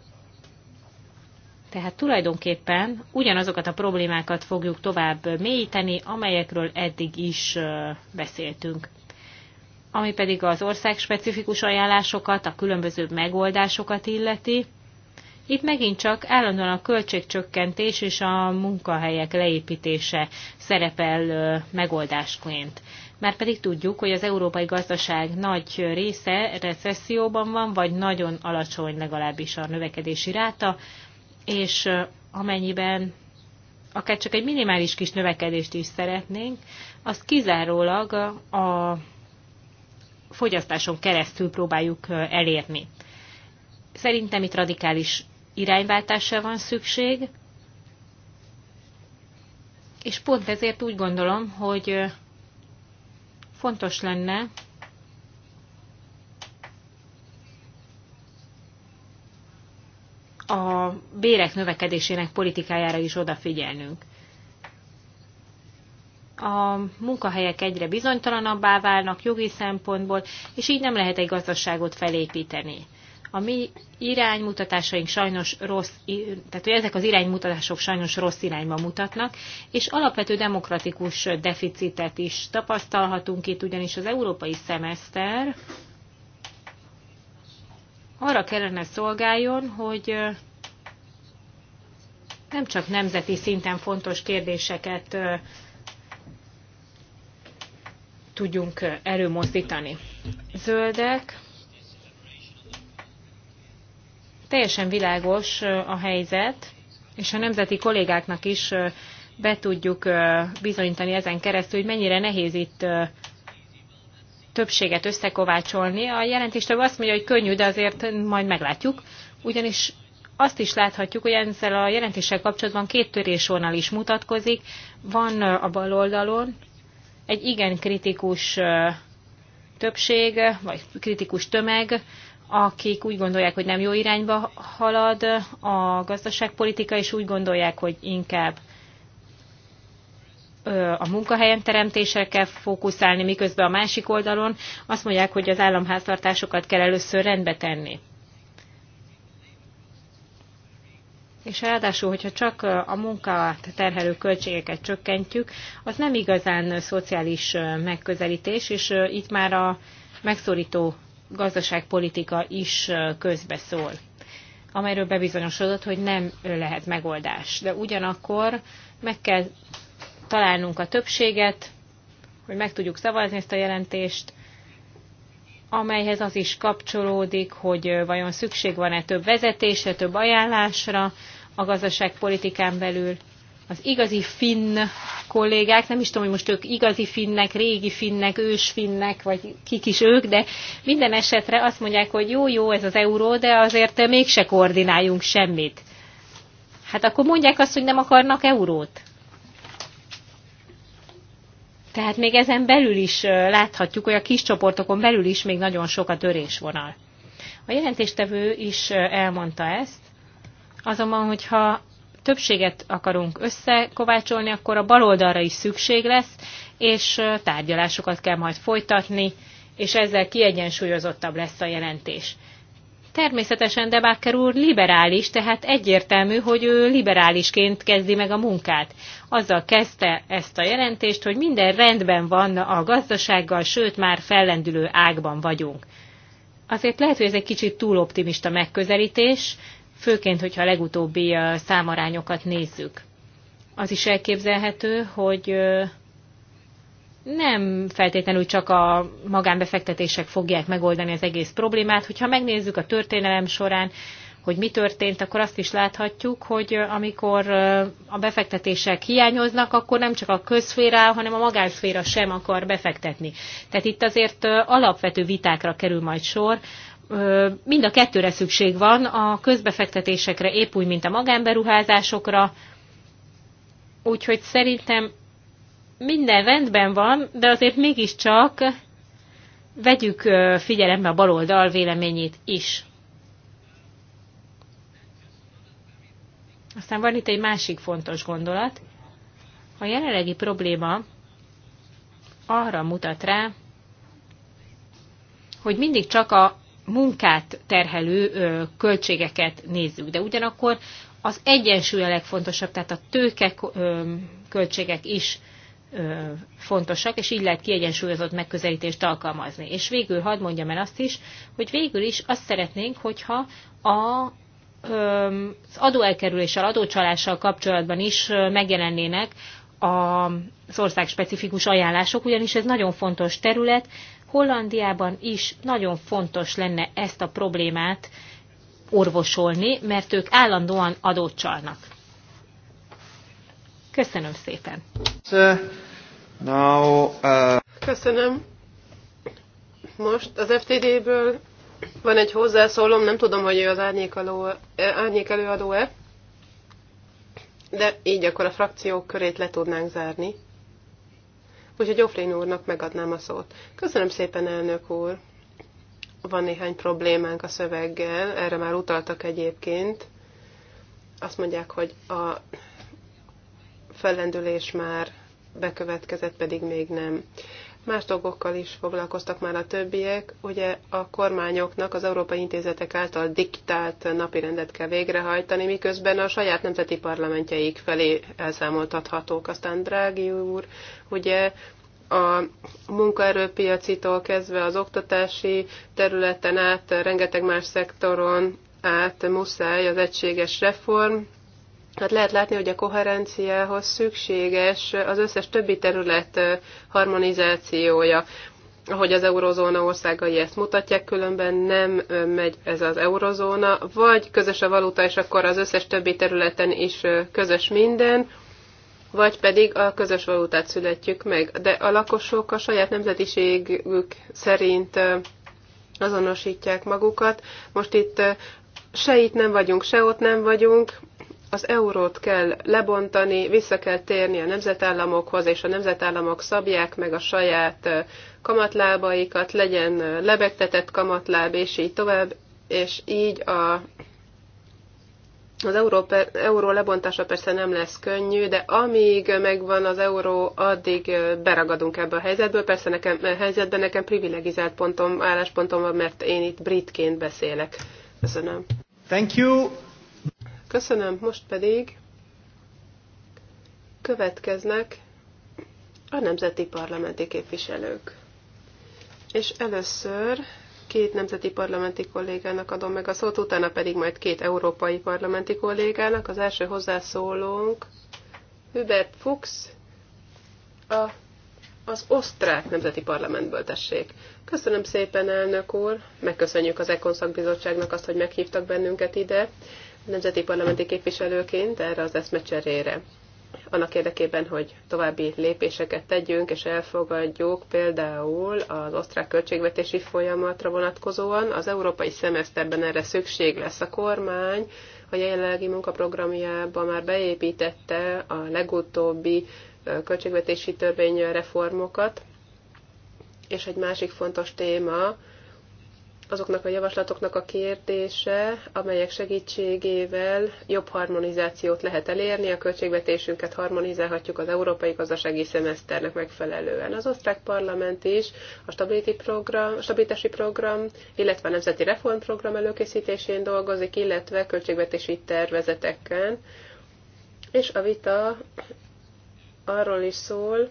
Tehát tulajdonképpen ugyanazokat a problémákat fogjuk tovább mélyíteni, amelyekről eddig is beszéltünk. Ami pedig az ország specifikus ajánlásokat, a különböző megoldásokat illeti, itt megint csak állandóan a költségcsökkentés és a munkahelyek leépítése szerepel megoldásként. pedig tudjuk, hogy az európai gazdaság nagy része recesszióban van, vagy nagyon alacsony legalábbis a növekedési ráta, és amennyiben akár csak egy minimális kis növekedést is szeretnénk, az kizárólag a fogyasztáson keresztül próbáljuk elérni. Szerintem itt radikális irányváltásra van szükség, és pont ezért úgy gondolom, hogy fontos lenne a bérek növekedésének politikájára is odafigyelnünk. A munkahelyek egyre bizonytalanabbá válnak jogi szempontból, és így nem lehet egy gazdaságot felépíteni. A mi iránymutatásaink sajnos rossz, tehát hogy ezek az iránymutatások sajnos rossz irányba mutatnak, és alapvető demokratikus deficitet is tapasztalhatunk itt, ugyanis az európai szemeszter arra kellene szolgáljon, hogy nem csak nemzeti szinten fontos kérdéseket tudjunk előmozdítani. Zöldek Teljesen világos a helyzet, és a nemzeti kollégáknak is be tudjuk bizonyítani ezen keresztül, hogy mennyire nehéz itt többséget összekovácsolni. A jelentéstől azt mondja, hogy könnyű, de azért majd meglátjuk, ugyanis azt is láthatjuk, hogy ezzel a jelentéssel kapcsolatban két törésvonal is mutatkozik. Van a bal oldalon egy igen kritikus többség, vagy kritikus tömeg, akik úgy gondolják, hogy nem jó irányba halad a gazdaságpolitika, és úgy gondolják, hogy inkább a munkahelyen teremtésre kell fókuszálni, miközben a másik oldalon azt mondják, hogy az államháztartásokat kell először rendbe tenni. És ráadásul, hogyha csak a munkát terhelő költségeket csökkentjük, az nem igazán szociális megközelítés, és itt már a megszorító gazdaságpolitika is közbeszól, amelyről bebizonyosodott, hogy nem lehet megoldás. De ugyanakkor meg kell találnunk a többséget, hogy meg tudjuk szavazni ezt a jelentést, amelyhez az is kapcsolódik, hogy vajon szükség van-e több vezetésre, több ajánlásra a gazdaságpolitikán belül, az igazi finn kollégák, nem is tudom, hogy most ők igazi finnek, régi finnek, ős finnek, vagy kik is ők, de minden esetre azt mondják, hogy jó, jó, ez az euró, de azért mégse koordináljunk semmit. Hát akkor mondják azt, hogy nem akarnak eurót. Tehát még ezen belül is láthatjuk, hogy a kis csoportokon belül is még nagyon sok a törésvonal. A jelentéstevő is elmondta ezt, azonban, hogyha többséget akarunk összekovácsolni, akkor a baloldalra is szükség lesz, és tárgyalásokat kell majd folytatni, és ezzel kiegyensúlyozottabb lesz a jelentés. Természetesen Debáker úr liberális, tehát egyértelmű, hogy ő liberálisként kezdi meg a munkát. Azzal kezdte ezt a jelentést, hogy minden rendben van a gazdasággal, sőt már fellendülő ágban vagyunk. Azért lehet, hogy ez egy kicsit túl optimista megközelítés, főként, hogyha a legutóbbi számarányokat nézzük. Az is elképzelhető, hogy nem feltétlenül csak a magánbefektetések fogják megoldani az egész problémát. Hogyha megnézzük a történelem során, hogy mi történt, akkor azt is láthatjuk, hogy amikor a befektetések hiányoznak, akkor nem csak a közszféra, hanem a magánszféra sem akar befektetni. Tehát itt azért alapvető vitákra kerül majd sor mind a kettőre szükség van, a közbefektetésekre épp úgy, mint a magánberuházásokra, úgyhogy szerintem minden rendben van, de azért mégiscsak vegyük figyelembe a baloldal véleményét is. Aztán van itt egy másik fontos gondolat. A jelenlegi probléma arra mutat rá, hogy mindig csak a munkát terhelő költségeket nézzük, de ugyanakkor az egyensúly a legfontosabb, tehát a tőke költségek is fontosak, és így lehet kiegyensúlyozott megközelítést alkalmazni. És végül hadd mondjam el azt is, hogy végül is azt szeretnénk, hogyha a az adóelkerüléssel, adócsalással kapcsolatban is megjelennének az ország specifikus ajánlások, ugyanis ez nagyon fontos terület, Hollandiában is nagyon fontos lenne ezt a problémát orvosolni, mert ők állandóan adót csalnak. Köszönöm szépen. Uh, Köszönöm. Most az FTD-ből van egy hozzászólom, nem tudom, hogy ő az eh, árnyék előadó-e, de így akkor a frakciók körét le tudnánk zárni. Úgyhogy Ofrén úrnak megadnám a szót. Köszönöm szépen, elnök úr! Van néhány problémánk a szöveggel, erre már utaltak egyébként. Azt mondják, hogy a fellendülés már bekövetkezett, pedig még nem. Más dolgokkal is foglalkoztak már a többiek. Ugye a kormányoknak az európai intézetek által diktált napirendet kell végrehajtani, miközben a saját nemzeti parlamentjeik felé elszámoltathatók. Aztán Drági úr, ugye a munkaerőpiacitól kezdve az oktatási területen át, rengeteg más szektoron át muszáj az egységes reform, Hát lehet látni, hogy a koherenciához szükséges az összes többi terület harmonizációja, ahogy az eurozóna országai ezt mutatják, különben nem megy ez az eurozóna, vagy közös a valuta, és akkor az összes többi területen is közös minden, vagy pedig a közös valutát születjük meg. De a lakosok a saját nemzetiségük szerint azonosítják magukat. Most itt se itt nem vagyunk, se ott nem vagyunk, az eurót kell lebontani, vissza kell térni a nemzetállamokhoz, és a nemzetállamok szabják meg a saját kamatlábaikat, legyen lebegtetett kamatláb, és így tovább, és így a az euró, euró lebontása persze nem lesz könnyű, de amíg megvan az euró, addig beragadunk ebbe a helyzetből. Persze nekem, helyzetben nekem privilegizált pontom, álláspontom van, mert én itt britként beszélek. Köszönöm. Thank you. Köszönöm, most pedig következnek a nemzeti parlamenti képviselők. És először két nemzeti parlamenti kollégának adom meg a szót, utána pedig majd két európai parlamenti kollégának. Az első hozzászólónk Hubert Fuchs, a, az osztrák nemzeti parlamentből tessék. Köszönöm szépen, elnök úr, megköszönjük az Ekonszak Bizottságnak azt, hogy meghívtak bennünket ide, nemzeti parlamenti képviselőként erre az eszmecserére. Annak érdekében, hogy további lépéseket tegyünk és elfogadjuk például az osztrák költségvetési folyamatra vonatkozóan, az európai szemeszterben erre szükség lesz a kormány, a jelenlegi munkaprogramjában már beépítette a legutóbbi költségvetési törvényreformokat, és egy másik fontos téma azoknak a javaslatoknak a kérdése, amelyek segítségével jobb harmonizációt lehet elérni, a költségvetésünket harmonizálhatjuk az európai gazdasági szemeszternek megfelelően. Az osztrák parlament is a program, stabilitási program, illetve a nemzeti reformprogram előkészítésén dolgozik, illetve költségvetési tervezeteken, és a vita arról is szól,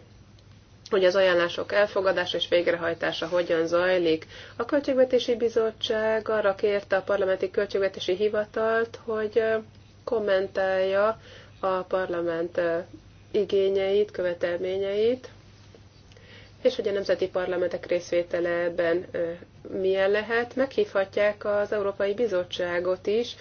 hogy az ajánlások elfogadása és végrehajtása hogyan zajlik. A Költségvetési Bizottság arra kérte a Parlamenti Költségvetési Hivatalt, hogy kommentálja a parlament igényeit, követelményeit, és hogy a nemzeti parlamentek részvétele ebben milyen lehet. Meghívhatják az Európai Bizottságot is,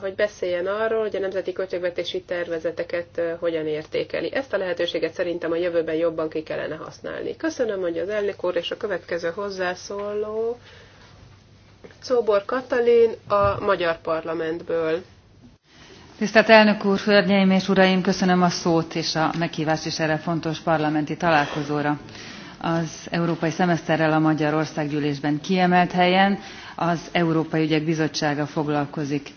hogy beszéljen arról, hogy a nemzeti költségvetési tervezeteket hogyan értékeli. Ezt a lehetőséget szerintem a jövőben jobban ki kellene használni. Köszönöm, hogy az elnök úr és a következő hozzászóló Szóbor Katalin a Magyar Parlamentből. Tisztelt elnök úr, hölgyeim és uraim, köszönöm a szót és a meghívást is erre fontos parlamenti találkozóra. Az európai szemeszterrel a Magyar Országgyűlésben kiemelt helyen az Európai Ügyek Bizottsága foglalkozik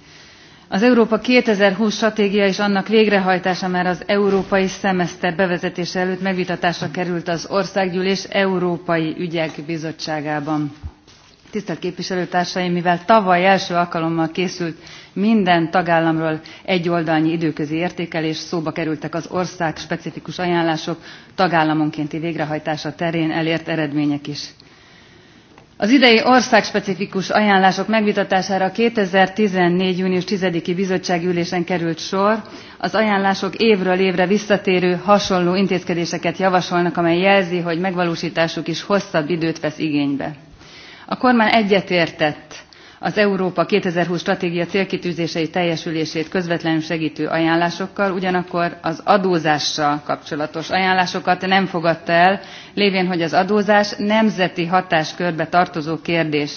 az európa two thousand and twenty stratégia és annak végrehajtása már az európai szemeszter bevezetése előtt megvitatásra került az országgyűlés európai ügyek bizottságában. tisztelt képviselőtársaim mivel tavaly első alkalommal készült minden tagállamról egyoldalnyi időközi értékelés szóba kerültek az ország specifikus ajánlások tagállamonkénti végrehajtása terén elért eredmények is az idei országspecifikus ajánlások megvitatására a 2014. június 10 i bizottsági ülésen került sor az ajánlások évről évre visszatérő hasonló intézkedéseket javasolnak amely jelzi hogy megvalósításuk is hosszabb időt vesz igénybe. a kormány egyetértett az Európa 2020 stratégia célkitűzései teljesülését közvetlenül segítő ajánlásokkal, ugyanakkor az adózással kapcsolatos ajánlásokat nem fogadta el, lévén, hogy az adózás nemzeti hatáskörbe tartozó kérdés.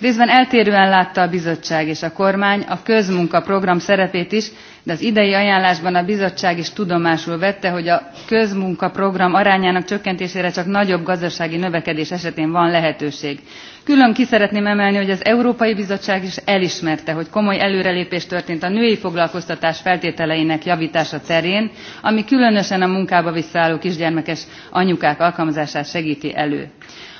Részben eltérően látta a bizottság és a kormány a közmunka program szerepét is, de az idei ajánlásban a bizottság is tudomásul vette, hogy a közmunkaprogram arányának csökkentésére csak nagyobb gazdasági növekedés esetén van lehetőség. Külön ki szeretném emelni, hogy az Európai Bizottság is elismerte, hogy komoly előrelépés történt a női foglalkoztatás feltételeinek javítása terén, ami különösen a munkába visszaálló kisgyermekes anyukák alkalmazását segíti elő.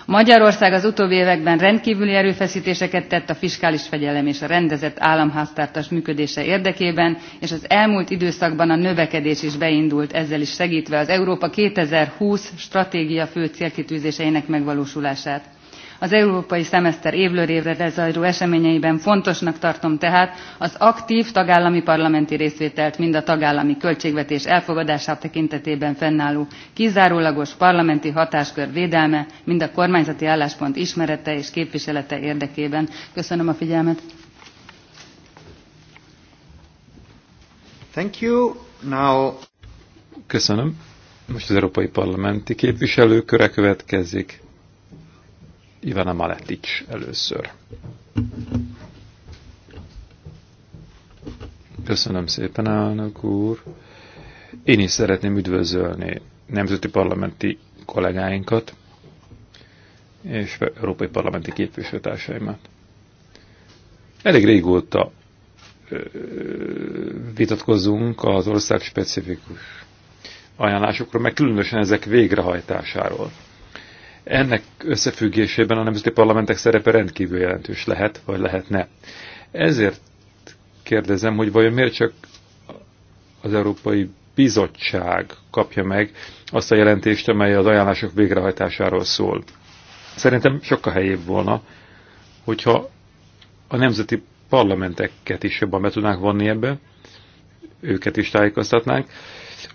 Magyarország az utóbbi években rendkvüli erőfeszítéseket tett a fiskális fegyelem és a rendezett államháztartás működése érdekében, és az elmúlt időszakban a növekedés is beindult, ezzel is segítve az Európa 2020 stratégia fő célkitűzéseinek megvalósulását az európai szemeszter évről évre lezajló eseményeiben fontosnak tartom tehát az aktv tagállami parlamenti részvételt mind a tagállami költségvetés elfogadása tekintetében fennálló kizárólagos parlamenti hatáskör védelme mind a kormányzati álláspont ismerete és képviselete érdekében. köszönöm a figyelmet. Thank you. Now... Köszönöm. Most az Európai Parlamenti képviselőköre következik. Ivana Maletics először. Köszönöm szépen, elnök úr. Én is szeretném üdvözölni nemzeti parlamenti kollégáinkat és európai parlamenti képviselőtársaimat. Elég régóta vitatkozunk az ország specifikus ajánlásokról, meg különösen ezek végrehajtásáról. Ennek összefüggésében a nemzeti parlamentek szerepe rendkívül jelentős lehet, vagy lehetne. Ezért kérdezem, hogy vajon miért csak az Európai Bizottság kapja meg azt a jelentést, amely az ajánlások végrehajtásáról szól. Szerintem sokkal helyébb volna, hogyha a nemzeti parlamenteket is jobban be tudnánk vonni ebbe, őket is tájékoztatnánk,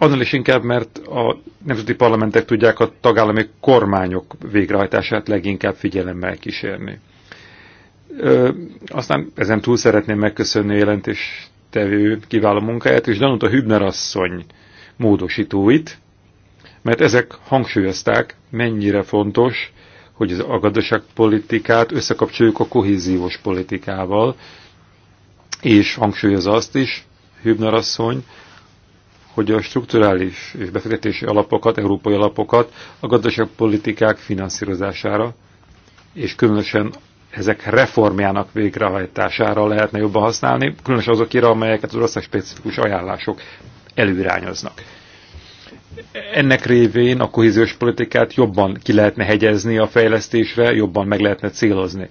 Annál is inkább, mert a nemzeti parlamentek tudják a tagállami kormányok végrehajtását leginkább figyelemmel kísérni. Ö, aztán ezen túl szeretném megköszönni a jelentéstevő kiváló munkáját, és Danuta Hübner asszony módosítóit, mert ezek hangsúlyozták, mennyire fontos, hogy az politikát összekapcsoljuk a kohéziós politikával, és hangsúlyozza azt is, Hübner asszony, hogy a strukturális és befektetési alapokat, európai alapokat a gazdaságpolitikák finanszírozására, és különösen ezek reformjának végrehajtására lehetne jobban használni, különösen azokra, amelyeket az ország specifikus ajánlások előirányoznak. Ennek révén a kohéziós politikát jobban ki lehetne hegyezni a fejlesztésre, jobban meg lehetne célozni.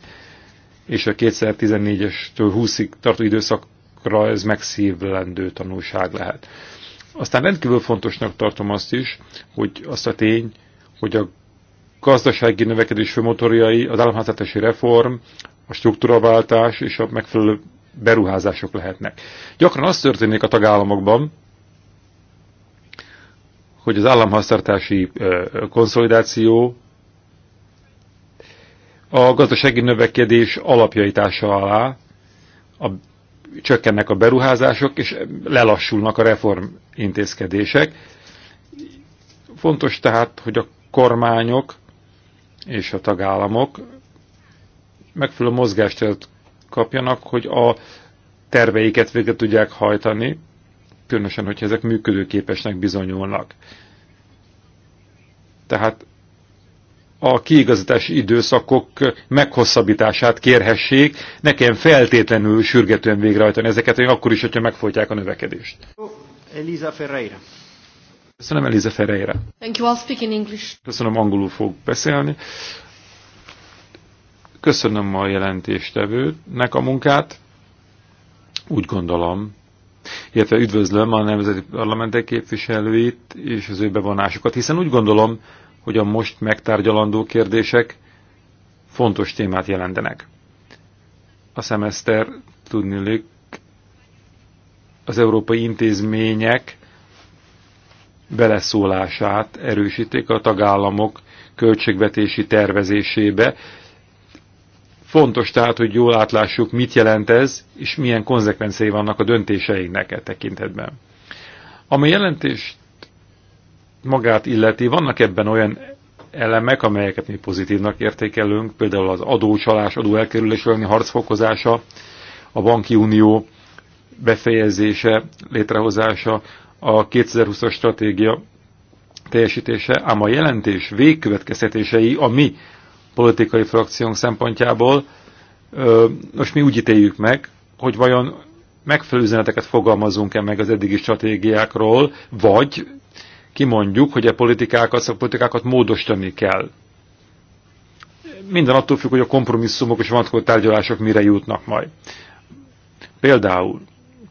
És a 2014 től 20-ig tartó időszakra ez megszívlendő tanulság lehet. Aztán rendkívül fontosnak tartom azt is, hogy azt a tény, hogy a gazdasági növekedés főmotorjai, az államháztartási reform, a struktúraváltás és a megfelelő beruházások lehetnek. Gyakran az történik a tagállamokban, hogy az államháztartási konszolidáció a gazdasági növekedés alapjaitása alá, a csökkennek a beruházások, és lelassulnak a reform intézkedések. Fontos tehát, hogy a kormányok és a tagállamok megfelelő mozgást kapjanak, hogy a terveiket végre tudják hajtani, különösen, hogyha ezek működőképesnek bizonyulnak. Tehát a kiigazítási időszakok meghosszabbítását kérhessék, nekem feltétlenül sürgetően végrehajtani ezeket, hogy akkor is, hogyha megfolytják a növekedést. Eliza Ferreira. Köszönöm, Eliza Ferreira. Thank you, I'll speak in English. Köszönöm, angolul fog beszélni. Köszönöm a jelentéstevőnek a munkát. Úgy gondolom, illetve üdvözlöm a nemzeti parlamentek képviselőit és az ő bevonásukat, hiszen úgy gondolom, hogy a most megtárgyalandó kérdések fontos témát jelentenek. A szemeszter, tudnilik, az európai intézmények beleszólását erősítik a tagállamok költségvetési tervezésébe. Fontos tehát, hogy jól átlássuk, mit jelent ez, és milyen konzekvenciái vannak a döntéseinknek e tekintetben. Ami jelentést magát illeti, vannak ebben olyan elemek, amelyeket mi pozitívnak értékelünk, például az adócsalás, elkerülés elleni harcfokozása, a banki unió befejezése, létrehozása, a 2020-as stratégia teljesítése, ám a jelentés végkövetkeztetései a mi politikai frakciónk szempontjából most mi úgy ítéljük meg, hogy vajon megfelelő üzeneteket fogalmazunk-e meg az eddigi stratégiákról, vagy kimondjuk, hogy a politikákat, politikákat módosítani kell. Minden attól függ, hogy a kompromisszumok és vonatkozó tárgyalások mire jutnak majd. Például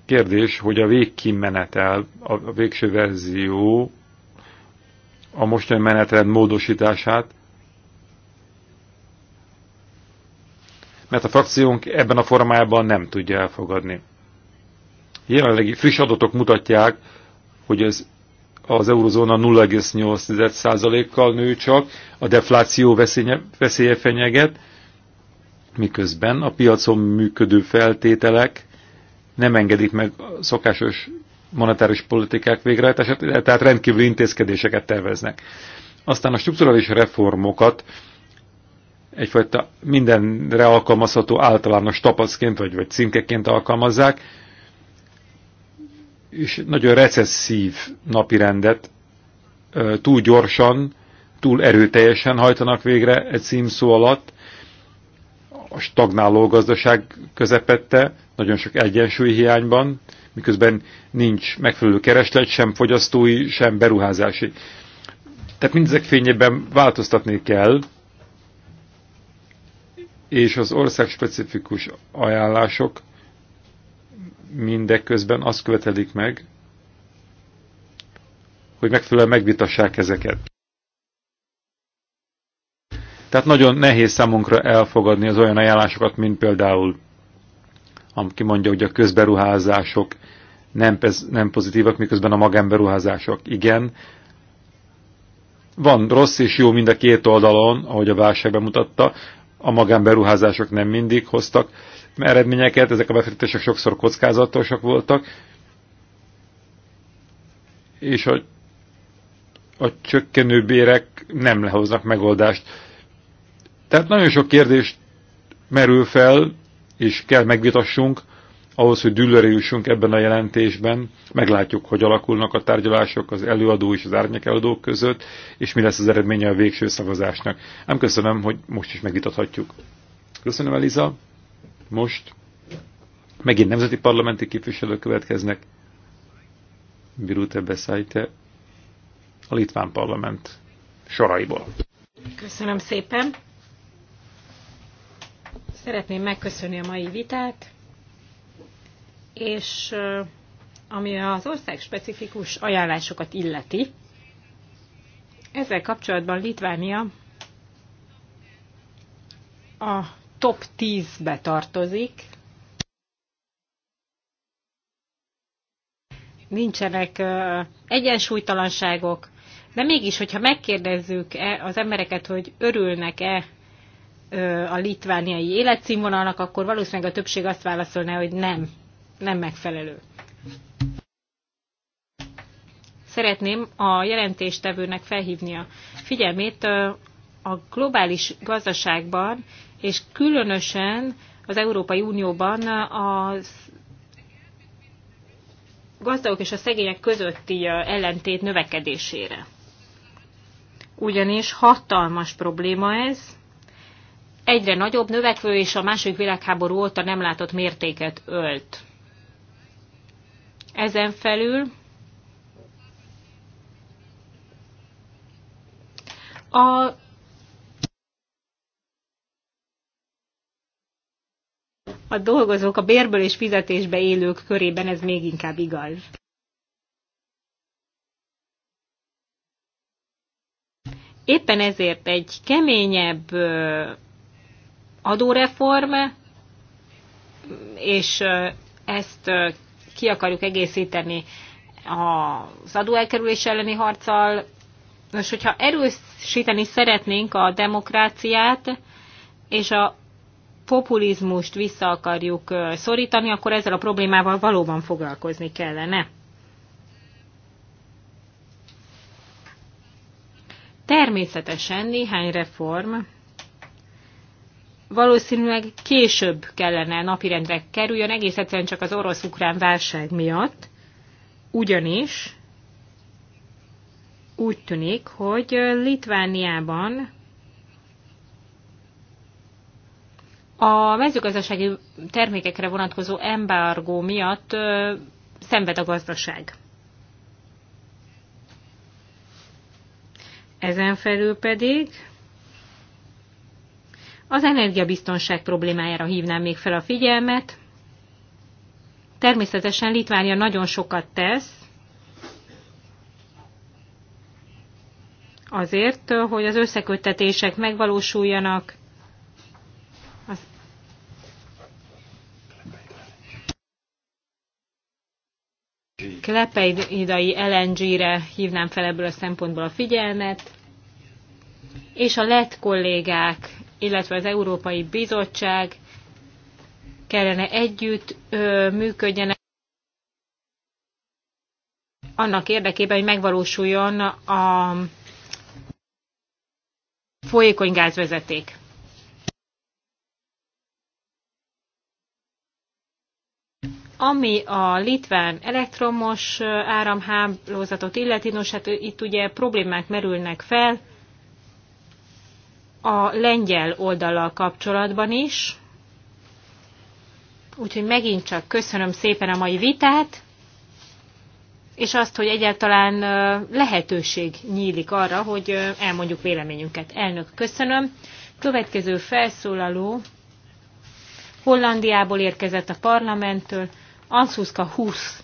kérdés, hogy a végkimenetel, a végső verzió a mostani menetrend módosítását, mert a frakciónk ebben a formájában nem tudja elfogadni. Jelenlegi friss adatok mutatják, hogy az az eurozóna 0,8%-kal nő csak, a defláció veszélye, veszélye fenyeget, miközben a piacon működő feltételek nem engedik meg szokásos monetáris politikák végrehajtását, tehát rendkívül intézkedéseket terveznek. Aztán a strukturális reformokat egyfajta mindenre alkalmazható általános tapaszként vagy, vagy címkeként alkalmazzák, és nagyon recesszív napi rendet túl gyorsan, túl erőteljesen hajtanak végre egy címszó alatt, a stagnáló gazdaság közepette, nagyon sok egyensúlyhiányban, miközben nincs megfelelő kereslet, sem fogyasztói, sem beruházási. Tehát mindezek fényében változtatni kell, és az ország specifikus ajánlások mindeközben azt követelik meg, hogy megfelelően megvitassák ezeket. Tehát nagyon nehéz számunkra elfogadni az olyan ajánlásokat, mint például, aki mondja, hogy a közberuházások nem, nem pozitívak, miközben a magánberuházások igen. Van rossz és jó mind a két oldalon, ahogy a válság bemutatta, a magánberuházások nem mindig hoztak eredményeket, ezek a befektetések sokszor kockázatosak voltak, és a, a csökkenő bérek nem lehoznak megoldást. Tehát nagyon sok kérdést merül fel, és kell megvitassunk, ahhoz, hogy dűlőre jussunk ebben a jelentésben, meglátjuk, hogy alakulnak a tárgyalások az előadó és az árnyak előadók között, és mi lesz az eredménye a végső szavazásnak. Nem köszönöm, hogy most is megvitathatjuk. Köszönöm, Eliza. Most megint nemzeti parlamenti képviselők következnek. Birute Beszájte a Litván parlament soraiból. Köszönöm szépen. Szeretném megköszönni a mai vitát, és ami az ország specifikus ajánlásokat illeti, ezzel kapcsolatban Litvánia a top 10-be tartozik. Nincsenek egyensúlytalanságok, de mégis, hogyha megkérdezzük -e az embereket, hogy örülnek-e a litvániai életszínvonalnak, akkor valószínűleg a többség azt válaszolná, hogy nem, nem megfelelő. Szeretném a jelentéstevőnek felhívni a figyelmét a globális gazdaságban és különösen az Európai Unióban a gazdagok és a szegények közötti ellentét növekedésére. Ugyanis hatalmas probléma ez, egyre nagyobb növekvő és a második világháború óta nem látott mértéket ölt. Ezen felül a a dolgozók, a bérből és fizetésbe élők körében ez még inkább igaz. Éppen ezért egy keményebb adóreform, és ezt ki akarjuk egészíteni az adóelkerülés elleni harccal. Most, hogyha erősíteni szeretnénk a demokráciát és a populizmust vissza akarjuk szorítani, akkor ezzel a problémával valóban foglalkozni kellene. Természetesen néhány reform valószínűleg később kellene napirendre kerüljön, egész egyszerűen csak az orosz-ukrán válság miatt, ugyanis úgy tűnik, hogy Litvániában A mezőgazdasági termékekre vonatkozó embargó miatt ö, szenved a gazdaság. Ezen felül pedig az energiabiztonság problémájára hívnám még fel a figyelmet. Természetesen Litvánia nagyon sokat tesz azért, hogy az összeköttetések megvalósuljanak, Klepeidai LNG-re hívnám fel ebből a szempontból a figyelmet, és a lett kollégák, illetve az Európai Bizottság kellene együtt ö, működjenek annak érdekében, hogy megvalósuljon a folyékony gázvezeték. Ami a litván elektromos áramhálózatot illeti, nos, hát itt ugye problémák merülnek fel a lengyel oldallal kapcsolatban is. Úgyhogy megint csak köszönöm szépen a mai vitát, és azt, hogy egyáltalán lehetőség nyílik arra, hogy elmondjuk véleményünket. Elnök, köszönöm. Következő felszólaló Hollandiából érkezett a parlamenttől. Anszúszka 20.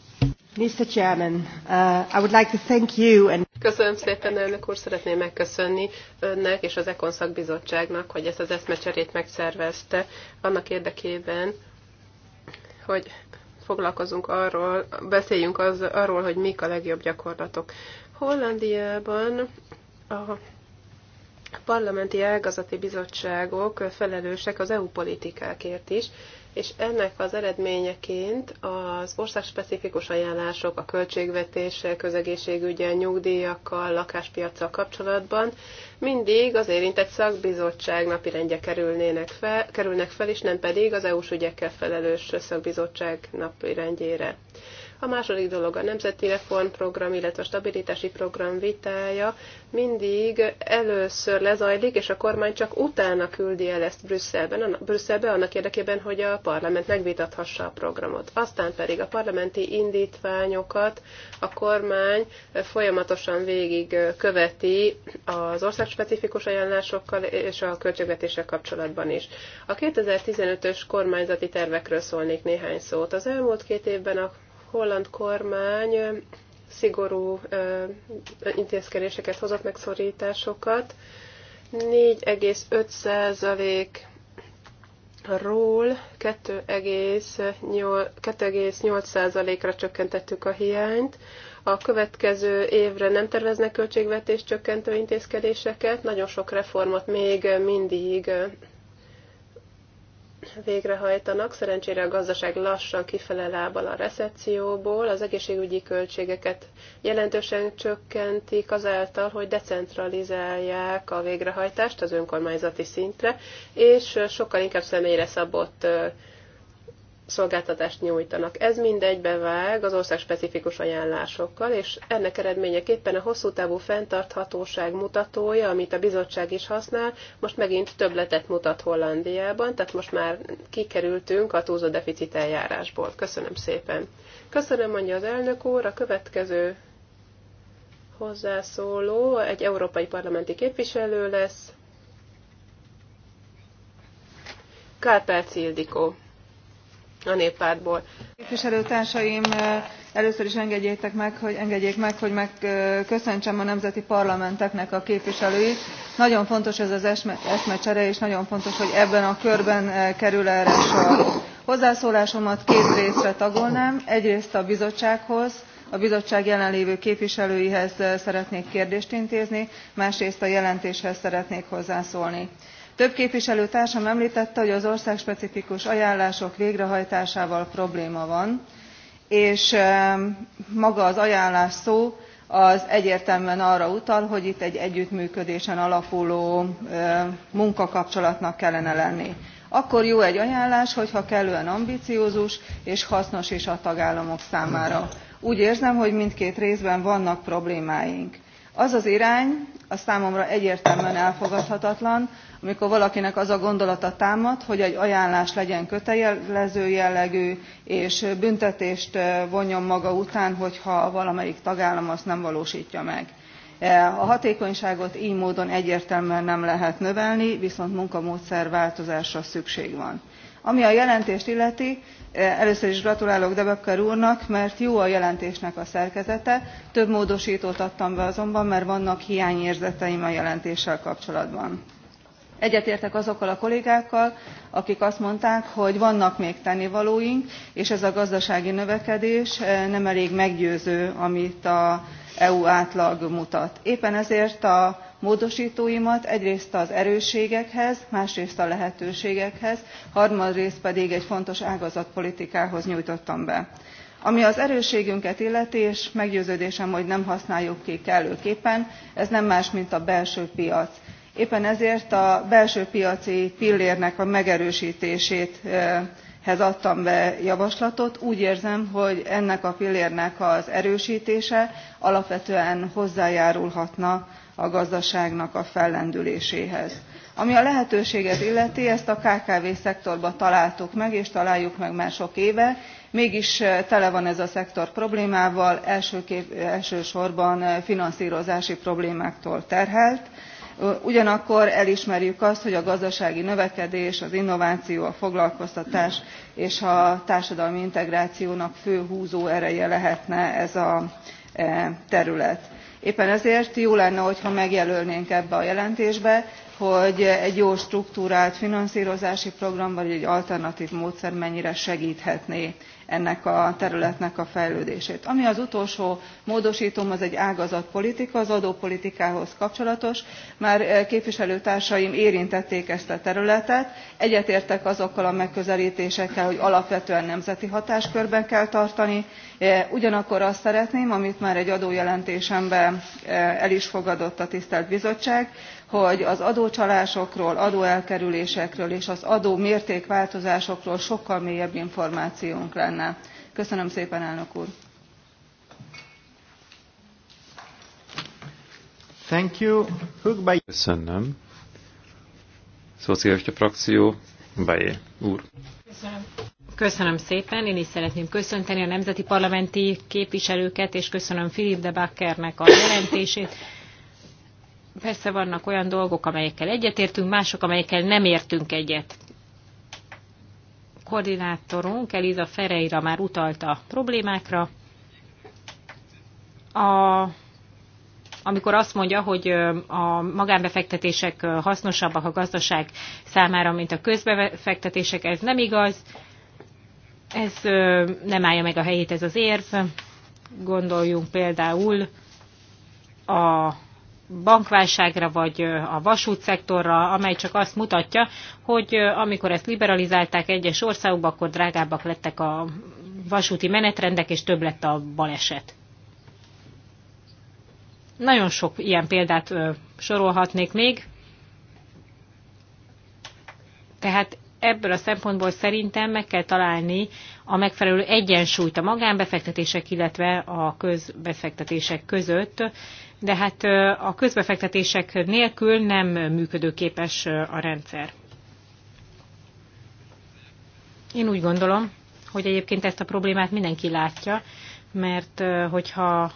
Mr. Chairman, uh, I would like to thank you and Köszönöm szépen, elnök úr, szeretném megköszönni önnek és az Ekon szakbizottságnak, hogy ezt az eszmecserét megszervezte annak érdekében, hogy foglalkozunk arról, beszéljünk az, arról, hogy mik a legjobb gyakorlatok. Hollandiában a parlamenti ágazati bizottságok felelősek az EU politikákért is, és ennek az eredményeként az országspecifikus ajánlások a költségvetéssel, közegészségügyi nyugdíjakkal, lakáspiacsal kapcsolatban mindig az érintett szakbizottság napirendje kerülnének fel, kerülnek fel, és nem pedig az EU-s ügyekkel felelős szakbizottság napirendjére. A második dolog a Nemzeti Reformprogram, illetve a Stabilitási Program vitája mindig először lezajlik, és a kormány csak utána küldi el ezt Brüsszelben, Brüsszelbe annak érdekében, hogy a parlament megvitathassa a programot. Aztán pedig a parlamenti indítványokat a kormány folyamatosan végig követi az országspecifikus ajánlásokkal és a költségvetéssel kapcsolatban is. A 2015-ös kormányzati tervekről szólnék néhány szót. Az elmúlt két évben a holland kormány szigorú intézkedéseket hozott, megszorításokat. 4,5% ról 2,8%-ra csökkentettük a hiányt. A következő évre nem terveznek költségvetés csökkentő intézkedéseket, nagyon sok reformot még mindig végrehajtanak. Szerencsére a gazdaság lassan kifele lábal a recepcióból, az egészségügyi költségeket jelentősen csökkentik azáltal, hogy decentralizálják a végrehajtást az önkormányzati szintre, és sokkal inkább személyre szabott szolgáltatást nyújtanak. Ez mindegybe vág az ország specifikus ajánlásokkal, és ennek eredményeképpen a hosszú távú fenntarthatóság mutatója, amit a bizottság is használ, most megint többletet mutat Hollandiában, tehát most már kikerültünk a túlzó deficit eljárásból. Köszönöm szépen. Köszönöm, mondja az elnök úr, a következő hozzászóló egy európai parlamenti képviselő lesz. Kárpát Ildikó a néppártból. képviselőtársaim először is engedjétek meg hogy, engedjék meg hogy megköszöntsem a nemzeti parlamenteknek a képviselőit. nagyon fontos ez az eszmecsere és nagyon fontos hogy ebben a körben kerül erre sor. hozzászólásomat két részre tagolnám egyrészt a bizottsághoz a bizottság jelenlévő képviselőihez szeretnék kérdést intézni másrészt a jelentéshez szeretnék hozzászólni több képviselőtársam emltette hogy az országspecifikus ajánlások végrehajtásával probléma van és maga az ajánlás szó az egyértelműen arra utal hogy itt egy együttműködésen alapuló munkakapcsolatnak kellene lenni. akkor jó egy ajánlás hogyha kellően ambiciózus és hasznos is a tagállamok számára. úgy érzem hogy mindkét részben vannak problémáink. az az irány az számomra egyértelműen elfogadhatatlan amikor valakinek az a gondolata támad hogy egy ajánlás legyen kötelező jellegű és büntetést vonjon maga után hogyha valamelyik tagállam azt nem valóstja meg. E, a hatékonyságot ily módon egyértelműen nem lehet növelni viszont munkamódszer változásra szükség van. ami a jelentést illeti e, először is gratulálok de backer úrnak mert jó a jelentésnek a szerkezete több módostót adtam be azonban mert vannak hiányérzeteim a jelentéssel kapcsolatban egyetértek azokkal a kollégákkal akik azt mondták hogy vannak még tennivalóink és ez a gazdasági növekedés eh, nem elég meggyőző amit az eu átlag mutat. éppen ezért a módostóimat egyrészt az erősségekhez másrészt a lehetőségekhez harmadrészt pedig egy fontos ágazatpolitikához nyújtottam be ami az erősségünket illeti és meggyőződésem hogy nem használjuk ki kellőképpen ez nem más mint a belső piac éppen ezért a belső piaci pillérnek a megerőstéséhez eh, adtam be javaslatot. úgy érzem hogy ennek a pillérnek az erőstése alapvetően hozzájárulhatna a gazdaságnak a fellendüléséhez. ami a lehetőséget illeti ezt a kkv szektorban találtuk meg és találjuk meg már sok éve mégis eh, tele van ez a szektor problémával elsősorban eh, finanszrozási problémáktól terhelt ugyanakkor elismerjük azt hogy a gazdasági növekedés az innováció a foglalkoztatás és a társadalmi integrációnak fő húzó ereje lehetne ez a e, terület. éppen ezért jó lenne hogyha megjelölnénk ebbe a jelentésbe hogy egy jó strukturált finanszrozási program vagy egy alternatv módszer mennyire segthetné ennek a területnek a fejlődését. ami az utolsó módostóm az egy ágazatpolitika az adópolitikához kapcsolatos már eh, képviselőtársaim érintették ezt a területet egyetértek azokkal a megközeltésekkel hogy alapvetően nemzeti hatáskörben kell tartani E, ugyanakkor azt szeretném amit már egy adójelentésemben e, el is fogadott a tisztelt bizottság hogy az adócsalásokról adóelkerülésekről és az adómérték változásokról sokkal mélyebb információnk lenne. köszönöm szépen elnök úr! Thank you. Hugby. Köszönöm. Szocialista frakció, Bajé úr. Köszönöm. Köszönöm szépen, én is szeretném köszönteni a nemzeti parlamenti képviselőket, és köszönöm Filip de Bakkernek a jelentését. Persze vannak olyan dolgok, amelyekkel egyetértünk, mások, amelyekkel nem értünk egyet. Koordinátorunk Eliza Ferreira már utalta problémákra. A amikor azt mondja, hogy a magánbefektetések hasznosabbak a gazdaság számára, mint a közbefektetések, ez nem igaz. Ez nem állja meg a helyét ez az érv. Gondoljunk például a bankválságra vagy a vasútszektorra, amely csak azt mutatja, hogy amikor ezt liberalizálták egyes országokban, akkor drágábbak lettek a vasúti menetrendek, és több lett a baleset. Nagyon sok ilyen példát sorolhatnék még. Tehát ebből a szempontból szerintem meg kell találni a megfelelő egyensúlyt a magánbefektetések, illetve a közbefektetések között, de hát a közbefektetések nélkül nem működőképes a rendszer. Én úgy gondolom, hogy egyébként ezt a problémát mindenki látja, mert hogyha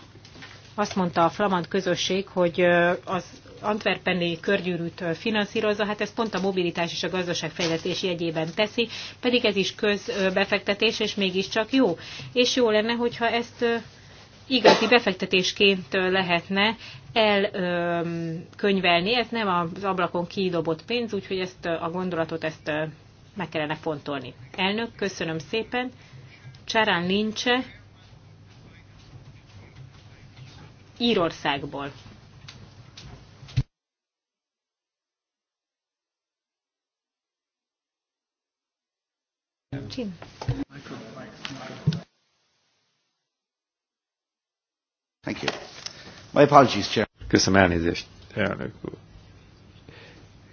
azt mondta a flamand közösség, hogy az antwerpeni körgyűrűt finanszírozza, hát ez pont a mobilitás és a gazdaságfejlesztés jegyében teszi, pedig ez is közbefektetés, és mégiscsak jó. És jó lenne, hogyha ezt igazi befektetésként lehetne elkönyvelni, ez nem az ablakon kidobott pénz, úgyhogy ezt a gondolatot ezt meg kellene fontolni. Elnök, köszönöm szépen. Csárán nincse. Írországból Csin. Thank you. My apologies, Chair. Köszönöm elnézést, elnök úr.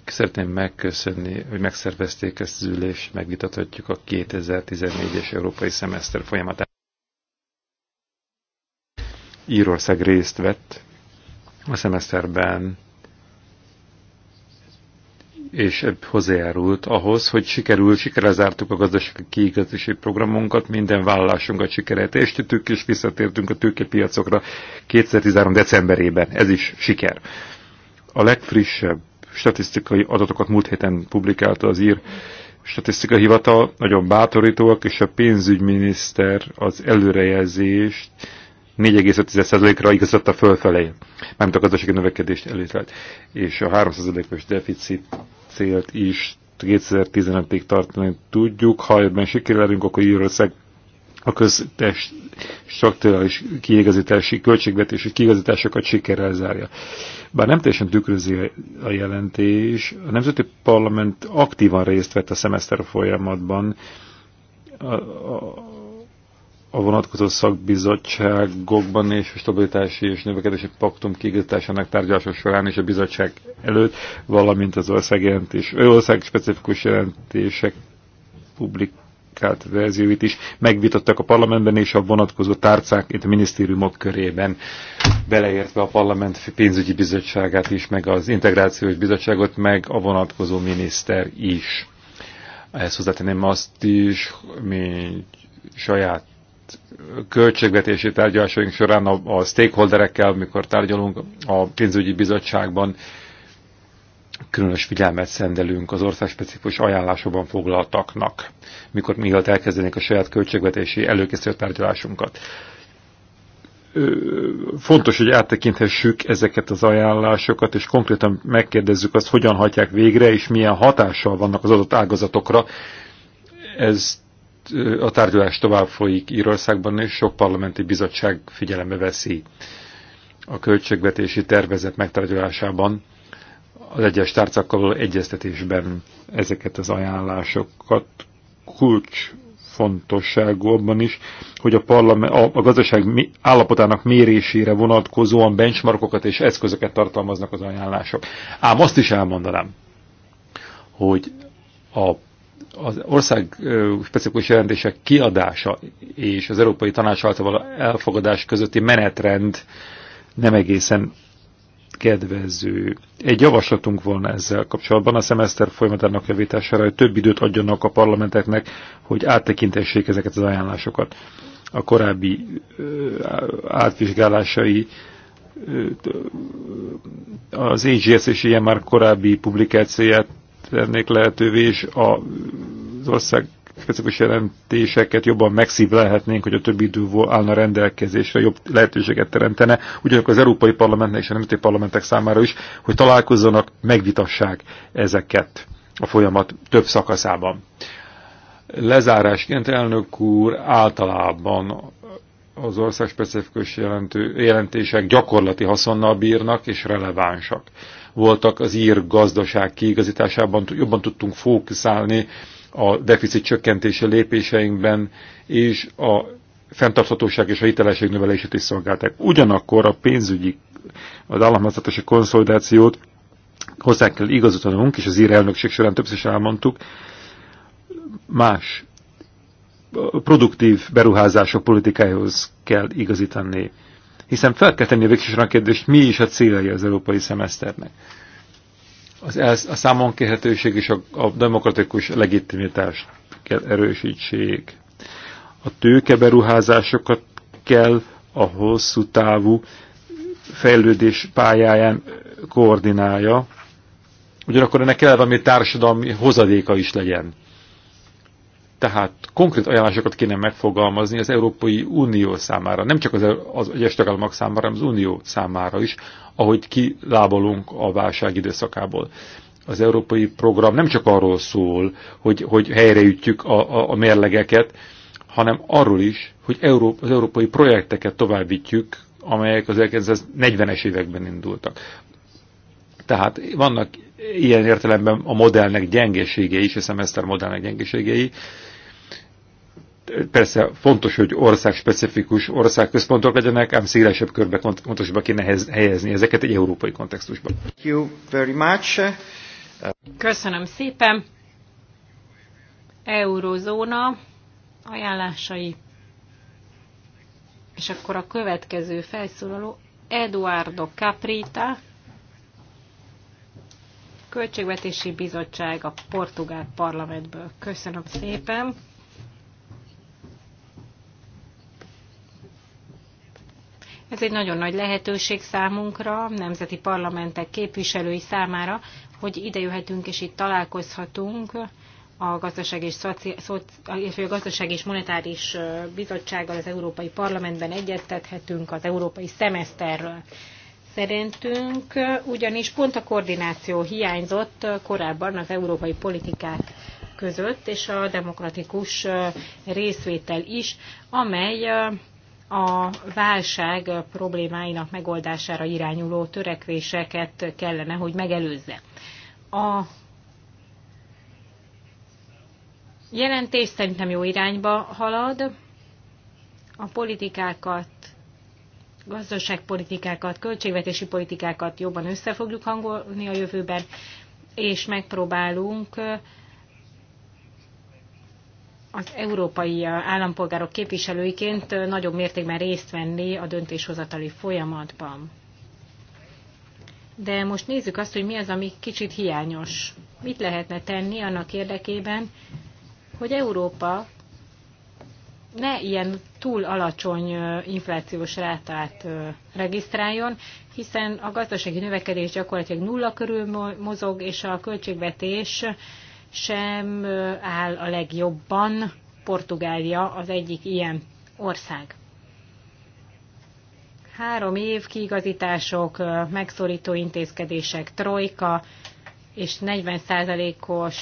Szeretném megköszönni, hogy megszervezték ezt az ülést, megvitathatjuk a 2014-es európai szemeszter folyamatát. Írország részt vett a szemeszterben, és hozzájárult ahhoz, hogy sikerül, sikerre zártuk a gazdasági kiigazítási programunkat, minden vállalásunkat sikerrel teljesítettük, és visszatértünk a tőkepiacokra 2013. decemberében. Ez is siker. A legfrissebb statisztikai adatokat múlt héten publikálta az ír statisztikai hivatal, nagyon bátorítóak, és a pénzügyminiszter az előrejelzést 4,5%-ra igazadta fölfelé, mert a gazdasági növekedést előtt és a 3%-os deficit célt is 2015-ig tartani tudjuk. Ha ebben sikerülünk, akkor Írország a köztes struktúrális kiigazítási, költségvetési kiigazításokat sikerrel zárja. Bár nem teljesen tükrözi a jelentés, a Nemzeti Parlament aktívan részt vett a szemeszter folyamatban, a, a vonatkozó szakbizottságokban és a stabilitási és növekedési paktum kiigazításának tárgyalása során és a bizottság előtt, valamint az ország jelentés, ország specifikus jelentések publikált verzióit is megvitattak a parlamentben és a vonatkozó tárcák, itt a minisztériumok körében, beleértve a parlament pénzügyi bizottságát is, meg az integrációs bizottságot, meg a vonatkozó miniszter is. Ehhez hozzátenném azt is, mint saját költségvetési tárgyalásaink során a, a stakeholderekkel, amikor tárgyalunk a pénzügyi bizottságban, különös figyelmet szendelünk az országspecifikus ajánlásokban foglaltaknak, mikor mielőtt elkezdenék a saját költségvetési előkészítő tárgyalásunkat. Fontos, hogy áttekinthessük ezeket az ajánlásokat, és konkrétan megkérdezzük azt, hogyan hatják végre, és milyen hatással vannak az adott ágazatokra. Ez a tárgyalás tovább folyik Írországban, és sok parlamenti bizottság figyelembe veszi a költségvetési tervezet megtárgyalásában, az egyes tárcakkal való egyeztetésben ezeket az ajánlásokat kulcs fontosságú abban is, hogy a, parlament, a, a gazdaság állapotának mérésére vonatkozóan benchmarkokat és eszközöket tartalmaznak az ajánlások. Ám azt is elmondanám, hogy a az ország specifikus jelentések kiadása és az Európai Tanács által elfogadás közötti menetrend nem egészen kedvező. Egy javaslatunk volna ezzel kapcsolatban a szemeszter folyamatának javítására, hogy több időt adjanak a parlamenteknek, hogy áttekintessék ezeket az ajánlásokat. A korábbi átvizsgálásai az AGS és ilyen már korábbi publikációját tennék lehetővé, és az ország specifikus jelentéseket jobban lehetnénk, hogy a több idő állna rendelkezésre, jobb lehetőséget teremtene, ugyanakkor az Európai Parlamentnek és a Nemzeti Parlamentek számára is, hogy találkozzanak, megvitassák ezeket a folyamat több szakaszában. Lezárásként elnök úr általában az ország specifikus jelentő, jelentések gyakorlati haszonnal bírnak és relevánsak voltak az ír gazdaság kiigazításában, jobban tudtunk fókuszálni a deficit csökkentése lépéseinkben, és a fenntarthatóság és a hitelesség növelését is szolgálták. Ugyanakkor a pénzügyi, az államháztartási konszolidációt hozzá kell igazítanunk, és az ír elnökség során többször is elmondtuk, más produktív beruházások politikájához kell igazítani hiszen fel kell tenni a végsősorban a kérdést, mi is a célja az európai szemeszternek. Az, elsz, a számon kérhetőség és a, a demokratikus legitimitást kell erősítsék. A tőkeberuházásokat kell a hosszú távú fejlődés pályáján koordinálja, ugyanakkor ennek kell valami társadalmi hozadéka is legyen. Tehát konkrét ajánlásokat kéne megfogalmazni az Európai Unió számára, nem csak az, az egyes tagállamok számára, hanem az Unió számára is, ahogy kilábolunk a válság időszakából. Az európai program nem csak arról szól, hogy, hogy helyreütjük a, a, a mérlegeket, hanem arról is, hogy Európa, az európai projekteket továbbítjuk, amelyek az 1940-es években indultak. Tehát vannak ilyen értelemben a modellnek gyengeségei, és a szemeszter modellnek gyengeségei, persze fontos, hogy országspecifikus országközpontok legyenek, ám szélesebb körbe pontosabban kéne helyezni ezeket egy európai kontextusban. Thank you very much. Köszönöm szépen. Eurozóna ajánlásai. És akkor a következő felszólaló Eduardo Caprita, Költségvetési Bizottság a Portugál Parlamentből. Köszönöm szépen. Ez egy nagyon nagy lehetőség számunkra, nemzeti parlamentek képviselői számára, hogy ide jöhetünk és itt találkozhatunk a gazdaság és, szoci, szoci, a gazdaság és monetáris bizottsággal az Európai Parlamentben egyeztethetünk az európai szemeszterről. Szerintünk ugyanis pont a koordináció hiányzott korábban az európai politikák között, és a demokratikus részvétel is, amely a válság problémáinak megoldására irányuló törekvéseket kellene, hogy megelőzze. A jelentés szerintem jó irányba halad. A politikákat, gazdaságpolitikákat, költségvetési politikákat jobban össze fogjuk hangolni a jövőben, és megpróbálunk az európai állampolgárok képviselőiként nagyobb mértékben részt venni a döntéshozatali folyamatban. De most nézzük azt, hogy mi az, ami kicsit hiányos. Mit lehetne tenni annak érdekében, hogy Európa ne ilyen túl alacsony inflációs rátát regisztráljon, hiszen a gazdasági növekedés gyakorlatilag nulla körül mozog, és a költségvetés sem áll a legjobban. Portugália az egyik ilyen ország. Három év kiigazítások, megszorító intézkedések, trojka és 40%-os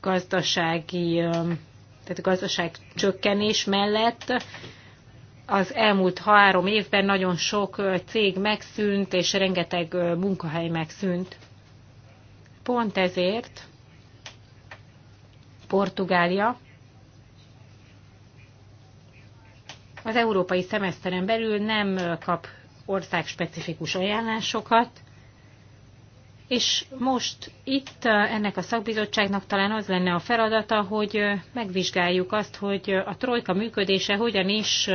gazdasági, tehát gazdaság csökkenés mellett az elmúlt három évben nagyon sok cég megszűnt, és rengeteg munkahely megszűnt. Pont ezért Portugália az európai szemeszteren belül nem kap országspecifikus ajánlásokat, és most itt ennek a szakbizottságnak talán az lenne a feladata, hogy megvizsgáljuk azt, hogy a trojka működése hogyan is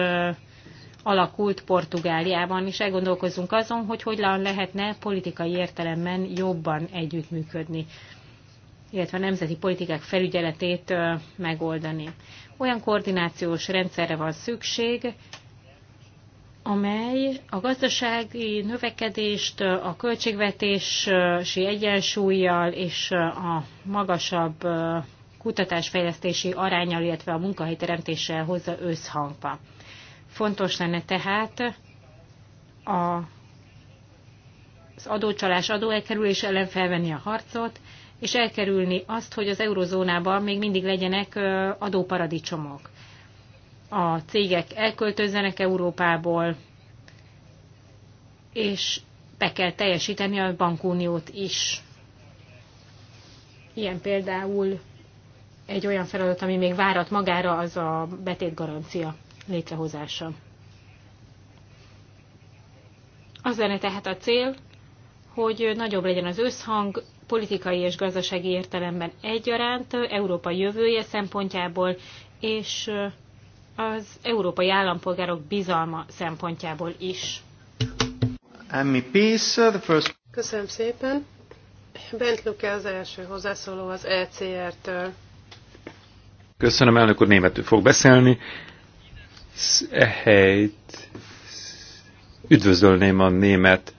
alakult Portugáliában, és elgondolkozunk azon, hogy hogyan lehetne politikai értelemben jobban együttműködni, illetve a nemzeti politikák felügyeletét megoldani. Olyan koordinációs rendszerre van szükség, amely a gazdasági növekedést a költségvetési egyensúlyjal és a magasabb kutatásfejlesztési arányal, illetve a munkahelyteremtéssel hozza összhangba. Fontos lenne tehát a, az adócsalás, adóelkerülés ellen felvenni a harcot, és elkerülni azt, hogy az eurozónában még mindig legyenek adóparadicsomok. A cégek elköltözzenek Európából, és be kell teljesíteni a bankuniót is. Ilyen például egy olyan feladat, ami még várat magára, az a betétgarancia létrehozása. Az lenne tehát a cél, hogy nagyobb legyen az összhang politikai és gazdasági értelemben egyaránt Európa jövője szempontjából és az európai állampolgárok bizalma szempontjából is. Uh, Köszönöm szépen. Bent Luke az első hozzászóló az ECR-től. Köszönöm, elnök úr, németül fog beszélni ehelyt üdvözölném a német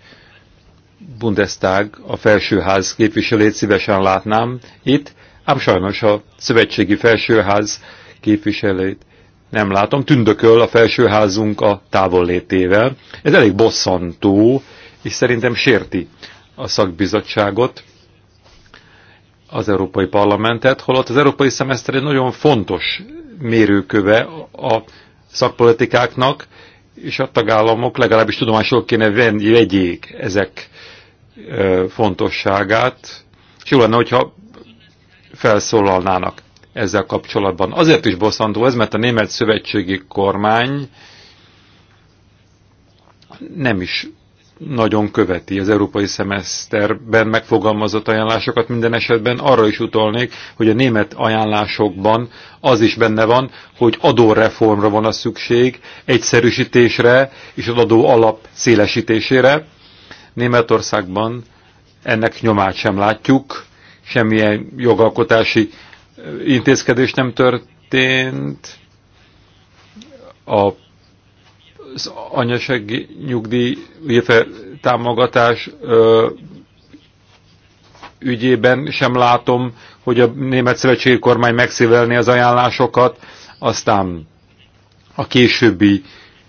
Bundestag, a felsőház képviselőt szívesen látnám itt, ám sajnos a szövetségi felsőház képviselőt nem látom, tündököl a felsőházunk a távollétével. Ez elég bosszantó, és szerintem sérti a szakbizottságot, az Európai Parlamentet, holott az Európai Szemeszter egy nagyon fontos mérőköve a szakpolitikáknak, és a tagállamok legalábbis tudomásul kéne vegyék ezek fontosságát, és jó lenne, hogyha felszólalnának ezzel kapcsolatban. Azért is bosszantó ez, mert a német szövetségi kormány nem is nagyon követi az európai szemeszterben megfogalmazott ajánlásokat minden esetben. Arra is utalnék, hogy a német ajánlásokban az is benne van, hogy adóreformra van a szükség, egyszerűsítésre és az adó alap szélesítésére. Németországban ennek nyomát sem látjuk, semmilyen jogalkotási intézkedés nem történt. A az anyasági nyugdíj, illetve támogatás ö, ügyében sem látom, hogy a német szövetségi kormány megszívelni az ajánlásokat, aztán a későbbi,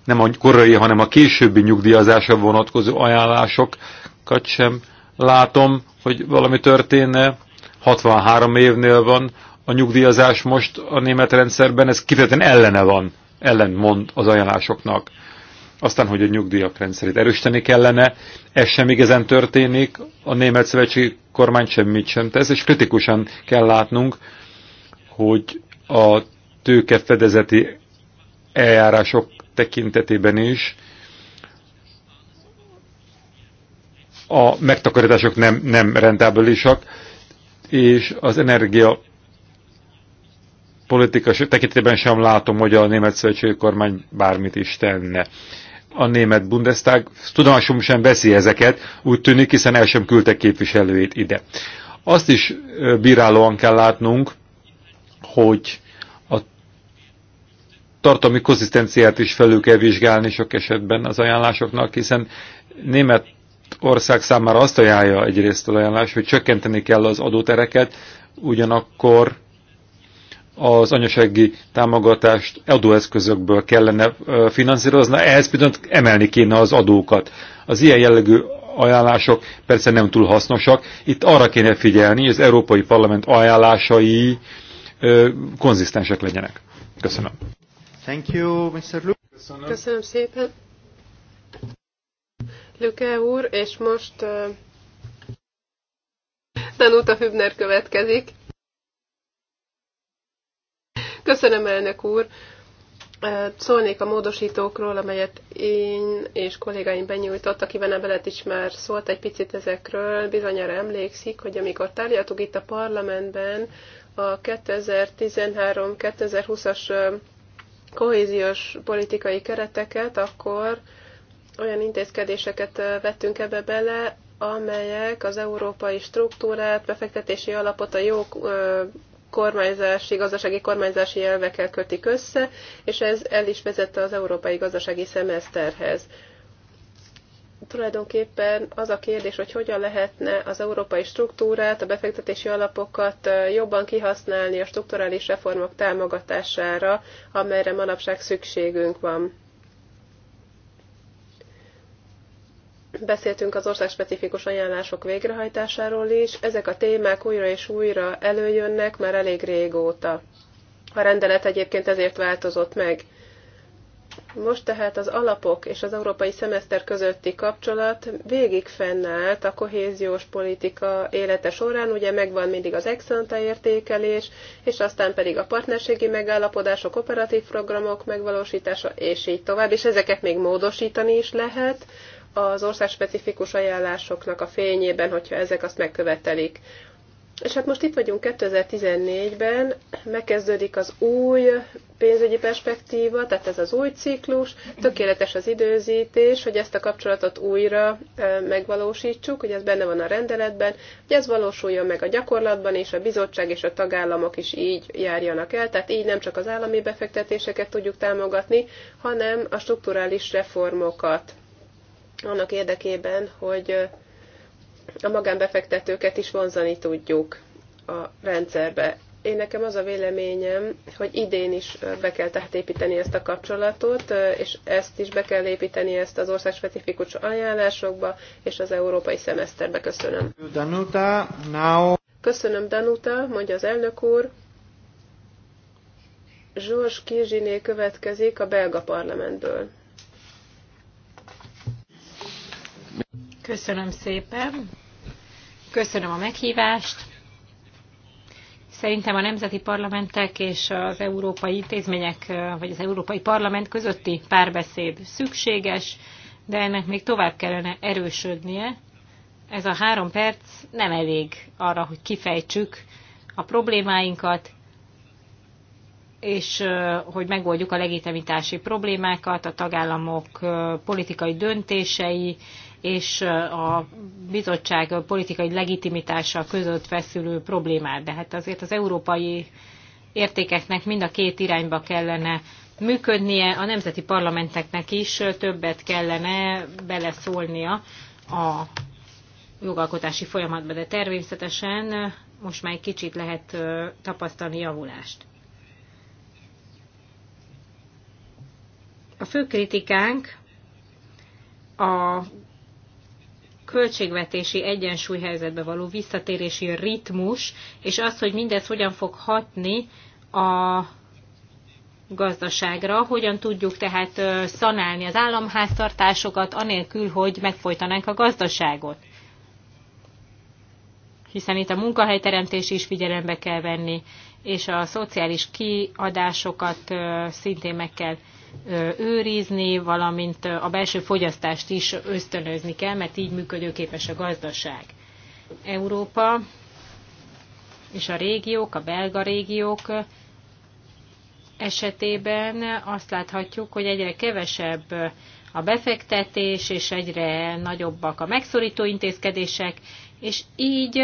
nem a korai, hanem a későbbi nyugdíjazásra vonatkozó ajánlásokat sem látom, hogy valami történne. 63 évnél van a nyugdíjazás most a német rendszerben, ez kifejezetten ellene van, ellen mond az ajánlásoknak. Aztán, hogy a nyugdíjak rendszerét erősíteni kellene, ez sem igazán történik, a német szövetségi kormány semmit sem tesz, és kritikusan kell látnunk, hogy a tőkefedezeti eljárások tekintetében is a megtakarítások nem, nem rentábilisak, és az energia politika tekintetében sem látom, hogy a német szövetségi kormány bármit is tenne a német Bundestag tudomásom sem veszi ezeket, úgy tűnik, hiszen el sem küldtek képviselőjét ide. Azt is bírálóan kell látnunk, hogy a tartalmi konzisztenciát is felül kell vizsgálni sok esetben az ajánlásoknak, hiszen német ország számára azt ajánlja egyrészt az ajánlás, hogy csökkenteni kell az adótereket, ugyanakkor az anyasági támogatást adóeszközökből kellene finanszírozni, ehhez például emelni kéne az adókat. Az ilyen jellegű ajánlások persze nem túl hasznosak. Itt arra kéne figyelni, hogy az Európai Parlament ajánlásai konzisztensek legyenek. Köszönöm. Thank you, Mr. Luke. Köszönöm. Köszönöm szépen. Luke úr, és most uh, Danuta Hübner következik. Köszönöm, elnök úr! Szólnék a módosítókról, amelyet én és kollégáim benyújtottak, Iván Ebelet is már szólt egy picit ezekről, bizonyára emlékszik, hogy amikor tárgyaltuk itt a parlamentben a 2013-2020-as kohéziós politikai kereteket, akkor olyan intézkedéseket vettünk ebbe bele, amelyek az európai struktúrát, befektetési alapot, a jó kormányzási, gazdasági kormányzási elvekkel kötik össze, és ez el is vezette az európai gazdasági szemeszterhez. Tulajdonképpen az a kérdés, hogy hogyan lehetne az európai struktúrát, a befektetési alapokat jobban kihasználni a strukturális reformok támogatására, amelyre manapság szükségünk van Beszéltünk az országspecifikus ajánlások végrehajtásáról is. Ezek a témák újra és újra előjönnek már elég régóta. A rendelet egyébként ezért változott meg. Most tehát az alapok és az európai szemeszter közötti kapcsolat végig fennállt a kohéziós politika élete során, ugye megvan mindig az ex értékelés, és aztán pedig a partnerségi megállapodások, operatív programok megvalósítása, és így tovább, és ezeket még módosítani is lehet az országspecifikus ajánlásoknak a fényében, hogyha ezek azt megkövetelik. És hát most itt vagyunk 2014-ben, megkezdődik az új pénzügyi perspektíva, tehát ez az új ciklus, tökéletes az időzítés, hogy ezt a kapcsolatot újra e, megvalósítsuk, hogy ez benne van a rendeletben, hogy ez valósuljon meg a gyakorlatban, és a bizottság és a tagállamok is így járjanak el, tehát így nem csak az állami befektetéseket tudjuk támogatni, hanem a strukturális reformokat annak érdekében, hogy a magánbefektetőket is vonzani tudjuk a rendszerbe. Én nekem az a véleményem, hogy idén is be kell tehát építeni ezt a kapcsolatot, és ezt is be kell építeni ezt az specifikus ajánlásokba, és az európai szemeszterbe. Köszönöm. Danuta, now. Köszönöm, Danuta, mondja az elnök úr. Zsors Kizsiné következik a belga parlamentből. Köszönöm szépen. Köszönöm a meghívást. Szerintem a nemzeti parlamentek és az európai intézmények, vagy az európai parlament közötti párbeszéd szükséges, de ennek még tovább kellene erősödnie. Ez a három perc nem elég arra, hogy kifejtsük a problémáinkat, és hogy megoldjuk a legitimitási problémákat, a tagállamok politikai döntései, és a bizottság politikai legitimitása között feszülő problémát. De hát azért az európai értékeknek mind a két irányba kellene működnie, a nemzeti parlamenteknek is többet kellene beleszólnia a jogalkotási folyamatba, de természetesen most már egy kicsit lehet tapasztalni javulást. A fő kritikánk a költségvetési egyensúlyhelyzetbe való visszatérési ritmus, és az, hogy mindez hogyan fog hatni a gazdaságra, hogyan tudjuk tehát szanálni az államháztartásokat, anélkül, hogy megfojtanánk a gazdaságot. Hiszen itt a munkahelyteremtés is figyelembe kell venni, és a szociális kiadásokat szintén meg kell őrizni, valamint a belső fogyasztást is ösztönözni kell, mert így működőképes a gazdaság. Európa és a régiók, a belga régiók esetében azt láthatjuk, hogy egyre kevesebb a befektetés, és egyre nagyobbak a megszorító intézkedések, és így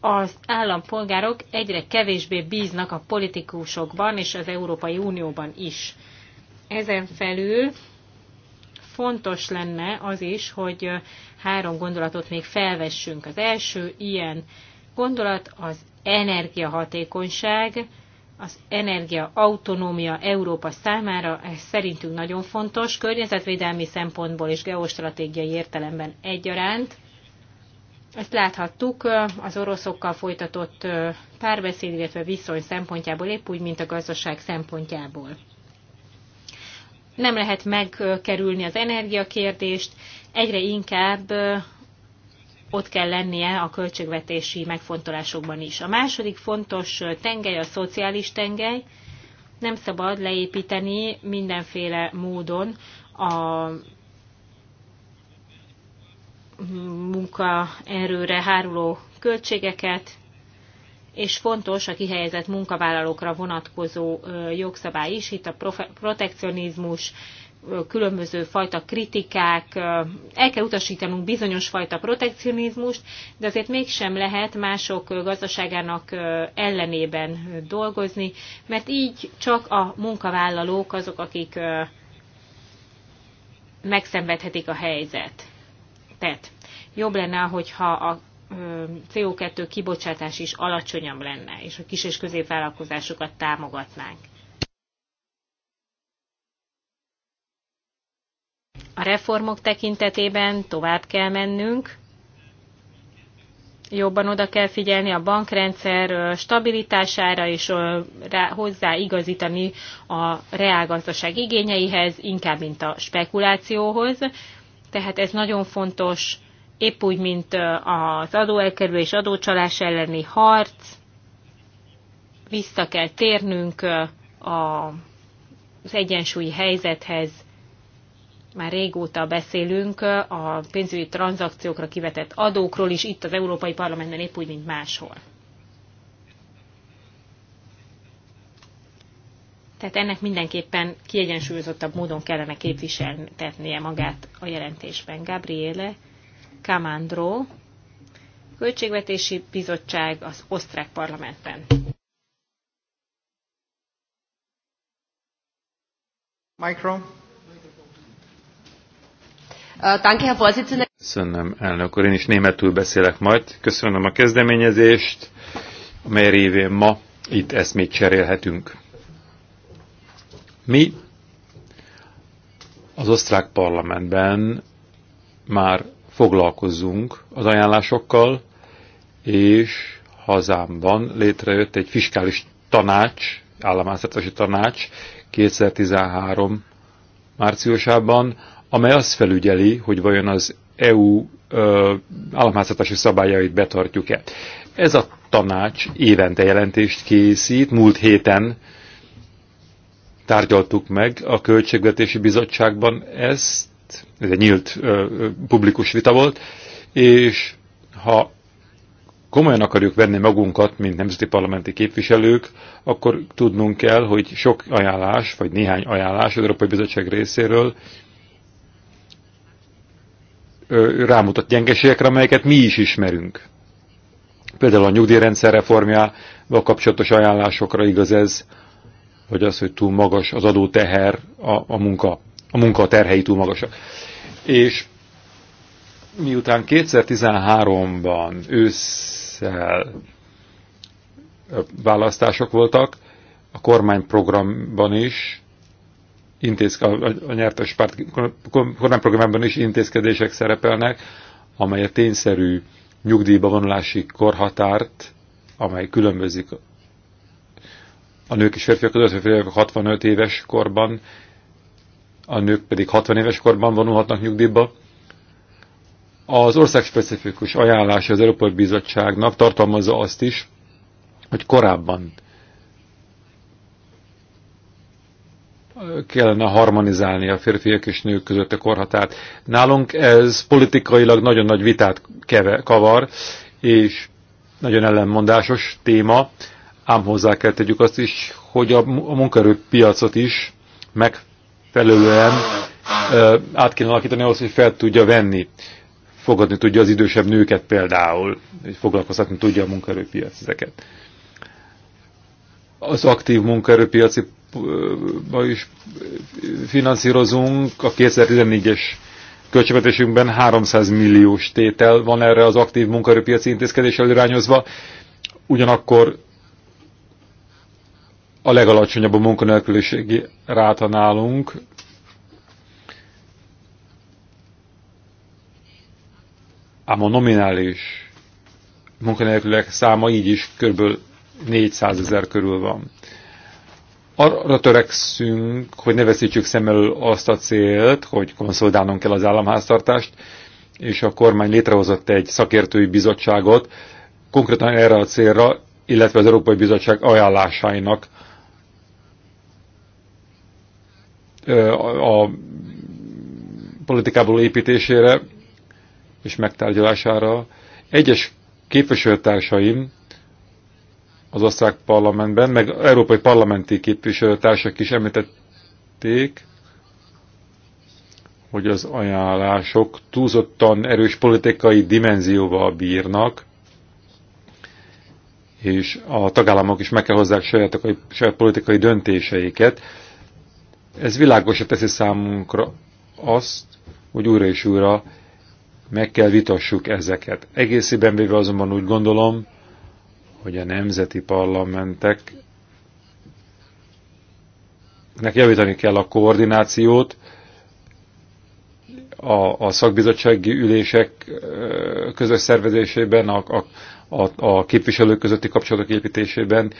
az állampolgárok egyre kevésbé bíznak a politikusokban és az Európai Unióban is. Ezen felül fontos lenne az is, hogy három gondolatot még felvessünk. Az első ilyen gondolat az energiahatékonyság, az energia autonómia Európa számára, ez szerintünk nagyon fontos, környezetvédelmi szempontból és geostratégiai értelemben egyaránt. Ezt láthattuk az oroszokkal folytatott párbeszéd, illetve viszony szempontjából, épp úgy, mint a gazdaság szempontjából nem lehet megkerülni az energiakérdést, egyre inkább ott kell lennie a költségvetési megfontolásokban is. A második fontos tengely a szociális tengely. Nem szabad leépíteni mindenféle módon a munkaerőre háruló költségeket, és fontos a kihelyezett munkavállalókra vonatkozó jogszabály is. Itt a protekcionizmus, különböző fajta kritikák, el kell utasítanunk bizonyos fajta protekcionizmust, de azért mégsem lehet mások gazdaságának ellenében dolgozni, mert így csak a munkavállalók azok, akik megszenvedhetik a helyzetet. Jobb lenne, hogyha a CO2 kibocsátás is alacsonyabb lenne, és a kis- és középvállalkozásokat támogatnánk. A reformok tekintetében tovább kell mennünk, jobban oda kell figyelni a bankrendszer stabilitására, és hozzáigazítani a reálgazdaság igényeihez, inkább mint a spekulációhoz. Tehát ez nagyon fontos épp úgy, mint az adóelkerülés, adócsalás elleni harc, vissza kell térnünk az egyensúlyi helyzethez, már régóta beszélünk a pénzügyi tranzakciókra kivetett adókról is, itt az Európai Parlamentben épp úgy, mint máshol. Tehát ennek mindenképpen kiegyensúlyozottabb módon kellene képviseltetnie magát a jelentésben. Gabriele Kamandró, Költségvetési Bizottság az osztrák parlamentben. Micro. Köszönöm, elnök úr. Én is németül beszélek majd. Köszönöm a kezdeményezést, amely révén ma itt eszmét cserélhetünk. Mi az osztrák parlamentben már foglalkozzunk az ajánlásokkal, és hazámban létrejött egy fiskális tanács, államháztartási tanács 2013 márciusában, amely azt felügyeli, hogy vajon az EU ö, szabályait betartjuk-e. Ez a tanács évente jelentést készít, múlt héten tárgyaltuk meg a Költségvetési Bizottságban ezt, ez egy nyílt publikus vita volt, és ha komolyan akarjuk venni magunkat, mint nemzeti parlamenti képviselők, akkor tudnunk kell, hogy sok ajánlás, vagy néhány ajánlás az Európai Bizottság részéről rámutat gyengeségekre, amelyeket mi is ismerünk. Például a nyugdíjrendszer reformjával kapcsolatos ajánlásokra igaz ez, vagy az, hogy túl magas az adóteher a, a munka a munka terhei túl magasak. És miután 2013-ban ősszel választások voltak, a kormányprogramban is, a nyertes párt kormányprogramban is intézkedések szerepelnek, amely a tényszerű nyugdíjba vonulási korhatárt, amely különbözik a nők és férfiak között, férfiak 65 éves korban a nők pedig 60 éves korban vonulhatnak nyugdíjba. Az országspecifikus ajánlása az Európai Bizottságnak tartalmazza azt is, hogy korábban kellene harmonizálni a férfiak és nők között a korhatárt. Nálunk ez politikailag nagyon nagy vitát keve, kavar, és nagyon ellenmondásos téma, ám hozzá kell tegyük azt is, hogy a munkaerőpiacot is meg felelően át kéne alakítani ahhoz, hogy fel tudja venni, fogadni tudja az idősebb nőket például, hogy foglalkoztatni tudja a munkaerőpiac ezeket. Az aktív munkaerőpiaci ma is finanszírozunk, a 2014-es költségvetésünkben 300 milliós tétel van erre az aktív munkaerőpiaci intézkedéssel irányozva, ugyanakkor a legalacsonyabb a munkanélküliségi ráta nálunk. Ám a nominális munkanélkülek száma így is kb. 400 ezer körül van. Arra törekszünk, hogy ne veszítsük szem elől azt a célt, hogy konszolidálnunk kell az államháztartást, és a kormány létrehozott egy szakértői bizottságot, konkrétan erre a célra, illetve az Európai Bizottság ajánlásainak a politikából építésére és megtárgyalására. Egyes képviselőtársaim az osztrák parlamentben, meg európai parlamenti képviselőtársak is említették, hogy az ajánlások túlzottan erős politikai dimenzióval bírnak, és a tagállamok is meg kell hozzák saját, saját politikai döntéseiket, ez világosra teszi számunkra azt, hogy újra és újra meg kell vitassuk ezeket. Egészében véve azonban úgy gondolom, hogy a nemzeti parlamenteknek javítani kell a koordinációt, a, a szakbizottsági ülések közös szervezésében, a, a, a, a képviselők közötti kapcsolatok építésében,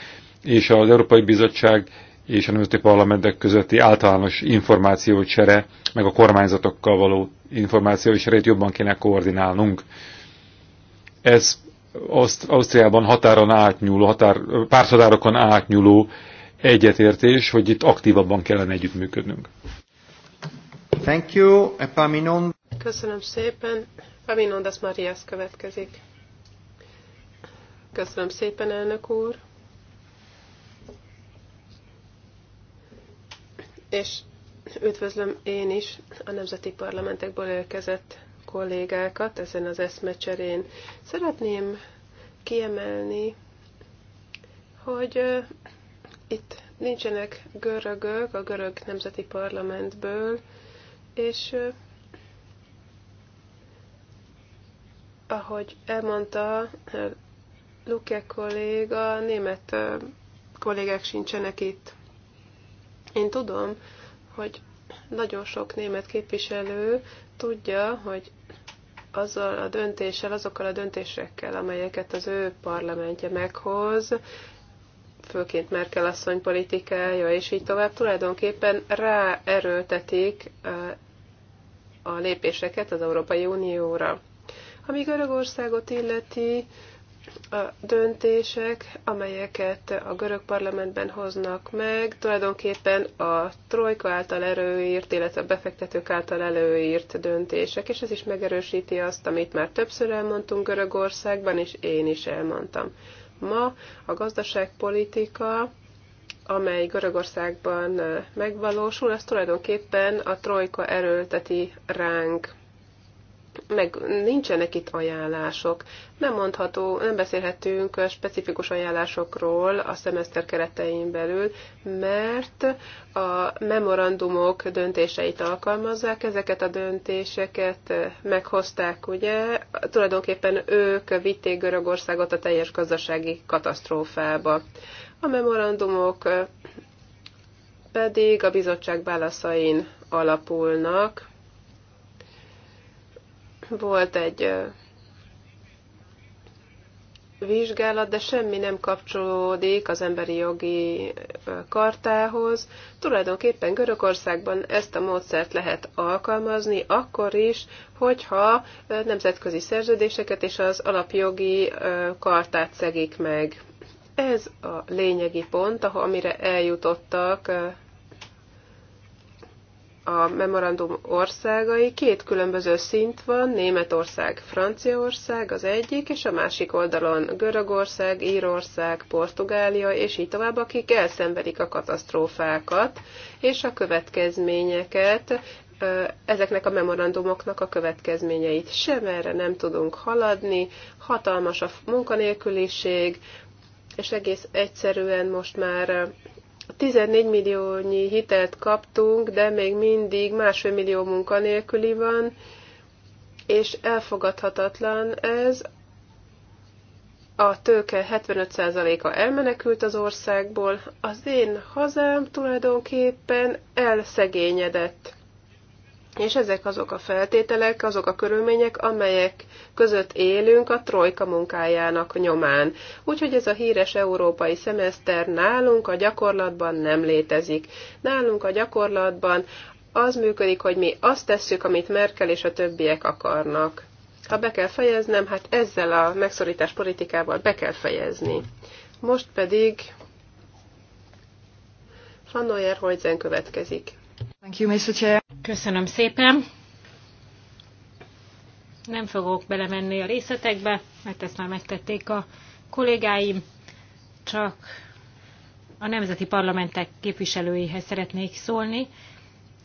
és az Európai Bizottság és a nemzeti parlamentek közötti általános információcsere, meg a kormányzatokkal való információcserét jobban kéne koordinálnunk. Ez Ausztriában határon átnyúló, határ, párthatárokon átnyúló egyetértés, hogy itt aktívabban kellene együttműködnünk. Thank you, Epaminon. Köszönöm szépen. Epaminondas Marias következik. Köszönöm szépen, elnök úr. és üdvözlöm én is a nemzeti parlamentekből érkezett kollégákat ezen az eszmecserén. Szeretném kiemelni, hogy itt nincsenek görögök a görög nemzeti parlamentből, és ahogy elmondta Luke kolléga, német kollégák sincsenek itt. Én tudom, hogy nagyon sok német képviselő tudja, hogy azzal a döntéssel, azokkal a döntésekkel, amelyeket az ő parlamentje meghoz, főként Merkel asszony politikája, és így tovább, tulajdonképpen ráerőltetik a lépéseket az Európai Unióra. Ami Görögországot illeti, a döntések, amelyeket a görög parlamentben hoznak meg, tulajdonképpen a trojka által előírt, illetve a befektetők által előírt döntések, és ez is megerősíti azt, amit már többször elmondtunk Görögországban, és én is elmondtam. Ma a gazdaságpolitika, amely Görögországban megvalósul, az tulajdonképpen a trojka erőlteti ránk meg nincsenek itt ajánlások. Nem mondható, nem beszélhetünk specifikus ajánlásokról a szemeszter keretein belül, mert a memorandumok döntéseit alkalmazzák, ezeket a döntéseket meghozták, ugye, tulajdonképpen ők vitték Görögországot a teljes gazdasági katasztrófába. A memorandumok pedig a bizottság válaszain alapulnak, volt egy vizsgálat, de semmi nem kapcsolódik az emberi jogi kartához. Tulajdonképpen Görögországban ezt a módszert lehet alkalmazni, akkor is, hogyha nemzetközi szerződéseket és az alapjogi kartát szegik meg. Ez a lényegi pont, amire eljutottak a memorandum országai, két különböző szint van, Németország, Franciaország az egyik, és a másik oldalon Görögország, Írország, Portugália, és így tovább, akik elszenvedik a katasztrófákat és a következményeket, ezeknek a memorandumoknak a következményeit. Sem erre nem tudunk haladni, hatalmas a munkanélküliség, és egész egyszerűen most már 14 milliónyi hitelt kaptunk, de még mindig másfél millió munkanélküli van, és elfogadhatatlan ez. A tőke 75%-a elmenekült az országból, az én hazám tulajdonképpen elszegényedett. És ezek azok a feltételek, azok a körülmények, amelyek között élünk a trojka munkájának nyomán. Úgyhogy ez a híres európai szemeszter nálunk a gyakorlatban nem létezik. Nálunk a gyakorlatban az működik, hogy mi azt tesszük, amit Merkel és a többiek akarnak. Ha be kell fejeznem, hát ezzel a megszorítás politikával be kell fejezni. Most pedig Fannoyer Hojzen következik. Köszönöm szépen. Nem fogok belemenni a részletekbe, mert ezt már megtették a kollégáim, csak a nemzeti parlamentek képviselőihez szeretnék szólni.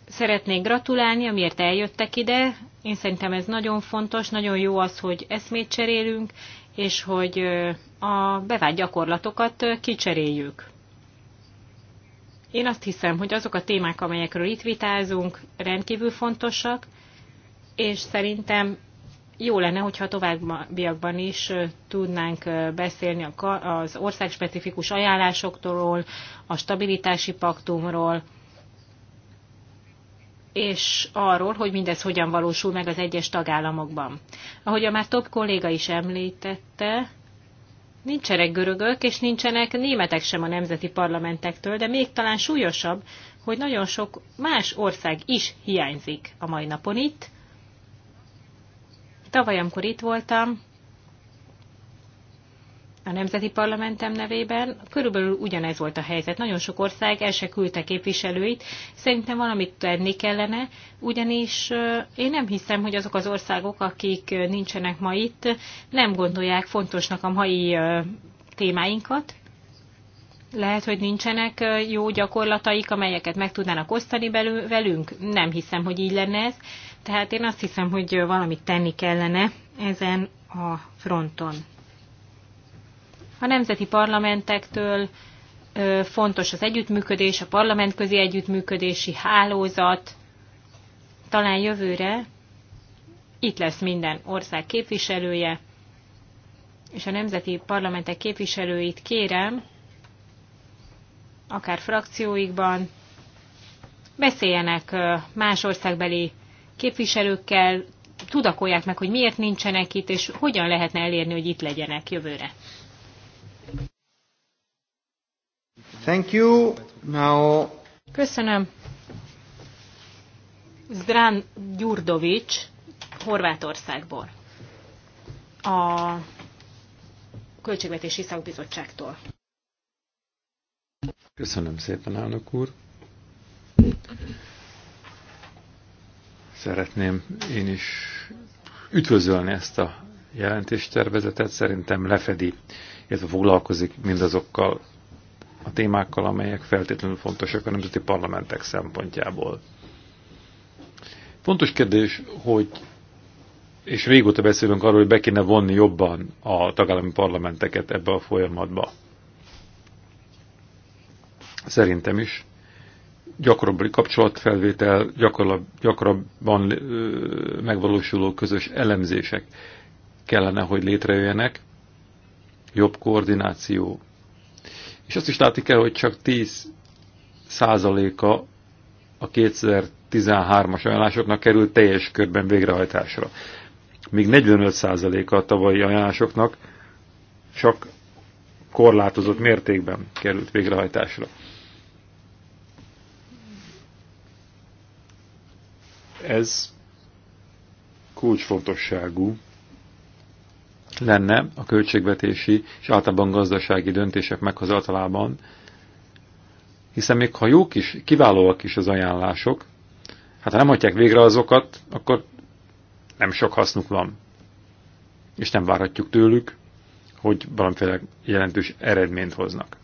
Szeretnék gratulálni, amiért eljöttek ide. Én szerintem ez nagyon fontos, nagyon jó az, hogy eszmét cserélünk, és hogy a bevált gyakorlatokat kicseréljük. Én azt hiszem, hogy azok a témák, amelyekről itt vitázunk, rendkívül fontosak, és szerintem jó lenne, hogyha továbbiakban is tudnánk beszélni az országspecifikus ajánlásoktól, a stabilitási paktumról, és arról, hogy mindez hogyan valósul meg az egyes tagállamokban. Ahogy a már több kolléga is említette, Nincsenek görögök, és nincsenek németek sem a nemzeti parlamentektől, de még talán súlyosabb, hogy nagyon sok más ország is hiányzik a mai napon itt. Tavaly, amikor itt voltam, a Nemzeti Parlamentem nevében. Körülbelül ugyanez volt a helyzet. Nagyon sok ország el se küldte képviselőit. Szerintem valamit tenni kellene, ugyanis én nem hiszem, hogy azok az országok, akik nincsenek ma itt, nem gondolják fontosnak a mai témáinkat. Lehet, hogy nincsenek jó gyakorlataik, amelyeket meg tudnának osztani velünk. Nem hiszem, hogy így lenne ez. Tehát én azt hiszem, hogy valamit tenni kellene ezen a fronton. A nemzeti parlamentektől fontos az együttműködés, a parlamentközi együttműködési hálózat. Talán jövőre itt lesz minden ország képviselője, és a nemzeti parlamentek képviselőit kérem, akár frakcióikban, beszéljenek más országbeli képviselőkkel, tudakolják meg, hogy miért nincsenek itt, és hogyan lehetne elérni, hogy itt legyenek jövőre. Thank you. Now... Köszönöm. Zdrán Gyurdovics Horvátországból. A Költségvetési Szakbizottságtól. Köszönöm szépen, elnök úr. Szeretném én is üdvözölni ezt a jelentéstervezetet. Szerintem lefedi, illetve foglalkozik mindazokkal a témákkal, amelyek feltétlenül fontosak a nemzeti parlamentek szempontjából. Fontos kérdés, hogy és régóta beszélünk arról, hogy be kéne vonni jobban a tagállami parlamenteket ebbe a folyamatba. Szerintem is. Gyakorabbi kapcsolatfelvétel, gyakarabb, gyakrabban ö, megvalósuló közös elemzések kellene, hogy létrejöjjenek. Jobb koordináció és azt is látni kell, hogy csak 10 százaléka a 2013-as ajánlásoknak került teljes körben végrehajtásra. Míg 45 százaléka a tavalyi ajánlásoknak csak korlátozott mértékben került végrehajtásra. Ez kulcsfontosságú lenne a költségvetési és általában gazdasági döntések meghozatalában, hiszen még ha jók is, kiválóak is az ajánlások, hát ha nem hagyják végre azokat, akkor nem sok hasznuk van. És nem várhatjuk tőlük, hogy valamiféle jelentős eredményt hoznak.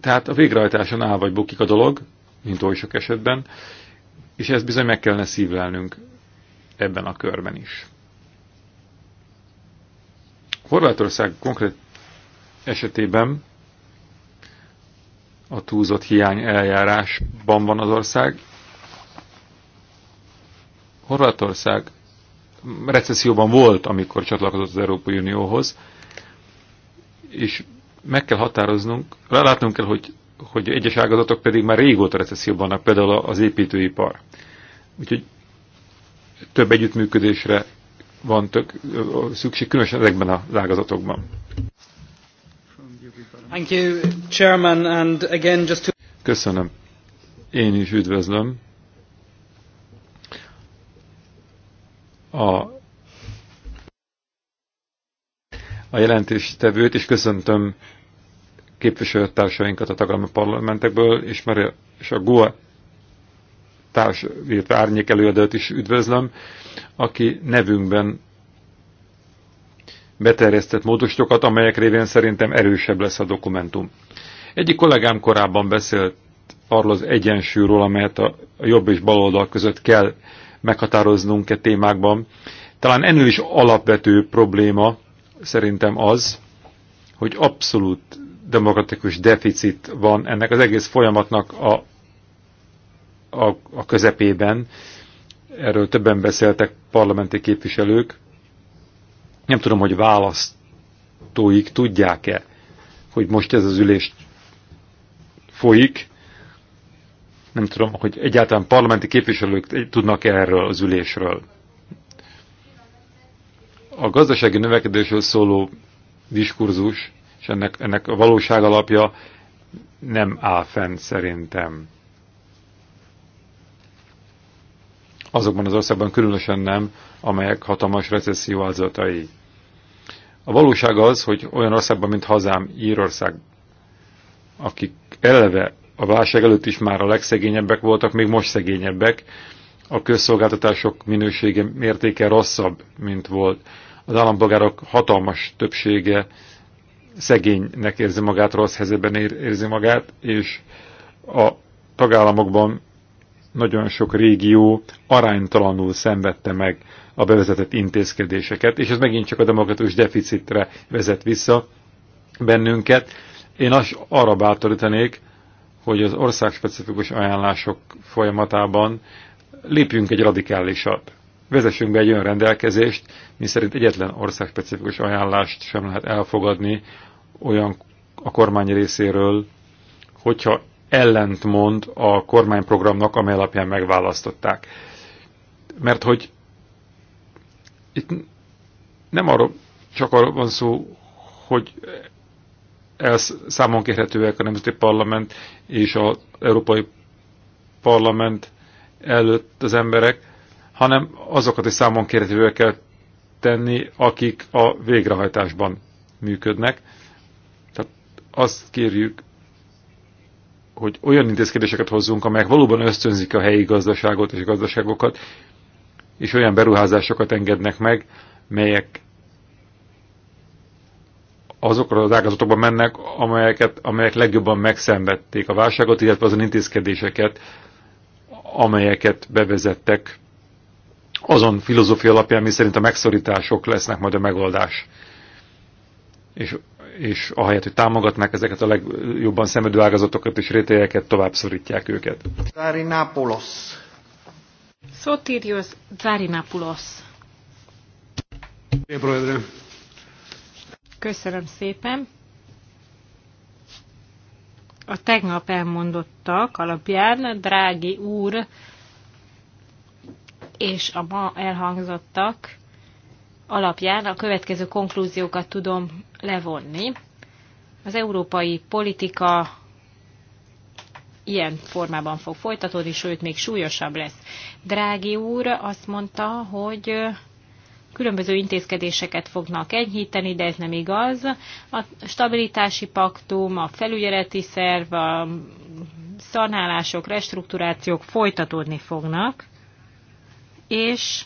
Tehát a végrehajtáson áll vagy bukik a dolog, mint oly sok esetben, és ezt bizony meg kellene szívlelnünk ebben a körben is. Horvátország konkrét esetében a túlzott hiány eljárásban van az ország. Horvátország recesszióban volt, amikor csatlakozott az Európai Unióhoz, és meg kell határoznunk, látnunk kell, hogy, hogy egyes ágazatok pedig már régóta recesszióban vannak, például az építőipar. Úgyhogy több együttműködésre van tök, szükség, különösen ezekben a ágazatokban. Thank you, Chairman, and again just to... Köszönöm. Én is üdvözlöm. A, a jelentéstevőt, és köszöntöm képviselőtársainkat a tagállami parlamentekből, és, már, és a GUA társ, illetve árnyék előadót is üdvözlöm, aki nevünkben beterjesztett módosítókat, amelyek révén szerintem erősebb lesz a dokumentum. Egyik kollégám korábban beszélt arról az egyensúlyról, amelyet a jobb és baloldal között kell meghatároznunk e témákban. Talán ennél is alapvető probléma szerintem az, hogy abszolút demokratikus deficit van ennek az egész folyamatnak a a, a közepében. Erről többen beszéltek parlamenti képviselők. Nem tudom, hogy választóik tudják-e, hogy most ez az ülés folyik. Nem tudom, hogy egyáltalán parlamenti képviselők tudnak -e erről az ülésről. A gazdasági növekedésről szóló diskurzus, és ennek, ennek a valóság alapja nem áll fenn szerintem. azokban az országban különösen nem, amelyek hatalmas recesszió áldozatai. A valóság az, hogy olyan országban, mint hazám, Írország, akik eleve a válság előtt is már a legszegényebbek voltak, még most szegényebbek, a közszolgáltatások minősége, mértéke rosszabb, mint volt. Az állampolgárok hatalmas többsége szegénynek érzi magát, rossz helyzetben érzi magát, és a tagállamokban nagyon sok régió aránytalanul szenvedte meg a bevezetett intézkedéseket, és ez megint csak a demokratikus deficitre vezet vissza bennünket. Én azt arra bátorítanék, hogy az országspecifikus ajánlások folyamatában lépjünk egy radikálisat. Vezessünk be egy olyan rendelkezést, miszerint egyetlen országspecifikus ajánlást sem lehet elfogadni olyan a kormány részéről, hogyha ellentmond a kormányprogramnak, amely alapján megválasztották. Mert hogy itt nem arról, csak arról van szó, hogy ez számon kérhetőek a Nemzeti Parlament és az Európai Parlament előtt az emberek, hanem azokat is számon kérhetőek kell tenni, akik a végrehajtásban működnek. Tehát azt kérjük, hogy olyan intézkedéseket hozzunk, amelyek valóban ösztönzik a helyi gazdaságot és gazdaságokat, és olyan beruházásokat engednek meg, melyek azokra az ágazatokban mennek, amelyeket, amelyek legjobban megszenvedték a válságot, illetve azon intézkedéseket, amelyeket bevezettek azon filozófia alapján, mi szerint a megszorítások lesznek majd a megoldás. És és ahelyett, hogy támogatnák ezeket a legjobban szemedő ágazatokat és rétegeket, tovább szorítják őket. Zárinápolos. Szotirius Zárinápolos. Köszönöm szépen. A tegnap elmondottak alapján Drági úr és a ma elhangzottak alapján a következő konklúziókat tudom levonni. Az európai politika ilyen formában fog folytatódni, sőt, még súlyosabb lesz. Drági úr azt mondta, hogy különböző intézkedéseket fognak enyhíteni, de ez nem igaz. A stabilitási paktum, a felügyeleti szerv, a szanálások, restrukturációk folytatódni fognak, és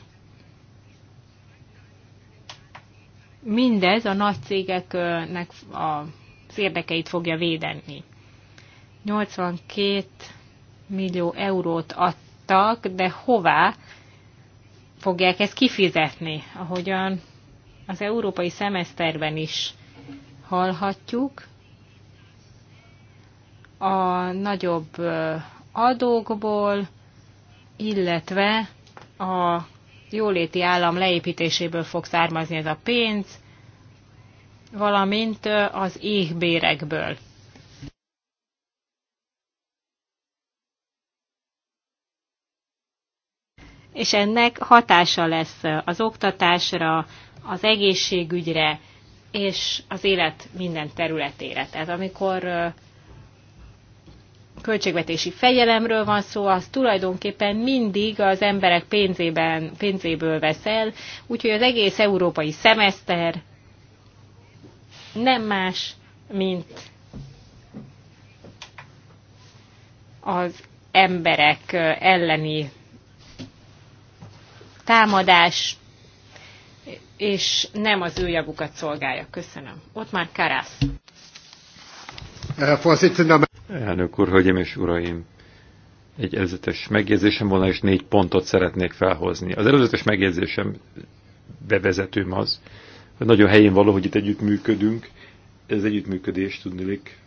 mindez a nagy cégeknek az érdekeit fogja védeni. 82 millió eurót adtak, de hová fogják ezt kifizetni? Ahogyan az európai szemeszterben is hallhatjuk, a nagyobb adókból, illetve a jóléti állam leépítéséből fog származni ez a pénz, valamint az éhbérekből. És ennek hatása lesz az oktatásra, az egészségügyre és az élet minden területére. Tehát amikor költségvetési fegyelemről van szó, az tulajdonképpen mindig az emberek pénzében, pénzéből veszel, úgyhogy az egész európai szemeszter nem más, mint az emberek elleni támadás, és nem az ő javukat szolgálja. Köszönöm. Ott már Karász. Elnök úr, hölgyeim és uraim! Egy előzetes megjegyzésem volna, és négy pontot szeretnék felhozni. Az előzetes megjegyzésem bevezetőm az, hogy nagyon helyén való, hogy itt együttműködünk. Ez együttműködés tudnilik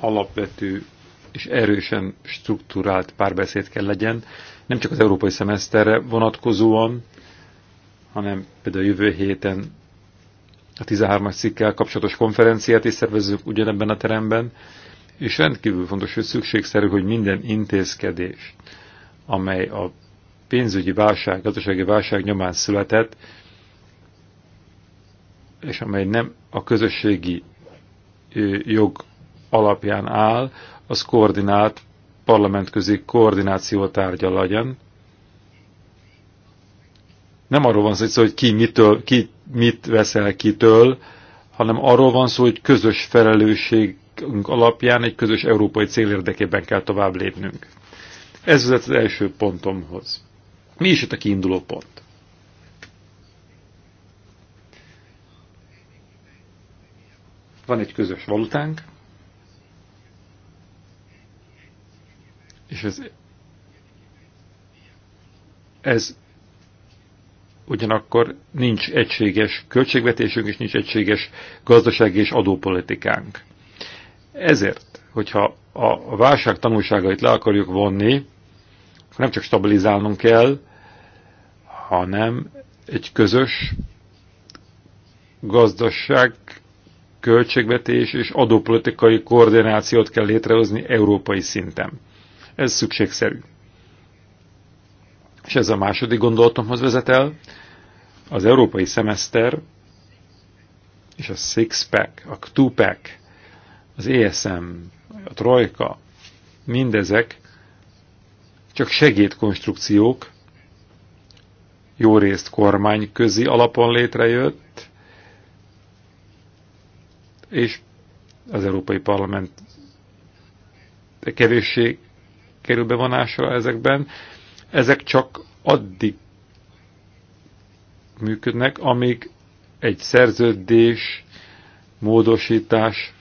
alapvető és erősen struktúrált párbeszéd kell legyen, nem csak az európai szemeszterre vonatkozóan, hanem például a jövő héten a 13-as cikkel kapcsolatos konferenciát is szervezzük ugyanebben a teremben, és rendkívül fontos, hogy szükségszerű, hogy minden intézkedés, amely a pénzügyi válság, gazdasági válság nyomán született, és amely nem a közösségi jog alapján áll, az koordinált parlamentközi koordináció tárgya legyen. Nem arról van szó, hogy ki, mitől, ki mit veszel kitől, hanem arról van szó, hogy közös felelősségünk alapján egy közös európai cél érdekében kell tovább lépnünk. Ez vezet az első pontomhoz. Mi is itt a kiinduló pont? Van egy közös valutánk, és ez, ez ugyanakkor nincs egységes költségvetésünk, és nincs egységes gazdasági és adópolitikánk. Ezért, hogyha a válság tanulságait le akarjuk vonni, nem csak stabilizálnunk kell, hanem egy közös gazdaság, költségvetés és adópolitikai koordinációt kell létrehozni európai szinten. Ez szükségszerű. És ez a második gondolatomhoz vezet el. Az európai szemeszter és a six-pack, a two-pack, az ESM, a trojka, mindezek csak segédkonstrukciók, jó részt kormányközi alapon létrejött, és az Európai Parlament kevéssé kerül bevonásra ezekben, ezek csak addig működnek, amíg egy szerződés, módosítás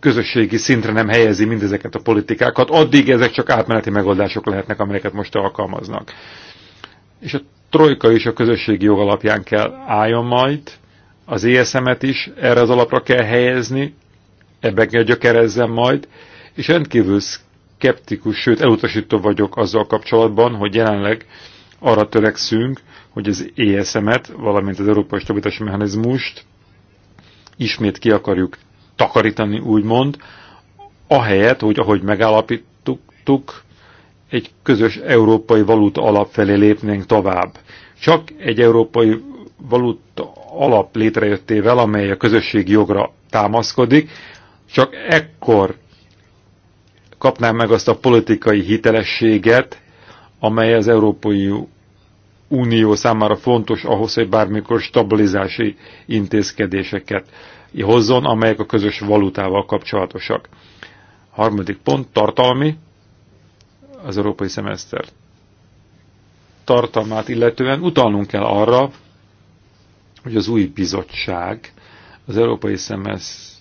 közösségi szintre nem helyezi mindezeket a politikákat, addig ezek csak átmeneti megoldások lehetnek, amelyeket most alkalmaznak. És a trojka is a közösségi jog alapján kell álljon majd, az ESM-et is erre az alapra kell helyezni, ebbe kell gyökerezzen majd, és rendkívül skeptikus, sőt elutasító vagyok azzal kapcsolatban, hogy jelenleg arra törekszünk, hogy az ESM-et, valamint az Európai Stabilitási Mechanizmust ismét ki akarjuk takarítani, úgymond, ahelyett, hogy ahogy megállapítottuk, egy közös európai valuta alap felé lépnénk tovább. Csak egy európai valuta alap létrejöttével, amely a közösségi jogra támaszkodik, csak ekkor kapná meg azt a politikai hitelességet, amely az Európai Unió számára fontos ahhoz, hogy bármikor stabilizási intézkedéseket hozzon, amelyek a közös valutával kapcsolatosak. Harmadik pont, tartalmi, az európai szemeszter tartalmát illetően utalnunk kell arra, hogy az új bizottság, az európai szemeszterért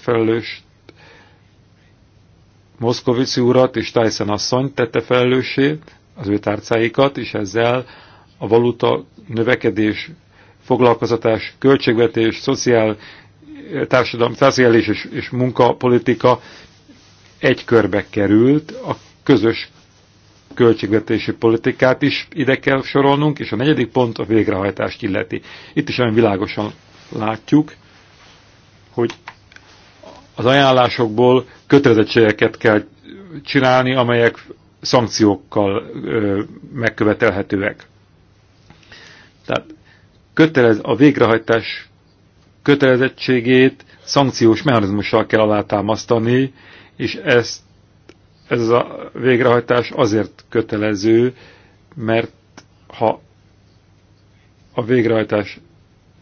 felelős Moszkovici urat és Tyson asszonyt tette felelőssé, az ő tárcáikat, és ezzel a valuta növekedés, foglalkozatás, költségvetés, szociál, társadalmi, szociális és, és munkapolitika egy körbe került, a közös költségvetési politikát is ide kell sorolnunk, és a negyedik pont a végrehajtást illeti. Itt is olyan világosan látjuk, hogy az ajánlásokból kötelezettségeket kell csinálni, amelyek szankciókkal megkövetelhetőek. Tehát kötelez, a végrehajtás kötelezettségét szankciós mechanizmussal kell alátámasztani, és ezt, ez a végrehajtás azért kötelező, mert ha a végrehajtás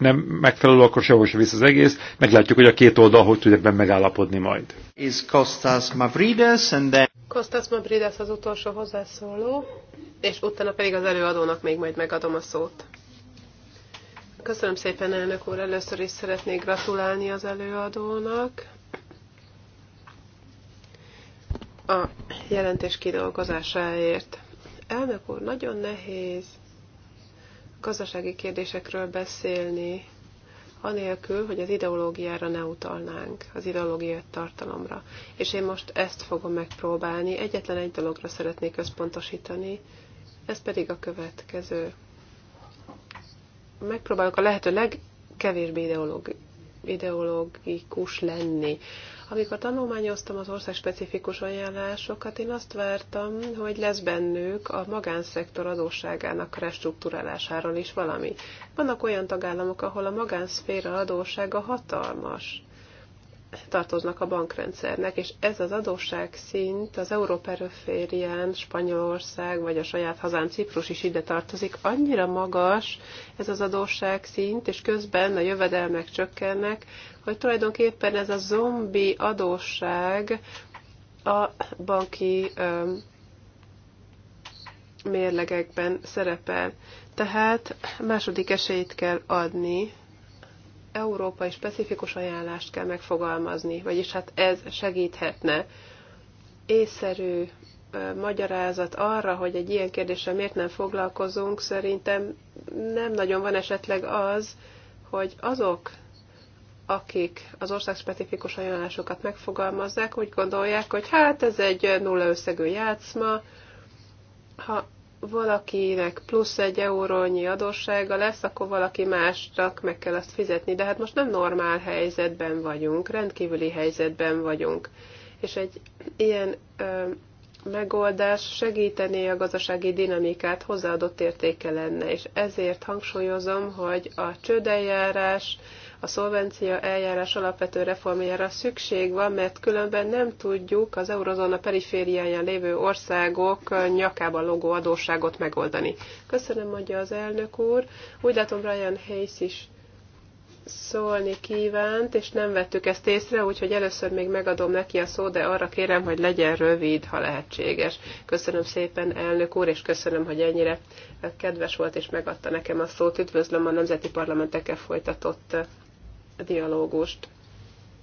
nem megfelelő, akkor sehol se visz az egész. Meglátjuk, hogy a két oldal hogy tud ebben megállapodni majd. Is Kostas Mavrides, and then... Kostas Mavrides az utolsó hozzászóló, és utána pedig az előadónak még majd megadom a szót. Köszönöm szépen, elnök úr. Először is szeretnék gratulálni az előadónak. A jelentés kidolgozásáért. Elnök úr, nagyon nehéz gazdasági kérdésekről beszélni, anélkül, hogy az ideológiára ne utalnánk, az ideológiai tartalomra. És én most ezt fogom megpróbálni. Egyetlen egy dologra szeretnék összpontosítani, ez pedig a következő. Megpróbálok a lehető legkevésbé ideológikus lenni amikor tanulmányoztam az ország specifikus ajánlásokat, én azt vártam, hogy lesz bennük a magánszektor adósságának restruktúrálásáról is valami. Vannak olyan tagállamok, ahol a magánszféra adóssága hatalmas tartoznak a bankrendszernek, és ez az szint az Európeriférián, Spanyolország, vagy a saját hazán, Ciprus is ide tartozik, annyira magas ez az szint és közben a jövedelmek csökkennek, hogy tulajdonképpen ez a zombi adósság a banki öm, mérlegekben szerepel. Tehát második esélyt kell adni európai specifikus ajánlást kell megfogalmazni, vagyis hát ez segíthetne. Észszerű magyarázat arra, hogy egy ilyen kérdéssel miért nem foglalkozunk, szerintem nem nagyon van esetleg az, hogy azok, akik az ország specifikus ajánlásokat megfogalmazzák, úgy gondolják, hogy hát ez egy nulla összegű játszma, ha valakinek plusz egy eurónyi adóssága lesz, akkor valaki másnak meg kell azt fizetni. De hát most nem normál helyzetben vagyunk, rendkívüli helyzetben vagyunk. És egy ilyen ö, megoldás segítené a gazdasági dinamikát, hozzáadott értéke lenne. És ezért hangsúlyozom, hogy a csődeljárás, a szolvencia eljárás alapvető reformjára szükség van, mert különben nem tudjuk az eurozóna perifériáján lévő országok nyakába logó adósságot megoldani. Köszönöm, mondja az elnök úr. Úgy látom, Brian Hayes is szólni kívánt, és nem vettük ezt észre, úgyhogy először még megadom neki a szót, de arra kérem, hogy legyen rövid, ha lehetséges. Köszönöm szépen, elnök úr, és köszönöm, hogy ennyire kedves volt, és megadta nekem a szót. Üdvözlöm a Nemzeti Parlamentekkel folytatott dialógust.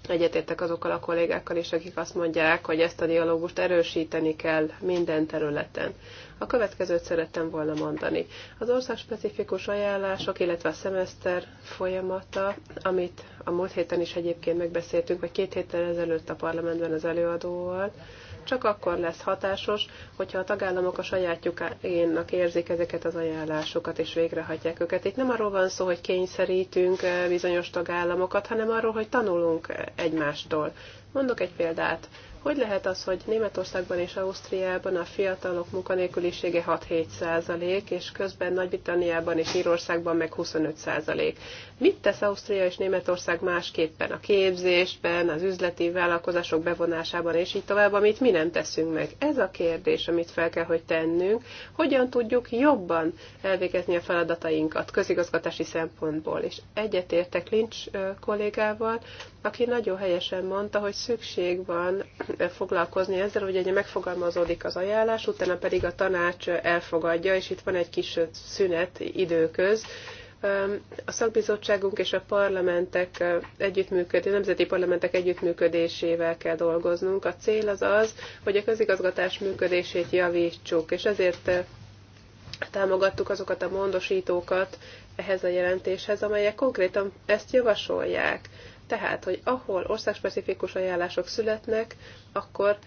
Egyetértek azokkal a kollégákkal is, akik azt mondják, hogy ezt a dialógust erősíteni kell minden területen. A következőt szerettem volna mondani. Az országspecifikus ajánlások, illetve a szemeszter folyamata, amit a múlt héten is egyébként megbeszéltünk, vagy két héttel ezelőtt a parlamentben az előadóval, csak akkor lesz hatásos, hogyha a tagállamok a sajátjukénak érzik ezeket az ajánlásokat és végrehajtják őket. Itt nem arról van szó, hogy kényszerítünk eh, bizonyos tagállamokat, hanem arról, hogy tanulunk eh, egymástól. Mondok egy példát. Hogy lehet az, hogy Németországban és Ausztriában a fiatalok munkanélkülisége 6-7 százalék, és közben Nagy-Britanniában és Írországban meg 25 százalék? Mit tesz Ausztria és Németország másképpen a képzésben, az üzleti vállalkozások bevonásában, és így tovább, amit mi nem teszünk meg? Ez a kérdés, amit fel kell, hogy tennünk. Hogyan tudjuk jobban elvégezni a feladatainkat közigazgatási szempontból? És egyetértek Lincs kollégával, aki nagyon helyesen mondta, hogy szükség van foglalkozni ezzel, hogy ugye megfogalmazódik az ajánlás, utána pedig a tanács elfogadja, és itt van egy kis szünet időköz, a szakbizottságunk és a parlamentek együttműködés, nemzeti parlamentek együttműködésével kell dolgoznunk. A cél az az, hogy a közigazgatás működését javítsuk, és ezért támogattuk azokat a mondosítókat ehhez a jelentéshez, amelyek konkrétan ezt javasolják. Tehát, hogy ahol országspecifikus ajánlások születnek, akkor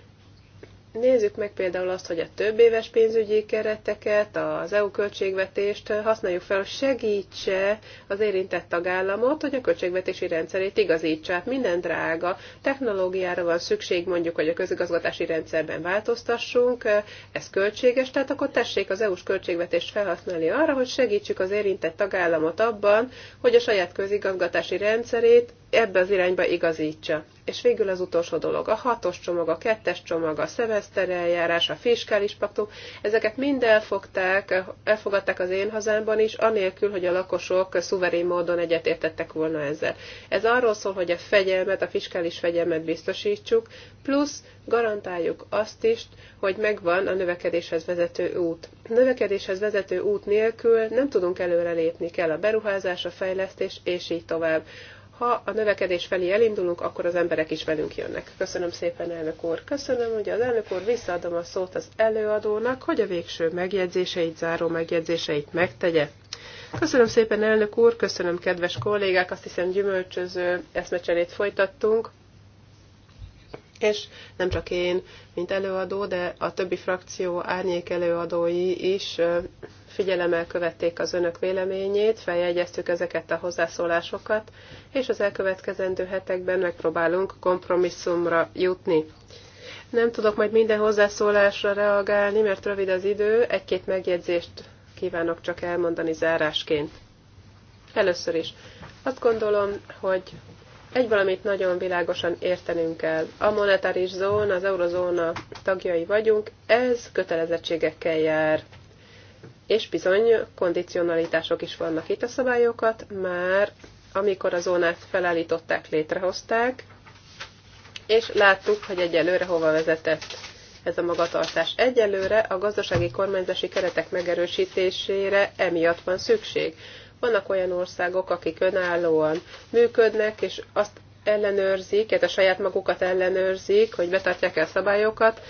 nézzük meg például azt, hogy a több éves pénzügyi kereteket, az EU költségvetést használjuk fel, hogy segítse az érintett tagállamot, hogy a költségvetési rendszerét igazítsák. Hát minden drága technológiára van szükség, mondjuk, hogy a közigazgatási rendszerben változtassunk, ez költséges, tehát akkor tessék az EU-s költségvetést felhasználni arra, hogy segítsük az érintett tagállamot abban, hogy a saját közigazgatási rendszerét ebbe az irányba igazítsa. És végül az utolsó dolog, a hatos csomag, a kettes csomag, a eljárás, a fiskális paktum, ezeket mind elfogták, elfogadták az én hazámban is, anélkül, hogy a lakosok szuverén módon egyetértettek volna ezzel. Ez arról szól, hogy a fegyelmet, a fiskális fegyelmet biztosítsuk, plusz garantáljuk azt is, hogy megvan a növekedéshez vezető út. A növekedéshez vezető út nélkül nem tudunk előrelépni, kell a beruházás, a fejlesztés, és így tovább ha a növekedés felé elindulunk, akkor az emberek is velünk jönnek. Köszönöm szépen, elnök úr. Köszönöm, hogy az elnök úr visszaadom a szót az előadónak, hogy a végső megjegyzéseit, záró megjegyzéseit megtegye. Köszönöm szépen, elnök úr, köszönöm, kedves kollégák, azt hiszem gyümölcsöző eszmecserét folytattunk. És nem csak én, mint előadó, de a többi frakció árnyék előadói is figyelemmel követték az önök véleményét, feljegyeztük ezeket a hozzászólásokat, és az elkövetkezendő hetekben megpróbálunk kompromisszumra jutni. Nem tudok majd minden hozzászólásra reagálni, mert rövid az idő, egy-két megjegyzést kívánok csak elmondani zárásként. Először is. Azt gondolom, hogy egy valamit nagyon világosan értenünk kell. A monetáris zóna, az eurozóna tagjai vagyunk, ez kötelezettségekkel jár és bizony kondicionalitások is vannak itt a szabályokat, már amikor a zónát felállították, létrehozták, és láttuk, hogy egyelőre hova vezetett ez a magatartás. Egyelőre a gazdasági kormányzási keretek megerősítésére emiatt van szükség. Vannak olyan országok, akik önállóan működnek, és azt ellenőrzik, tehát a saját magukat ellenőrzik, hogy betartják el szabályokat,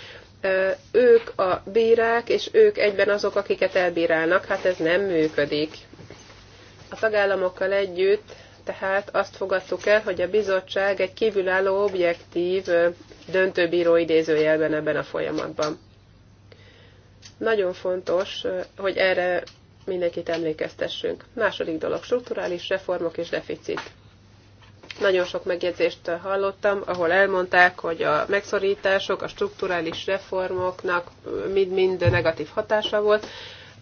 ők a bírák, és ők egyben azok, akiket elbírálnak. Hát ez nem működik. A tagállamokkal együtt tehát azt fogadtuk el, hogy a bizottság egy kívülálló objektív döntőbíró idézőjelben ebben a folyamatban. Nagyon fontos, hogy erre mindenkit emlékeztessünk. Második dolog, strukturális reformok és deficit. Nagyon sok megjegyzést hallottam, ahol elmondták, hogy a megszorítások, a strukturális reformoknak mind-mind negatív hatása volt.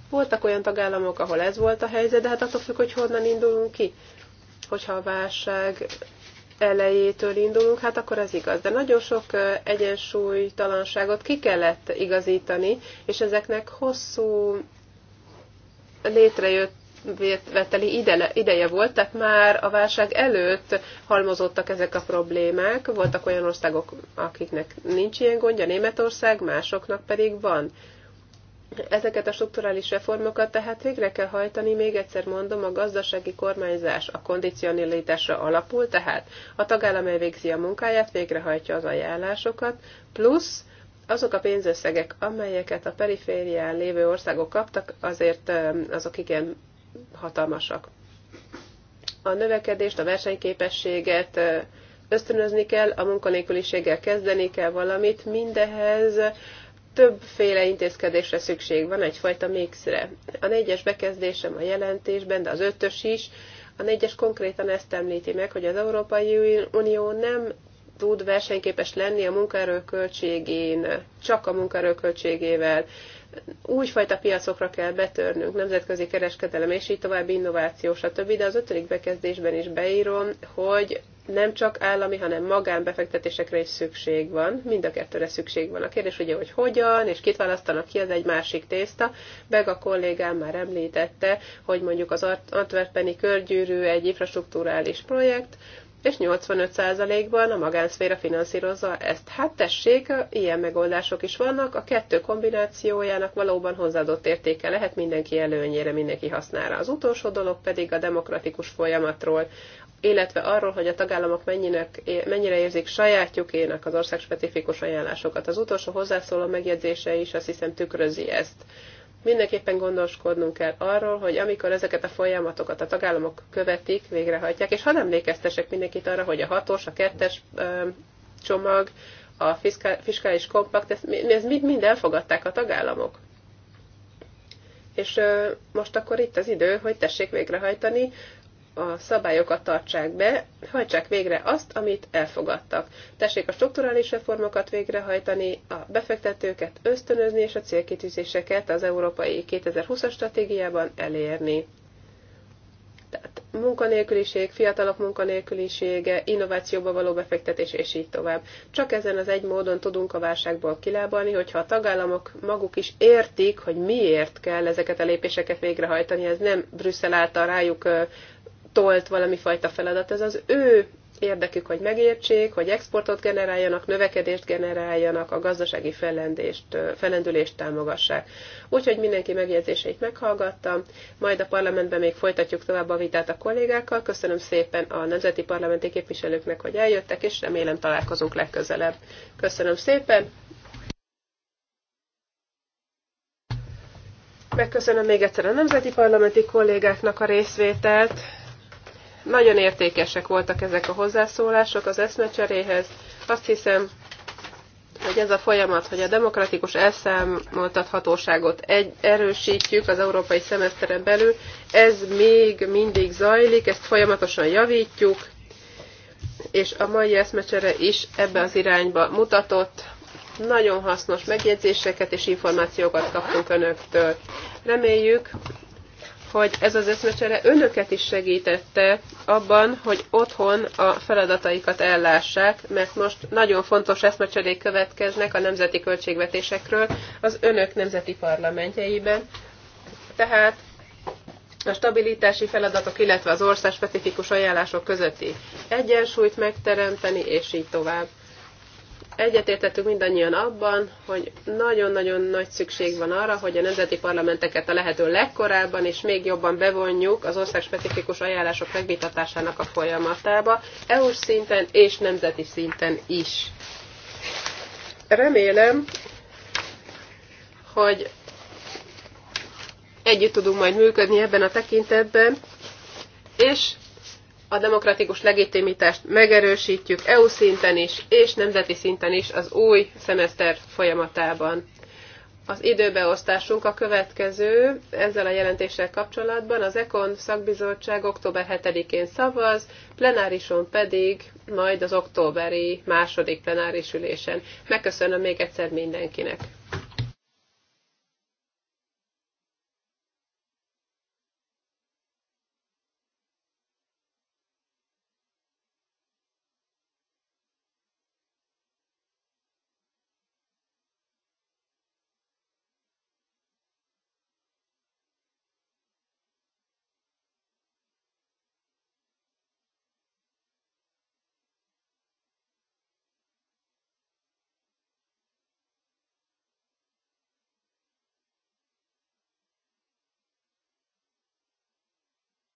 Voltak olyan tagállamok, ahol ez volt a helyzet, de hát attól függ, hogy honnan indulunk ki. Hogyha a válság elejétől indulunk, hát akkor ez igaz. De nagyon sok egyensúlytalanságot ki kellett igazítani, és ezeknek hosszú létrejött veteli ideje volt, tehát már a válság előtt halmozottak ezek a problémák. Voltak olyan országok, akiknek nincs ilyen gondja, Németország, másoknak pedig van. Ezeket a strukturális reformokat tehát végre kell hajtani, még egyszer mondom, a gazdasági kormányzás a kondicionalitásra alapul, tehát a tagállam elvégzi a munkáját, végrehajtja az ajánlásokat, plusz azok a pénzösszegek, amelyeket a periférián lévő országok kaptak, azért azok igen hatalmasak. A növekedést, a versenyképességet ösztönözni kell, a munkanélküliséggel kezdeni kell valamit, mindehez többféle intézkedésre szükség van, egyfajta mixre. A négyes bekezdésem a jelentésben, de az ötös is, a négyes konkrétan ezt említi meg, hogy az Európai Unió nem tud versenyképes lenni a munkaerőköltségén, csak a munkaerőköltségével újfajta piacokra kell betörnünk, nemzetközi kereskedelem, és így tovább innováció, stb. De az ötödik bekezdésben is beírom, hogy nem csak állami, hanem magánbefektetésekre is szükség van, mind a kettőre szükség van. A kérdés ugye, hogy hogyan, és kit választanak ki, az egy másik tészta. Beg a kollégám már említette, hogy mondjuk az Antwerpeni körgyűrű egy infrastruktúrális projekt, és 85%-ban a magánszféra finanszírozza ezt. Hát tessék, ilyen megoldások is vannak, a kettő kombinációjának valóban hozzáadott értéke lehet mindenki előnyére, mindenki hasznára. Az utolsó dolog pedig a demokratikus folyamatról, illetve arról, hogy a tagállamok mennyinek, mennyire érzik sajátjukének az országspecifikus ajánlásokat. Az utolsó hozzászóló megjegyzése is azt hiszem tükrözi ezt. Mindenképpen gondoskodnunk kell arról, hogy amikor ezeket a folyamatokat a tagállamok követik, végrehajtják, és hadd emlékeztesek mindenkit arra, hogy a hatos, a kettes csomag, a fiskális kompakt, ezt, ez mind, mind elfogadták a tagállamok. És most akkor itt az idő, hogy tessék végrehajtani, a szabályokat tartsák be, hajtsák végre azt, amit elfogadtak. Tessék a strukturális reformokat végrehajtani, a befektetőket ösztönözni és a célkitűzéseket az Európai 2020-as stratégiában elérni. Tehát munkanélküliség, fiatalok munkanélkülisége, innovációba való befektetés, és így tovább. Csak ezen az egy módon tudunk a válságból kilábalni, hogyha a tagállamok maguk is értik, hogy miért kell ezeket a lépéseket végrehajtani, ez nem Brüsszel által rájuk tolt valami fajta feladat. Ez az ő érdekük, hogy megértsék, hogy exportot generáljanak, növekedést generáljanak, a gazdasági fellendést, fellendülést támogassák. Úgyhogy mindenki megjegyzéseit meghallgattam, majd a parlamentben még folytatjuk tovább a vitát a kollégákkal. Köszönöm szépen a nemzeti parlamenti képviselőknek, hogy eljöttek, és remélem találkozunk legközelebb. Köszönöm szépen! Megköszönöm még egyszer a nemzeti parlamenti kollégáknak a részvételt. Nagyon értékesek voltak ezek a hozzászólások az eszmecseréhez. Azt hiszem, hogy ez a folyamat, hogy a demokratikus elszámoltathatóságot egy, erősítjük az európai szemeszteren belül, ez még mindig zajlik, ezt folyamatosan javítjuk, és a mai eszmecsere is ebbe az irányba mutatott. Nagyon hasznos megjegyzéseket és információkat kaptunk önöktől. Reméljük, hogy ez az eszmecsere önöket is segítette abban, hogy otthon a feladataikat ellássák, mert most nagyon fontos eszmecserék következnek a nemzeti költségvetésekről az önök nemzeti parlamentjeiben. Tehát a stabilitási feladatok, illetve az ország specifikus ajánlások közötti egyensúlyt megteremteni, és így tovább egyetértettünk mindannyian abban, hogy nagyon-nagyon nagy szükség van arra, hogy a nemzeti parlamenteket a lehető legkorábban és még jobban bevonjuk az ország specifikus ajánlások megvitatásának a folyamatába, EU-s szinten és nemzeti szinten is. Remélem, hogy együtt tudunk majd működni ebben a tekintetben, és a demokratikus legitimitást megerősítjük EU szinten is, és nemzeti szinten is az új szemeszter folyamatában. Az időbeosztásunk a következő ezzel a jelentéssel kapcsolatban. Az EKON szakbizottság október 7-én szavaz, plenárison pedig majd az októberi második plenáris ülésen. Megköszönöm még egyszer mindenkinek.